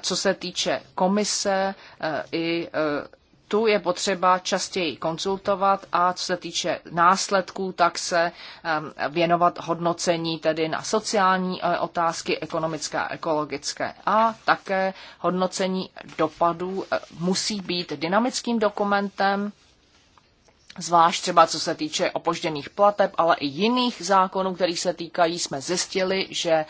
co se týče komise i tu je potřeba častěji konzultovat a co se týče následků, tak se věnovat hodnocení tedy na sociální e, otázky, ekonomické a ekologické. A také hodnocení dopadů e, musí být dynamickým dokumentem, zvlášť třeba co se týče opožděných plateb, ale i jiných zákonů, kterých se týkají, jsme zjistili, že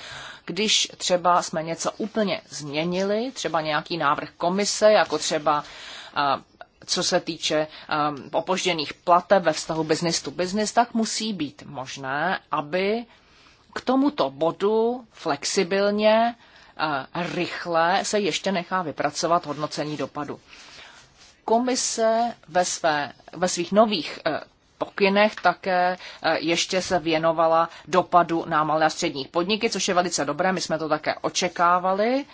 když třeba jsme něco úplně změnili, třeba nějaký návrh komise, jako třeba co se týče um, opožděných plateb ve vztahu business to business, tak musí být možné, aby k tomuto bodu flexibilně, uh, rychle se ještě nechá vypracovat hodnocení dopadu. Komise ve, své, ve svých nových uh, pokynech také uh, ještě se věnovala dopadu na malé a střední podniky, což je velice dobré, my jsme to také očekávali.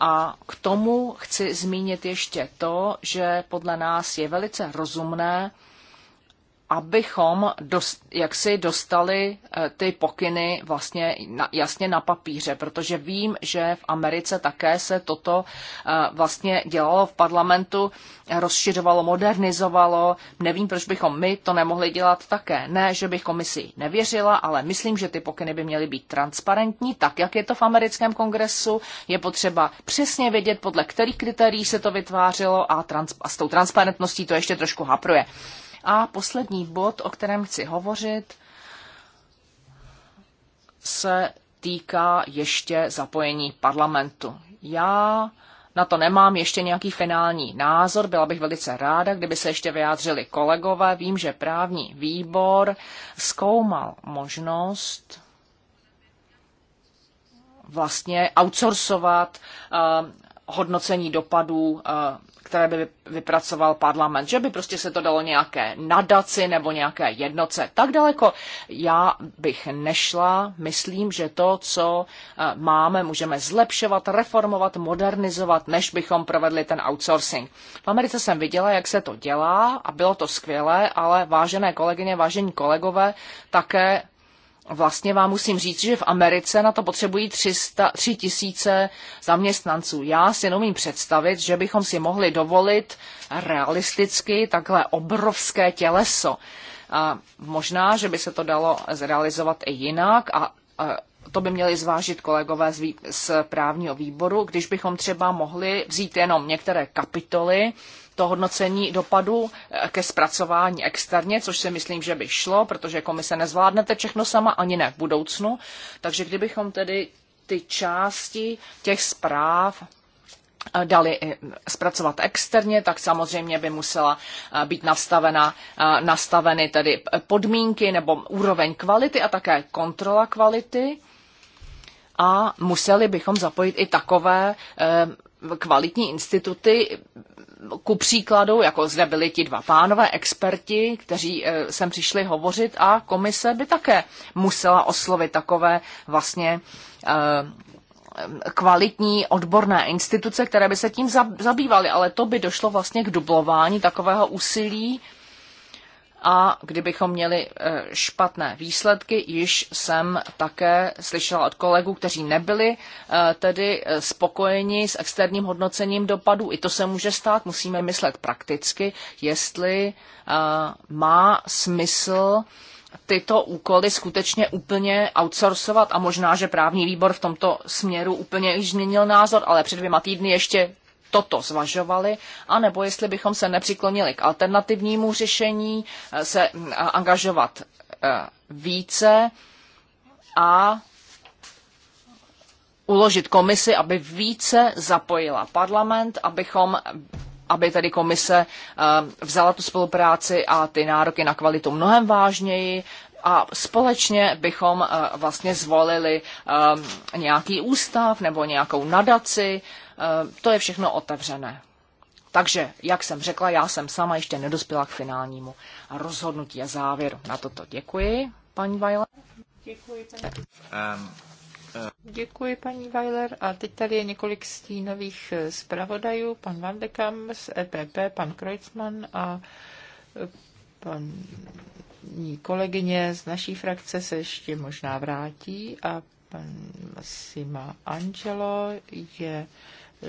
A k tomu chci zmínit ještě to, že podle nás je velice rozumné abychom dost, si dostali eh, ty pokyny vlastně jasně na papíře, protože vím, že v Americe také se toto eh, vlastně dělalo v parlamentu, rozšiřovalo, modernizovalo. Nevím, proč bychom my to nemohli dělat také. Ne, že bych komisi nevěřila, ale myslím, že ty pokyny by měly být transparentní, tak jak je to v americkém kongresu. Je potřeba přesně vědět, podle kterých kritérií se to vytvářelo a, trans- a s tou transparentností to ještě trošku hapruje. A poslední bod, o kterém chci hovořit, se týká ještě zapojení parlamentu. Já na to nemám ještě nějaký finální názor, byla bych velice ráda, kdyby se ještě vyjádřili kolegové. Vím, že právní výbor zkoumal možnost vlastně outsourcovat eh, hodnocení dopadů eh, které by vypracoval parlament, že by prostě se to dalo nějaké nadaci nebo nějaké jednoce. Tak daleko já bych nešla. Myslím, že to, co eh, máme, můžeme zlepšovat, reformovat, modernizovat, než bychom provedli ten outsourcing. V Americe jsem viděla, jak se to dělá a bylo to skvělé, ale vážené kolegyně, vážení kolegové, také vlastně vám musím říct, že v Americe na to potřebují 300, 3 tisíce zaměstnanců. Já si neumím představit, že bychom si mohli dovolit realisticky takhle obrovské těleso. A možná, že by se to dalo zrealizovat i jinak a, a to by měli zvážit kolegové z, vý, z právního výboru, když bychom třeba mohli vzít jenom některé kapitoly, to hodnocení dopadu eh, ke zpracování externě, což si myslím, že by šlo, protože komise nezvládnete všechno sama, ani ne v budoucnu. Takže kdybychom tedy ty části těch zpráv eh, dali eh, zpracovat externě, tak samozřejmě by musela být nastavena, nastaveny tedy podmínky nebo úroveň kvality a také kontrola kvality. A museli bychom zapojit i takové kvalitní instituty, ku příkladu, jako zde byli ti dva pánové experti, kteří eh, sem přišli hovořit a komise by také musela oslovit takové vlastně eh, kvalitní odborné instituce, které by se tím zabývaly, ale to by došlo vlastně k dublování takového úsilí a kdybychom měli eh, špatné výsledky, již jsem také slyšela od kolegů, kteří nebyli eh, tedy eh, spokojeni s externím hodnocením dopadů. I to se může stát, musíme myslet prakticky, jestli má smysl tyto úkoly skutečně úplně outsourcovat a možná, že právní výbor v tomto směru úplně již změnil názor, ale před dvěma týdny ještě toto zvažovali, anebo jestli bychom se nepřiklonili k alternativnímu řešení, eh, se angažovat eh, více a uložit komisi, aby více zapojila parlament, abychom aby tedy komise eh, vzala tu spolupráci a ty nároky na kvalitu mnohem vážněji a společně bychom vlastně zvolili nějaký ústav nebo nějakou nadaci, Eh, to je všechno otevřené. Takže, jak jsem řekla, já jsem sama ještě nedospěla k finálnímu rozhodnutí a závěru. Na toto děkuji, paní Weiler. Děkuji, paní. Um, uh, Děkuji, paní Weiler. A teď tady je několik stínových eh, zpravodajů. Pan Van de z EPP, pan Kreutzmann a eh, paní kolegyně z naší frakce se ještě možná vrátí a pan Sima Angelo je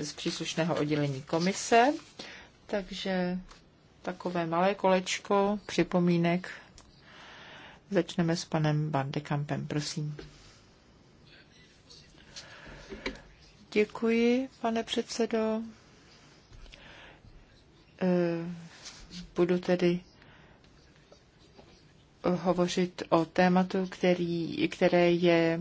z příslušného oddělení komise. Takže takové malé kolečko připomínek. Začneme s panem Bandekampem, prosím. Děkuji, pane předsedo. Eh, budu tedy hovořit o tématu, který, které je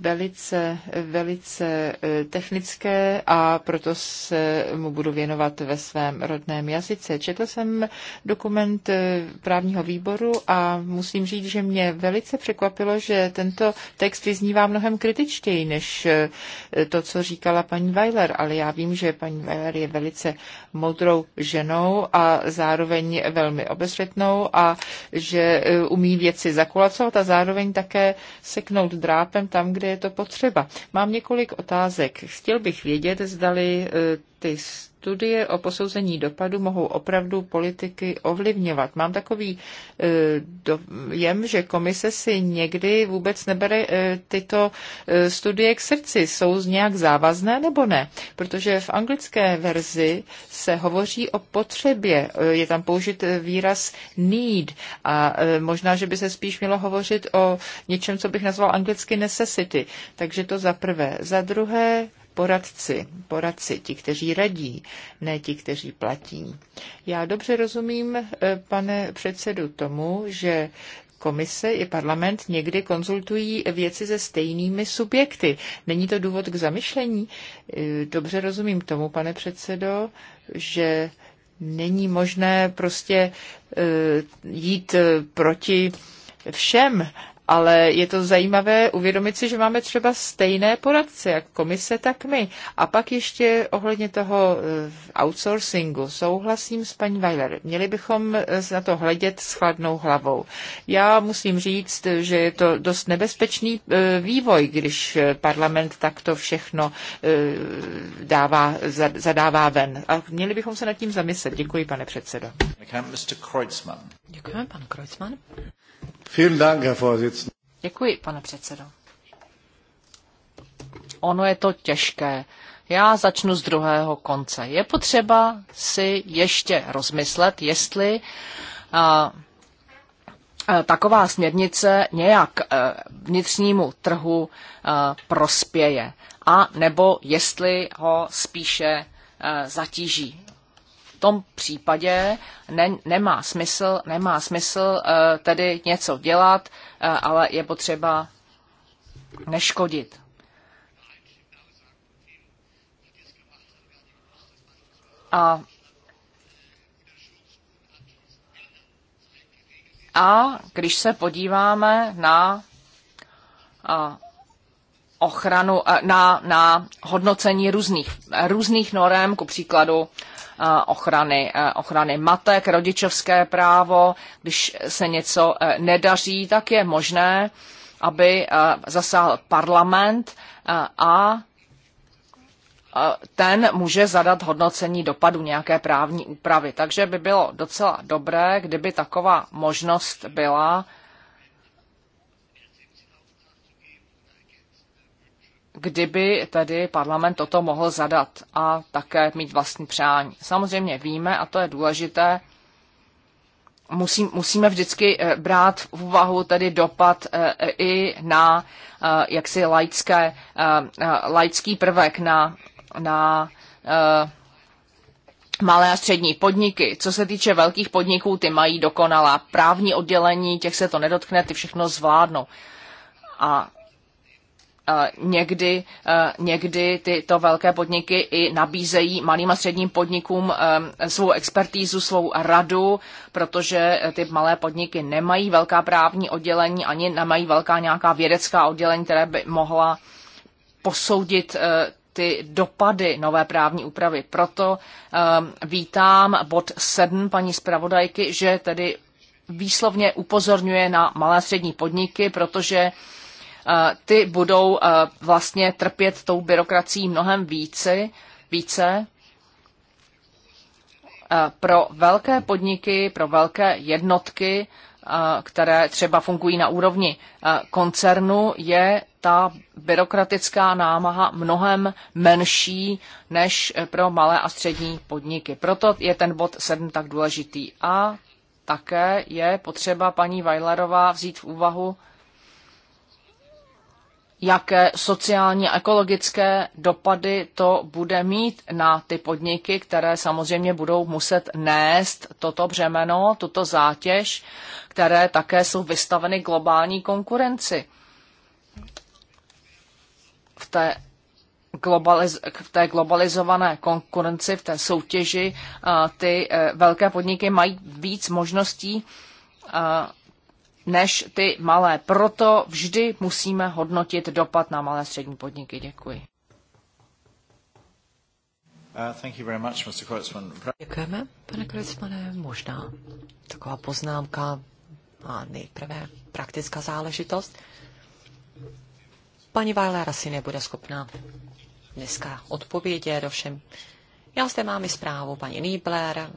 velice, velice eh, technické a proto se mu budu věnovat ve svém rodném jazyce. Četl jsem dokument eh, právního výboru a musím říct, že mě velice překvapilo, že tento text vyznívá mnohem kritičtěji než eh, to, co říkala paní Weiler, ale já vím, že paní Weiler je velice moudrou ženou a zároveň velmi obezřetnou a že umí věci zakulacovat a zároveň také seknout drápem tam, kde je to potřeba. Mám několik otázek. Chtěl bych vědět, zdali eh, ty studie o posouzení dopadu mohou opravdu politiky ovlivňovat. Mám takový eh, dojem, že komise si někdy vůbec nebere eh, tyto eh, studie k srdci. Jsou nějak závazné nebo ne? Protože v anglické verzi se hovoří o potřebě. Je tam použit výraz need a možná, že by se spíš mělo hovořit o něčem, co bych nazval anglicky necessity. Takže to za prvé. Za druhé, poradci, poradci, ti, kteří radí, ne ti, kteří platí. Já dobře rozumím, eh, pane předsedu, tomu, že komise i parlament někdy konzultují věci se stejnými subjekty. Není to důvod k zamyšlení? Eh, dobře rozumím tomu, pane předsedo, že není možné prostě eh, jít proti všem ale je to zajímavé uvědomit si, že máme třeba stejné poradce, jak komise, tak my. A pak ještě ohledně toho eh, outsourcingu. Souhlasím s paní Weiler. Měli bychom eh, na to hledět s chladnou hlavou. Já musím říct, že je to dost nebezpečný eh, vývoj, když parlament takto všechno dává, zadává ven. A měli bychom se nad tím zamyslet. Děkuji, pane předsedo. Děkujeme, pan Kreuzmann. Děkuji, pane předsedo. Ono je to těžké. Já začnu z druhého konce. Je potřeba si ještě rozmyslet, jestli a, taková směrnice nějak e, vnitřnímu trhu e, prospěje, a nebo jestli ho spíše e, zatíží tom případě ne, nemá smysl, nemá smysl eh, tedy něco dělat, eh, ale je potřeba neškodit. A A když se podíváme na ochranu, eh, na, na hodnocení různých, různých norem, ku příkladu Eh, ochrany, eh, ochrany matek, rodičovské právo. Když se něco eh, nedaří, tak je možné, aby zasáhl parlament a ten může zadat hodnocení dopadu nějaké právní úpravy. Takže by bylo docela dobré, kdyby taková možnost byla kdyby tedy parlament toto mohl zadat a také mít vlastní přání. Samozřejmě víme, a to je důležité, Musím musíme vždycky eh, brát v úvahu tedy dopad eh, i na eh, jaksi laické, laický prvek na, na malé a střední podniky. Co se týče velkých podniků, ty mají dokonalá právní oddělení, těch se to nedotkne, ty všechno zvládnou. A někdy, někdy tyto velké podniky i nabízejí malým a středním podnikům svou expertízu, svou radu, protože ty malé podniky nemají velká právní oddělení, ani nemají velká nějaká vědecká oddělení, které by mohla posoudit ty dopady nové právní úpravy. Proto vítám bod 7 paní zpravodajky, že tedy výslovně upozorňuje na malé a střední podniky, protože Eh, ty budou eh, vlastně trpět tou byrokracií mnohem více, více. Eh, pro velké podniky, pro velké jednotky, které třeba fungují na úrovni koncernu, je ta byrokratická námaha mnohem menší než pro malé a střední podniky. Proto je ten bod 7 tak důležitý. A také je potřeba paní Vajlerová vzít v úvahu jaké sociální a ekologické dopady to bude mít na ty podniky, které samozřejmě budou muset nést toto břemeno, tuto zátěž, které také jsou vystaveny globální konkurenci. V té, globaliz- v té globalizované konkurenci, v té soutěži, ty eh, velké podniky mají víc možností než ty malé. Proto vždy musíme hodnotit dopad na malé střední podniky. Děkuji. Uh, Děkujeme, pane Kreuzmane. Možná taková poznámka a nejprve praktická záležitost. Paní Weiler asi nebude schopná dneska odpovědět, ovšem já zde mám i zprávu paní Niebler,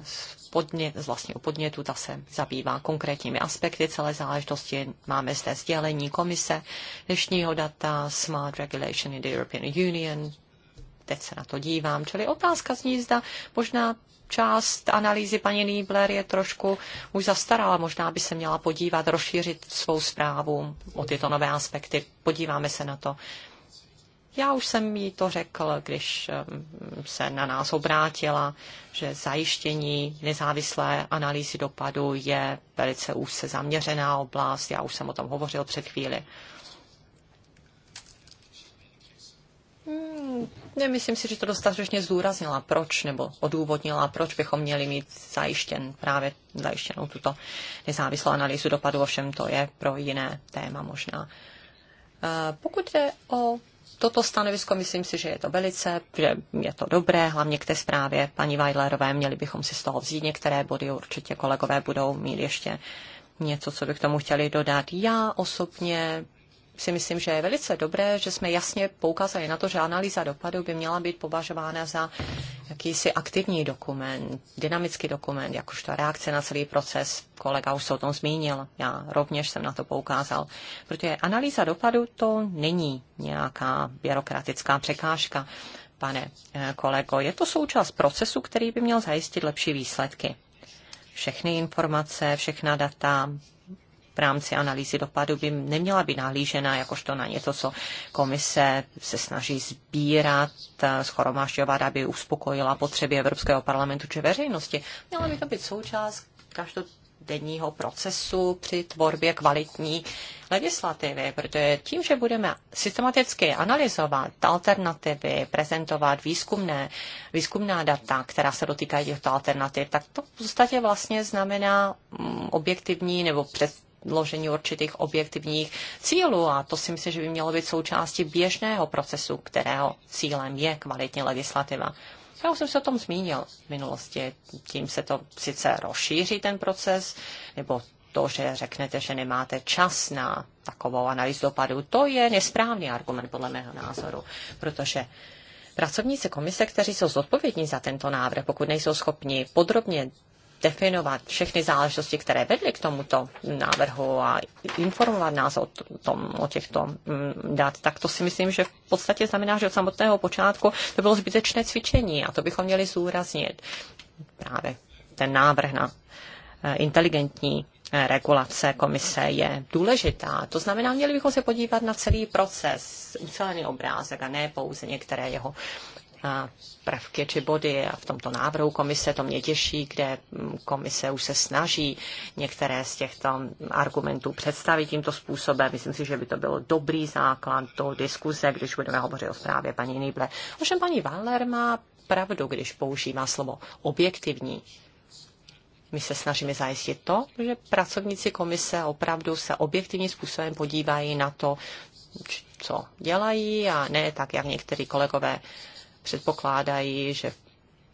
podně, z vlastního podnětu, ta se zabývá konkrétními aspekty celé záležitosti. Máme zde sdělení komise dnešního data Smart Regulation in the European Union. Teď se na to dívám. Čili otázka zní, zda možná část analýzy paní Niebler je trošku už zastarala. Možná by se měla podívat, rozšířit svou zprávu o tyto nové aspekty. Podíváme se na to já už jsem jí to řekl, když eh, se na nás obrátila, že zajištění nezávislé analýzy dopadu je velice úzce zaměřená oblast. Já už jsem o tom hovořil před chvíli. Hmm, nemyslím si, že to dostatečně zdůraznila, proč nebo odůvodnila, proč bychom měli mít zajištěn právě zajištěnou tuto nezávislou analýzu dopadu, ovšem to je pro jiné téma možná. Eh, pokud jde o toto stanovisko, myslím si, že je to velice, že je to dobré, hlavně k té zprávě paní Weidlerové, měli bychom si z toho vzít některé body, určitě kolegové budou mít ještě něco, co by k tomu chtěli dodat. Já osobně si myslím, že je velice dobré, že jsme jasně poukázali na to, že analýza dopadu by měla být považována za jakýsi aktivní dokument, dynamický dokument, jakožto reakce na celý proces. Kolega už se o tom zmínil, já rovněž jsem na to poukázal. Protože analýza dopadu to není nějaká byrokratická překážka, pane eh, kolego. Je to součást procesu, který by měl zajistit lepší výsledky. Všechny informace, všechna data, rámci analýzy dopadu by neměla být nahlížena jakožto na něco, co komise se snaží sbírat, schromažďovat, aby uspokojila potřeby Evropského parlamentu či veřejnosti. Měla by to být součást každodenního procesu při tvorbě kvalitní legislativy, protože tím, že budeme systematicky analyzovat alternativy, prezentovat výzkumné, výzkumná data, která se dotýkají těchto alternativ, tak to v podstatě vlastně znamená mm, objektivní nebo před, vložení určitých objektivních cílů a to si myslím, že by mělo být součástí běžného procesu, kterého cílem je kvalitní legislativa. Já už jsem se o tom zmínil v minulosti. Tím se to sice rozšíří ten proces, nebo to, že řeknete, že nemáte čas na takovou analýzu dopadu, to je nesprávný argument podle mého názoru, protože Pracovníci komise, kteří jsou zodpovědní za tento návrh, pokud nejsou schopni podrobně definovat všechny záležitosti, které vedly k tomuto návrhu a informovat nás o, tom, o těchto mm, dat, tak to si myslím, že v podstatě znamená, že od samotného počátku to bylo zbytečné cvičení a to bychom měli zúraznit právě ten návrh na eh, inteligentní eh, regulace komise je důležitá. To znamená, měli bychom se podívat na celý proces, celý obrázek a ne pouze některé jeho prvky či body a v tomto návrhu komise to mě těší, kde komise už se snaží některé z těchto argumentů představit tímto způsobem. Myslím si, že by to byl dobrý základ do diskuse, když budeme hovořit o zprávě paní Nýble. Ovšem paní Waller má pravdu, když používá slovo objektivní. My se snažíme zajistit to, že pracovníci komise opravdu se objektivním způsobem podívají na to, co dělají a ne tak, jak někteří kolegové předpokládají, že v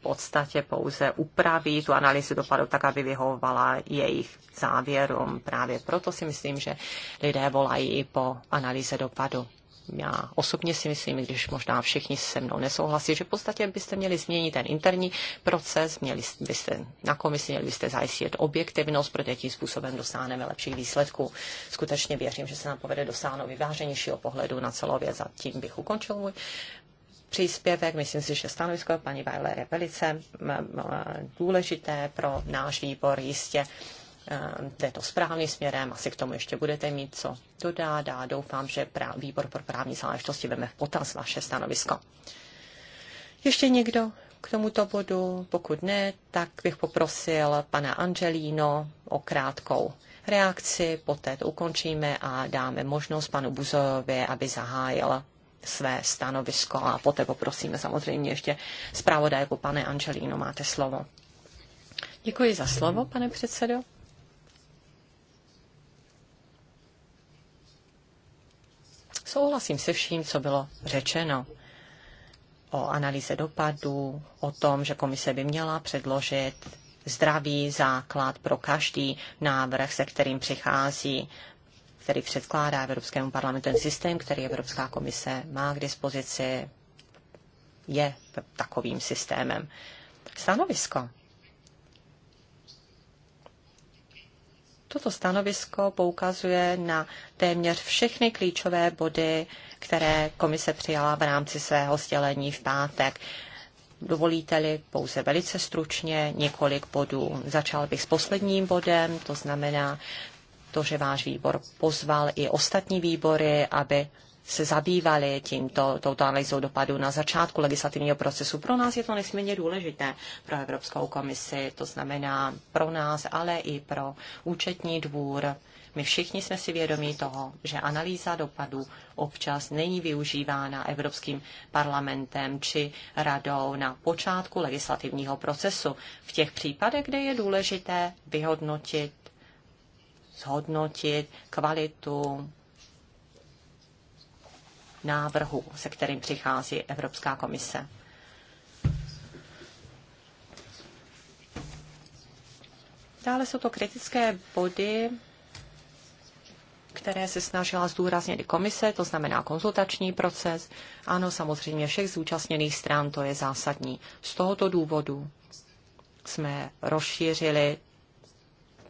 podstatě pouze upraví tu analýzu dopadu tak, aby vyhovovala jejich závěrům. Právě proto si myslím, že lidé volají po analýze dopadu. Já osobně si myslím, když možná všichni se mnou nesouhlasí, že v podstatě byste měli změnit ten interní proces, měli byste na komisi, měli byste zajistit objektivnost, protože tím způsobem dosáhneme lepších výsledků. Skutečně věřím, že se nám povede dosáhnout vyváženějšího pohledu na celou věc a tím bych ukončil můj příspěvek. Myslím si, že stanovisko paní Weiler je velice důležité pro náš výbor. Jistě eh, jde to správným směrem, asi k tomu ještě budete mít co dodat a doufám, že výbor pro právní záležitosti veme v potaz vaše stanovisko. Ještě někdo k tomuto bodu? Pokud ne, tak bych poprosil pana Angelino o krátkou reakci, poté to ukončíme a dáme možnost panu Buzovi, aby zahájil své stanovisko a poté poprosíme samozřejmě ještě zpravodajku, pane Angelino, máte slovo. Děkuji za slovo, pane předsedo. Souhlasím se vším, co bylo řečeno o analýze dopadů, o tom, že komise by měla předložit zdravý základ pro každý návrh, se kterým přichází který předkládá Evropskému parlamentu, ten systém, který Evropská komise má k dispozici, je takovým systémem. Stanovisko. Toto stanovisko poukazuje na téměř všechny klíčové body, které komise přijala v rámci svého sdělení v pátek. Dovolíte-li pouze velice stručně několik bodů. Začal bych s posledním bodem, to znamená to, že váš výbor pozval i ostatní výbory, aby se zabývali tímto, touto analýzou dopadu na začátku legislativního procesu. Pro nás je to nesmírně důležité pro Evropskou komisi, to znamená pro nás, ale i pro účetní dvůr. My všichni jsme si vědomí toho, že analýza dopadů občas není využívána Evropským parlamentem či radou na počátku legislativního procesu. V těch případech, kde je důležité vyhodnotit zhodnotit kvalitu návrhu, se kterým přichází Evropská komise. Dále jsou to kritické body, které se snažila zdůraznit i komise, to znamená konzultační proces. Ano, samozřejmě všech zúčastněných stran, to je zásadní. Z tohoto důvodu jsme rozšířili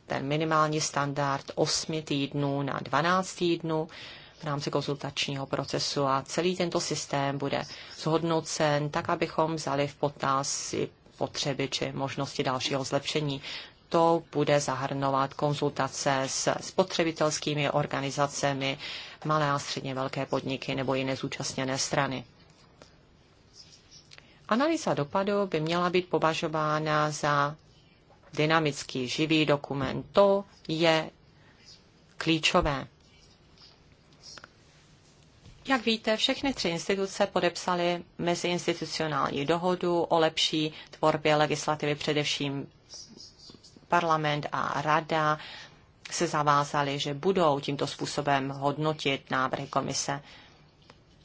ten minimální standard 8 týdnů na 12 týdnů v rámci konzultačního procesu a celý tento systém bude zhodnocen tak, abychom vzali v potaz i potřeby či možnosti dalšího zlepšení. To bude zahrnovat konzultace s spotřebitelskými organizacemi, malé a středně velké podniky nebo i nezúčastněné strany. Analýza dopadu by měla být považována za dynamický, živý dokument. To je klíčové. Jak víte, všechny tři instituce podepsaly meziinstitucionální dohodu o lepší tvorbě legislativy, především parlament a rada se zavázali, že budou tímto způsobem hodnotit návrhy komise.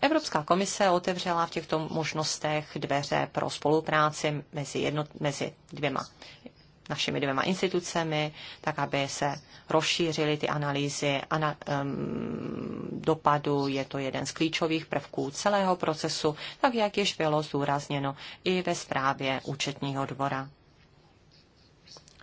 Evropská komise otevřela v těchto možnostech dveře pro spolupráci mezi, jedno, mezi dvěma našimi dvěma institucemi, tak aby se rozšířily ty analýzy ana, um, dopadu. Je to jeden z klíčových prvků celého procesu, tak jak již bylo zdůrazněno i ve zprávě účetního dvora.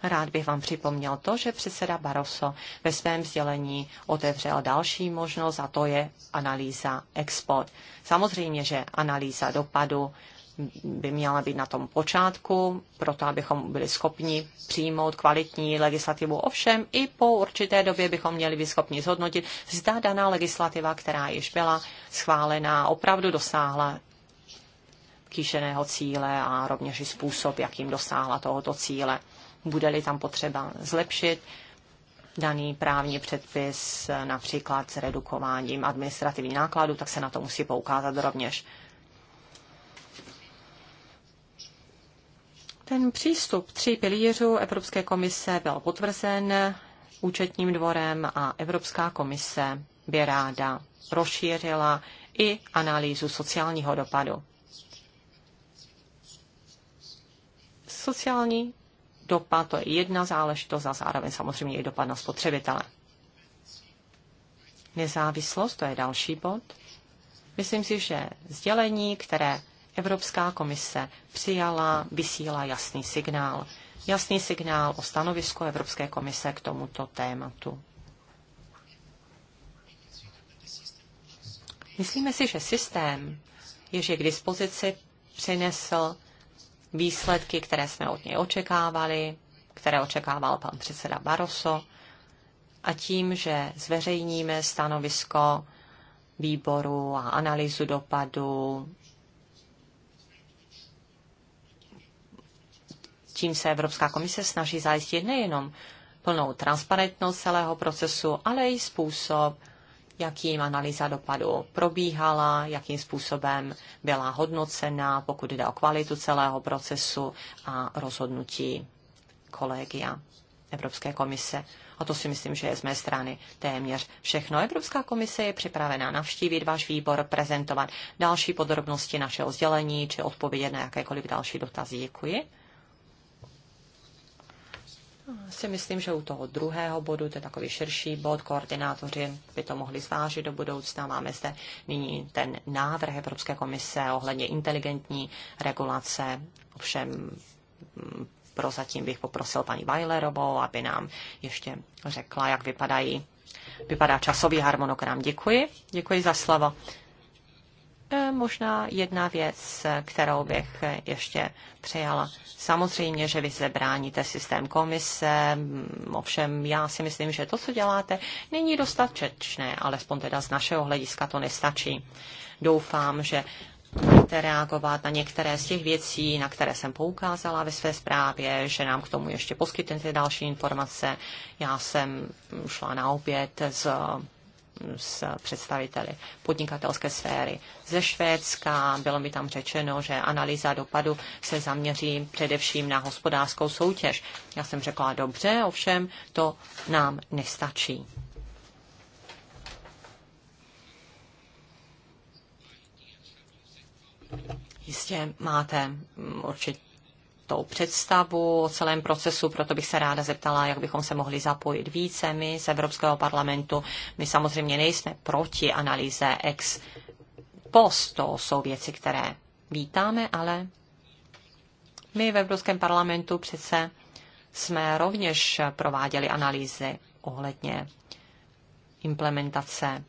Rád bych vám připomněl to, že předseda Barroso ve svém sdělení otevřel další možnost a to je analýza export. Samozřejmě, že analýza dopadu by měla být na tom počátku, proto abychom byli schopni přijmout kvalitní legislativu. Ovšem i po určité době bychom měli být schopni zhodnotit, zda daná legislativa, která již byla schválená, opravdu dosáhla kýšeného cíle a rovněž i způsob, jakým dosáhla tohoto cíle. Bude-li tam potřeba zlepšit daný právní předpis, například s redukováním administrativní nákladu, tak se na to musí poukázat rovněž. Ten přístup tří pilířů Evropské komise byl potvrzen účetním dvorem a Evropská komise by ráda rozšířila i analýzu sociálního dopadu. Sociální dopad to je jedna záležitost a zároveň samozřejmě i dopad na spotřebitele. Nezávislost, to je další bod. Myslím si, že sdělení, které Evropská komise přijala, vysílá jasný signál. Jasný signál o stanovisku Evropské komise k tomuto tématu. Myslíme si, že systém, jež je k dispozici, přinesl výsledky, které jsme od něj očekávali, které očekával pan předseda Barroso, a tím, že zveřejníme stanovisko výboru a analýzu dopadu Čím se Evropská komise snaží zajistit nejenom plnou transparentnost celého procesu, ale i způsob, jakým analýza dopadu probíhala, jakým způsobem byla hodnocena, pokud jde o kvalitu celého procesu a rozhodnutí kolegia Evropské komise. A to si myslím, že je z mé strany téměř všechno. Evropská komise je připravená navštívit váš výbor, prezentovat další podrobnosti našeho sdělení či odpovědět na jakékoliv další dotazy. Děkuji si myslím, že u toho druhého bodu, to je takový širší bod, koordinátoři by to mohli zvážit do budoucna. Máme zde nyní ten návrh Evropské komise ohledně inteligentní regulace. Ovšem mm, prozatím bych poprosil paní Weilerovou, aby nám ještě řekla, jak vypadají, vypadá časový harmonogram. Děkuji, děkuji za slovo. Eh, možná jedna věc, kterou bych ještě přijala. Samozřejmě, že vy se bráníte systém komise, mm, ovšem já si myslím, že to, co děláte, není dostatečné, alespoň teda z našeho hlediska to nestačí. Doufám, že budete reagovat na některé z těch věcí, na které jsem poukázala ve své zprávě, že nám k tomu ještě poskytnete další informace. Já jsem šla na oběd s s představiteli podnikatelské sféry ze Švédska. Bylo mi tam řečeno, že analýza dopadu se zaměří především na hospodářskou soutěž. Já jsem řekla, dobře, ovšem to nám nestačí. Jistě máte mm, určitě tou představu o celém procesu, proto bych se ráda zeptala, jak bychom se mohli zapojit více my z Evropského parlamentu. My samozřejmě nejsme proti analýze ex post, to jsou věci, které vítáme, ale my v Evropském parlamentu přece jsme rovněž prováděli analýzy ohledně implementace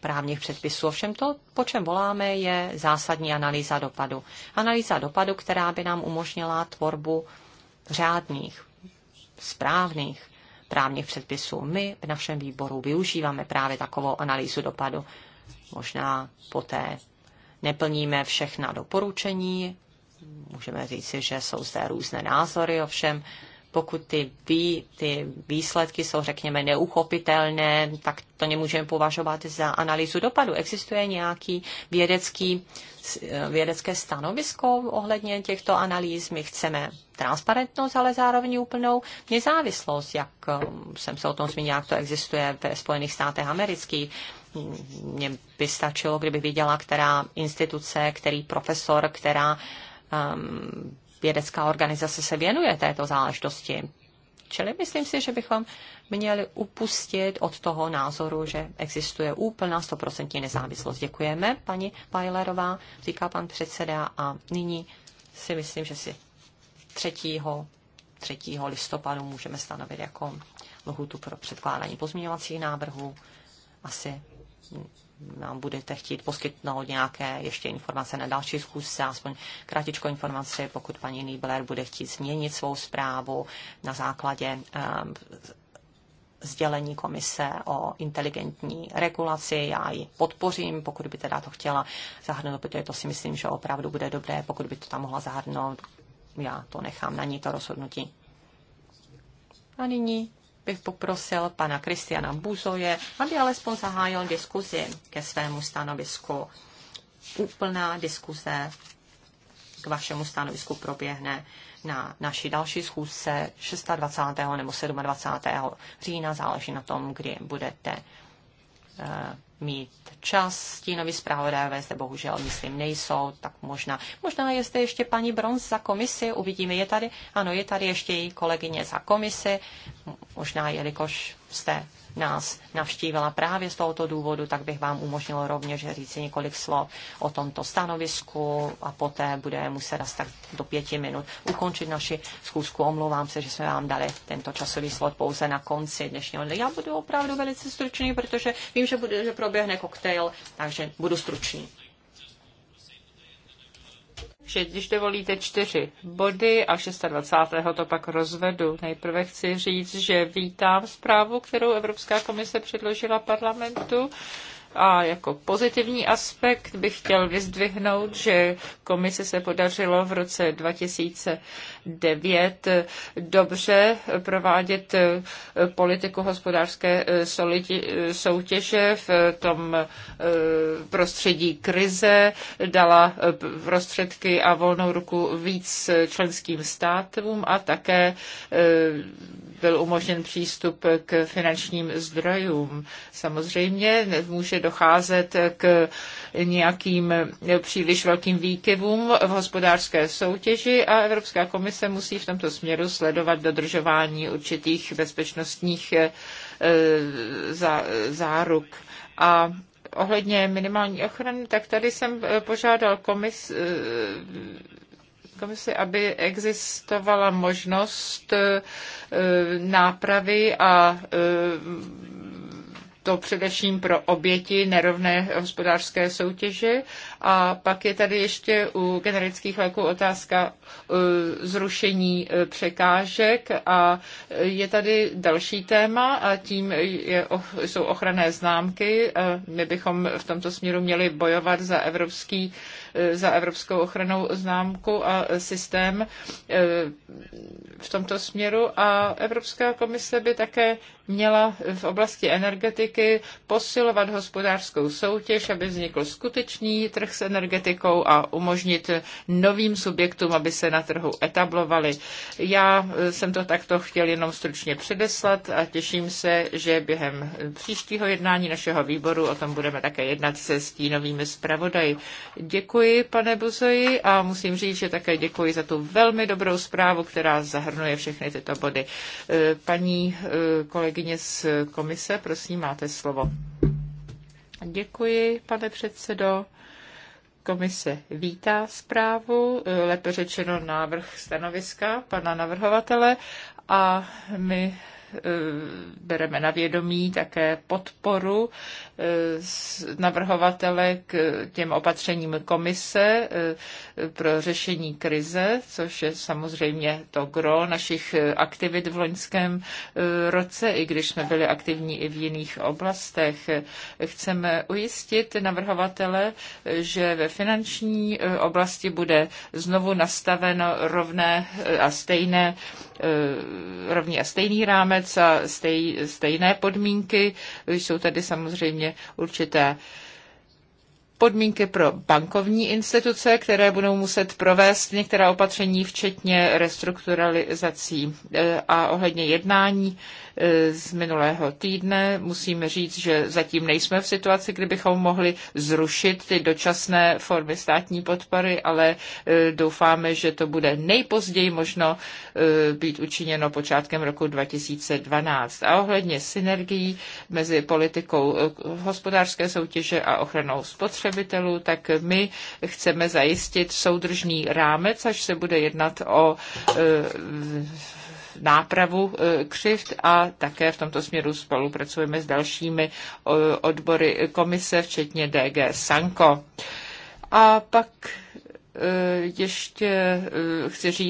právních předpisů. Ovšem to, po čem voláme, je zásadní analýza dopadu. Analýza dopadu, která by nám umožnila tvorbu řádných, správných právních předpisů. My v našem výboru využíváme právě takovou analýzu dopadu. Možná poté neplníme všechna doporučení, můžeme říci, že jsou zde různé názory, ovšem pokud ty, vý, ty výsledky jsou, řekněme, neuchopitelné, tak to nemůžeme považovat za analýzu dopadu. Existuje nějaký vědecký, vědecké stanovisko ohledně těchto analýz? My chceme transparentnost, ale zároveň úplnou nezávislost, jak um, jsem se o tom zmínila, jak to existuje ve Spojených státech amerických mě by stačilo, kdyby viděla, která instituce, který profesor, která um, vědecká organizace se věnuje této záležitosti. Čili myslím si, že bychom měli upustit od toho názoru, že existuje úplná stoprocentní nezávislost. Děkujeme, paní Pajlerová, říká pan předseda a nyní si myslím, že si 3. 3. listopadu můžeme stanovit jako lhutu pro předkládání pozměňovacích návrhů. Asi nám budete chtít poskytnout nějaké ještě informace na další schůzce, aspoň kratičko informace, pokud paní Niebler bude chtít změnit svou zprávu na základě ehm, sdělení komise o inteligentní regulaci. Já ji podpořím, pokud by teda to chtěla zahrnout, protože to si myslím, že opravdu bude dobré, pokud by to tam mohla zahrnout. Já to nechám na ní to rozhodnutí. A nyní bych poprosil pana Kristiana Buzoje, aby alespoň zahájil diskuzi ke svému stanovisku. Úplná diskuze k vašemu stanovisku proběhne na naší další schůzce 26. nebo 27. října, záleží na tom, kdy budete uh, mít čas. Stínovi zpravodajové zde bohužel, myslím, nejsou, tak možná. Možná je zde ještě paní Bronz za komisi, uvidíme, je tady. Ano, je tady ještě její kolegyně za komisi. Možná, jelikož jste nás navštívila právě z tohoto důvodu, tak bych vám umožnil rovněž říct několik slov o tomto stanovisku a poté bude muset asi tak do pěti minut ukončit naši zkusku. Omlouvám se, že jsme vám dali tento časový slot pouze na konci dnešního dne. Já budu opravdu velice stručný, protože vím, že, bude, že proběhne koktejl, takže budu stručný že když dovolíte čtyři body a 26. to pak rozvedu. Nejprve chci říct, že vítám zprávu, kterou Evropská komise předložila parlamentu a jako pozitivní aspekt bych chtěl vyzdvihnout, že Komise se podařilo v roce 2009 dobře provádět eh, politiku hospodářské eh, eh, soutěže v tom prostředí krize, dala prostředky a volnou ruku víc členským státům a také byl umožněn přístup k finančním zdrojům. Samozřejmě může docházet k nějakým příliš velkým výkyvům v hospodářské soutěži a Evropská komise musí v tomto směru sledovat dodržování určitých bezpečnostních eh, záruk. A ohledně minimální ochrany, tak tady jsem eh, požádal komis, eh, komisi, aby existovala možnost nápravy a to především pro oběti nerovné hospodářské soutěže. A pak je tady ještě u generických léků otázka e, zrušení e, překážek a je tady další téma a tím je, jsou ochranné známky. My bychom v tomto směru měli bojovat za evropský Eh, za evropskou ochranou známku a systém eh, v tomto směru a Evropská komise by také měla v oblasti energetiky posilovat hospodářskou soutěž, aby vznikl skutečný trh s energetikou a umožnit novým subjektům, aby se na trhu etablovali. Já eh, jsem to takto chtěl jenom stručně předeslat a těším se, že během příštího jednání našeho výboru o tom budeme také jednat se stínovými zpravodaji. Děkuji Děkuji, pane Buzoji, a musím říct, že také děkuji za tu velmi dobrou zprávu, která zahrnuje všechny tyto body. Eh, paní eh, kolegyně z komise, prosím, máte slovo. Děkuji, pane předsedo. Komise vítá zprávu, eh, lépe řečeno návrh stanoviska pana navrhovatele a my bereme na vědomí také podporu eh, navrhovatele k těm opatřením komise eh, pro řešení krize, což je samozřejmě to gro našich eh, aktivit v loňském roce, i když jsme byli aktivní i v jiných oblastech. Chceme ujistit navrhovatele, že ve finanční oblasti bude znovu nastaveno rovné a stejné rovný a stejný rámec nakonec stej, stejné podmínky. Jsou tady samozřejmě určité podmínky pro bankovní instituce, které budou muset provést některá opatření, včetně restrukturalizací e, a ohledně jednání Eh, z minulého týdne. musím říct, že zatím nejsme v situaci, kdybychom mohli zrušit ty dočasné formy státní podpory, ale eh, doufáme, že to bude nejpozději možno eh, být učiněno počátkem roku 2012. A ohledně synergií mezi politikou hospodářské soutěže a ochranou spotřebitelů, tak my chceme zajistit soudržný rámec, až se bude jednat o nápravu e, křivt a také v tomto směru spolupracujeme s dalšími e, odbory komise, včetně DG Sanko. A pak e, ještě chci říct,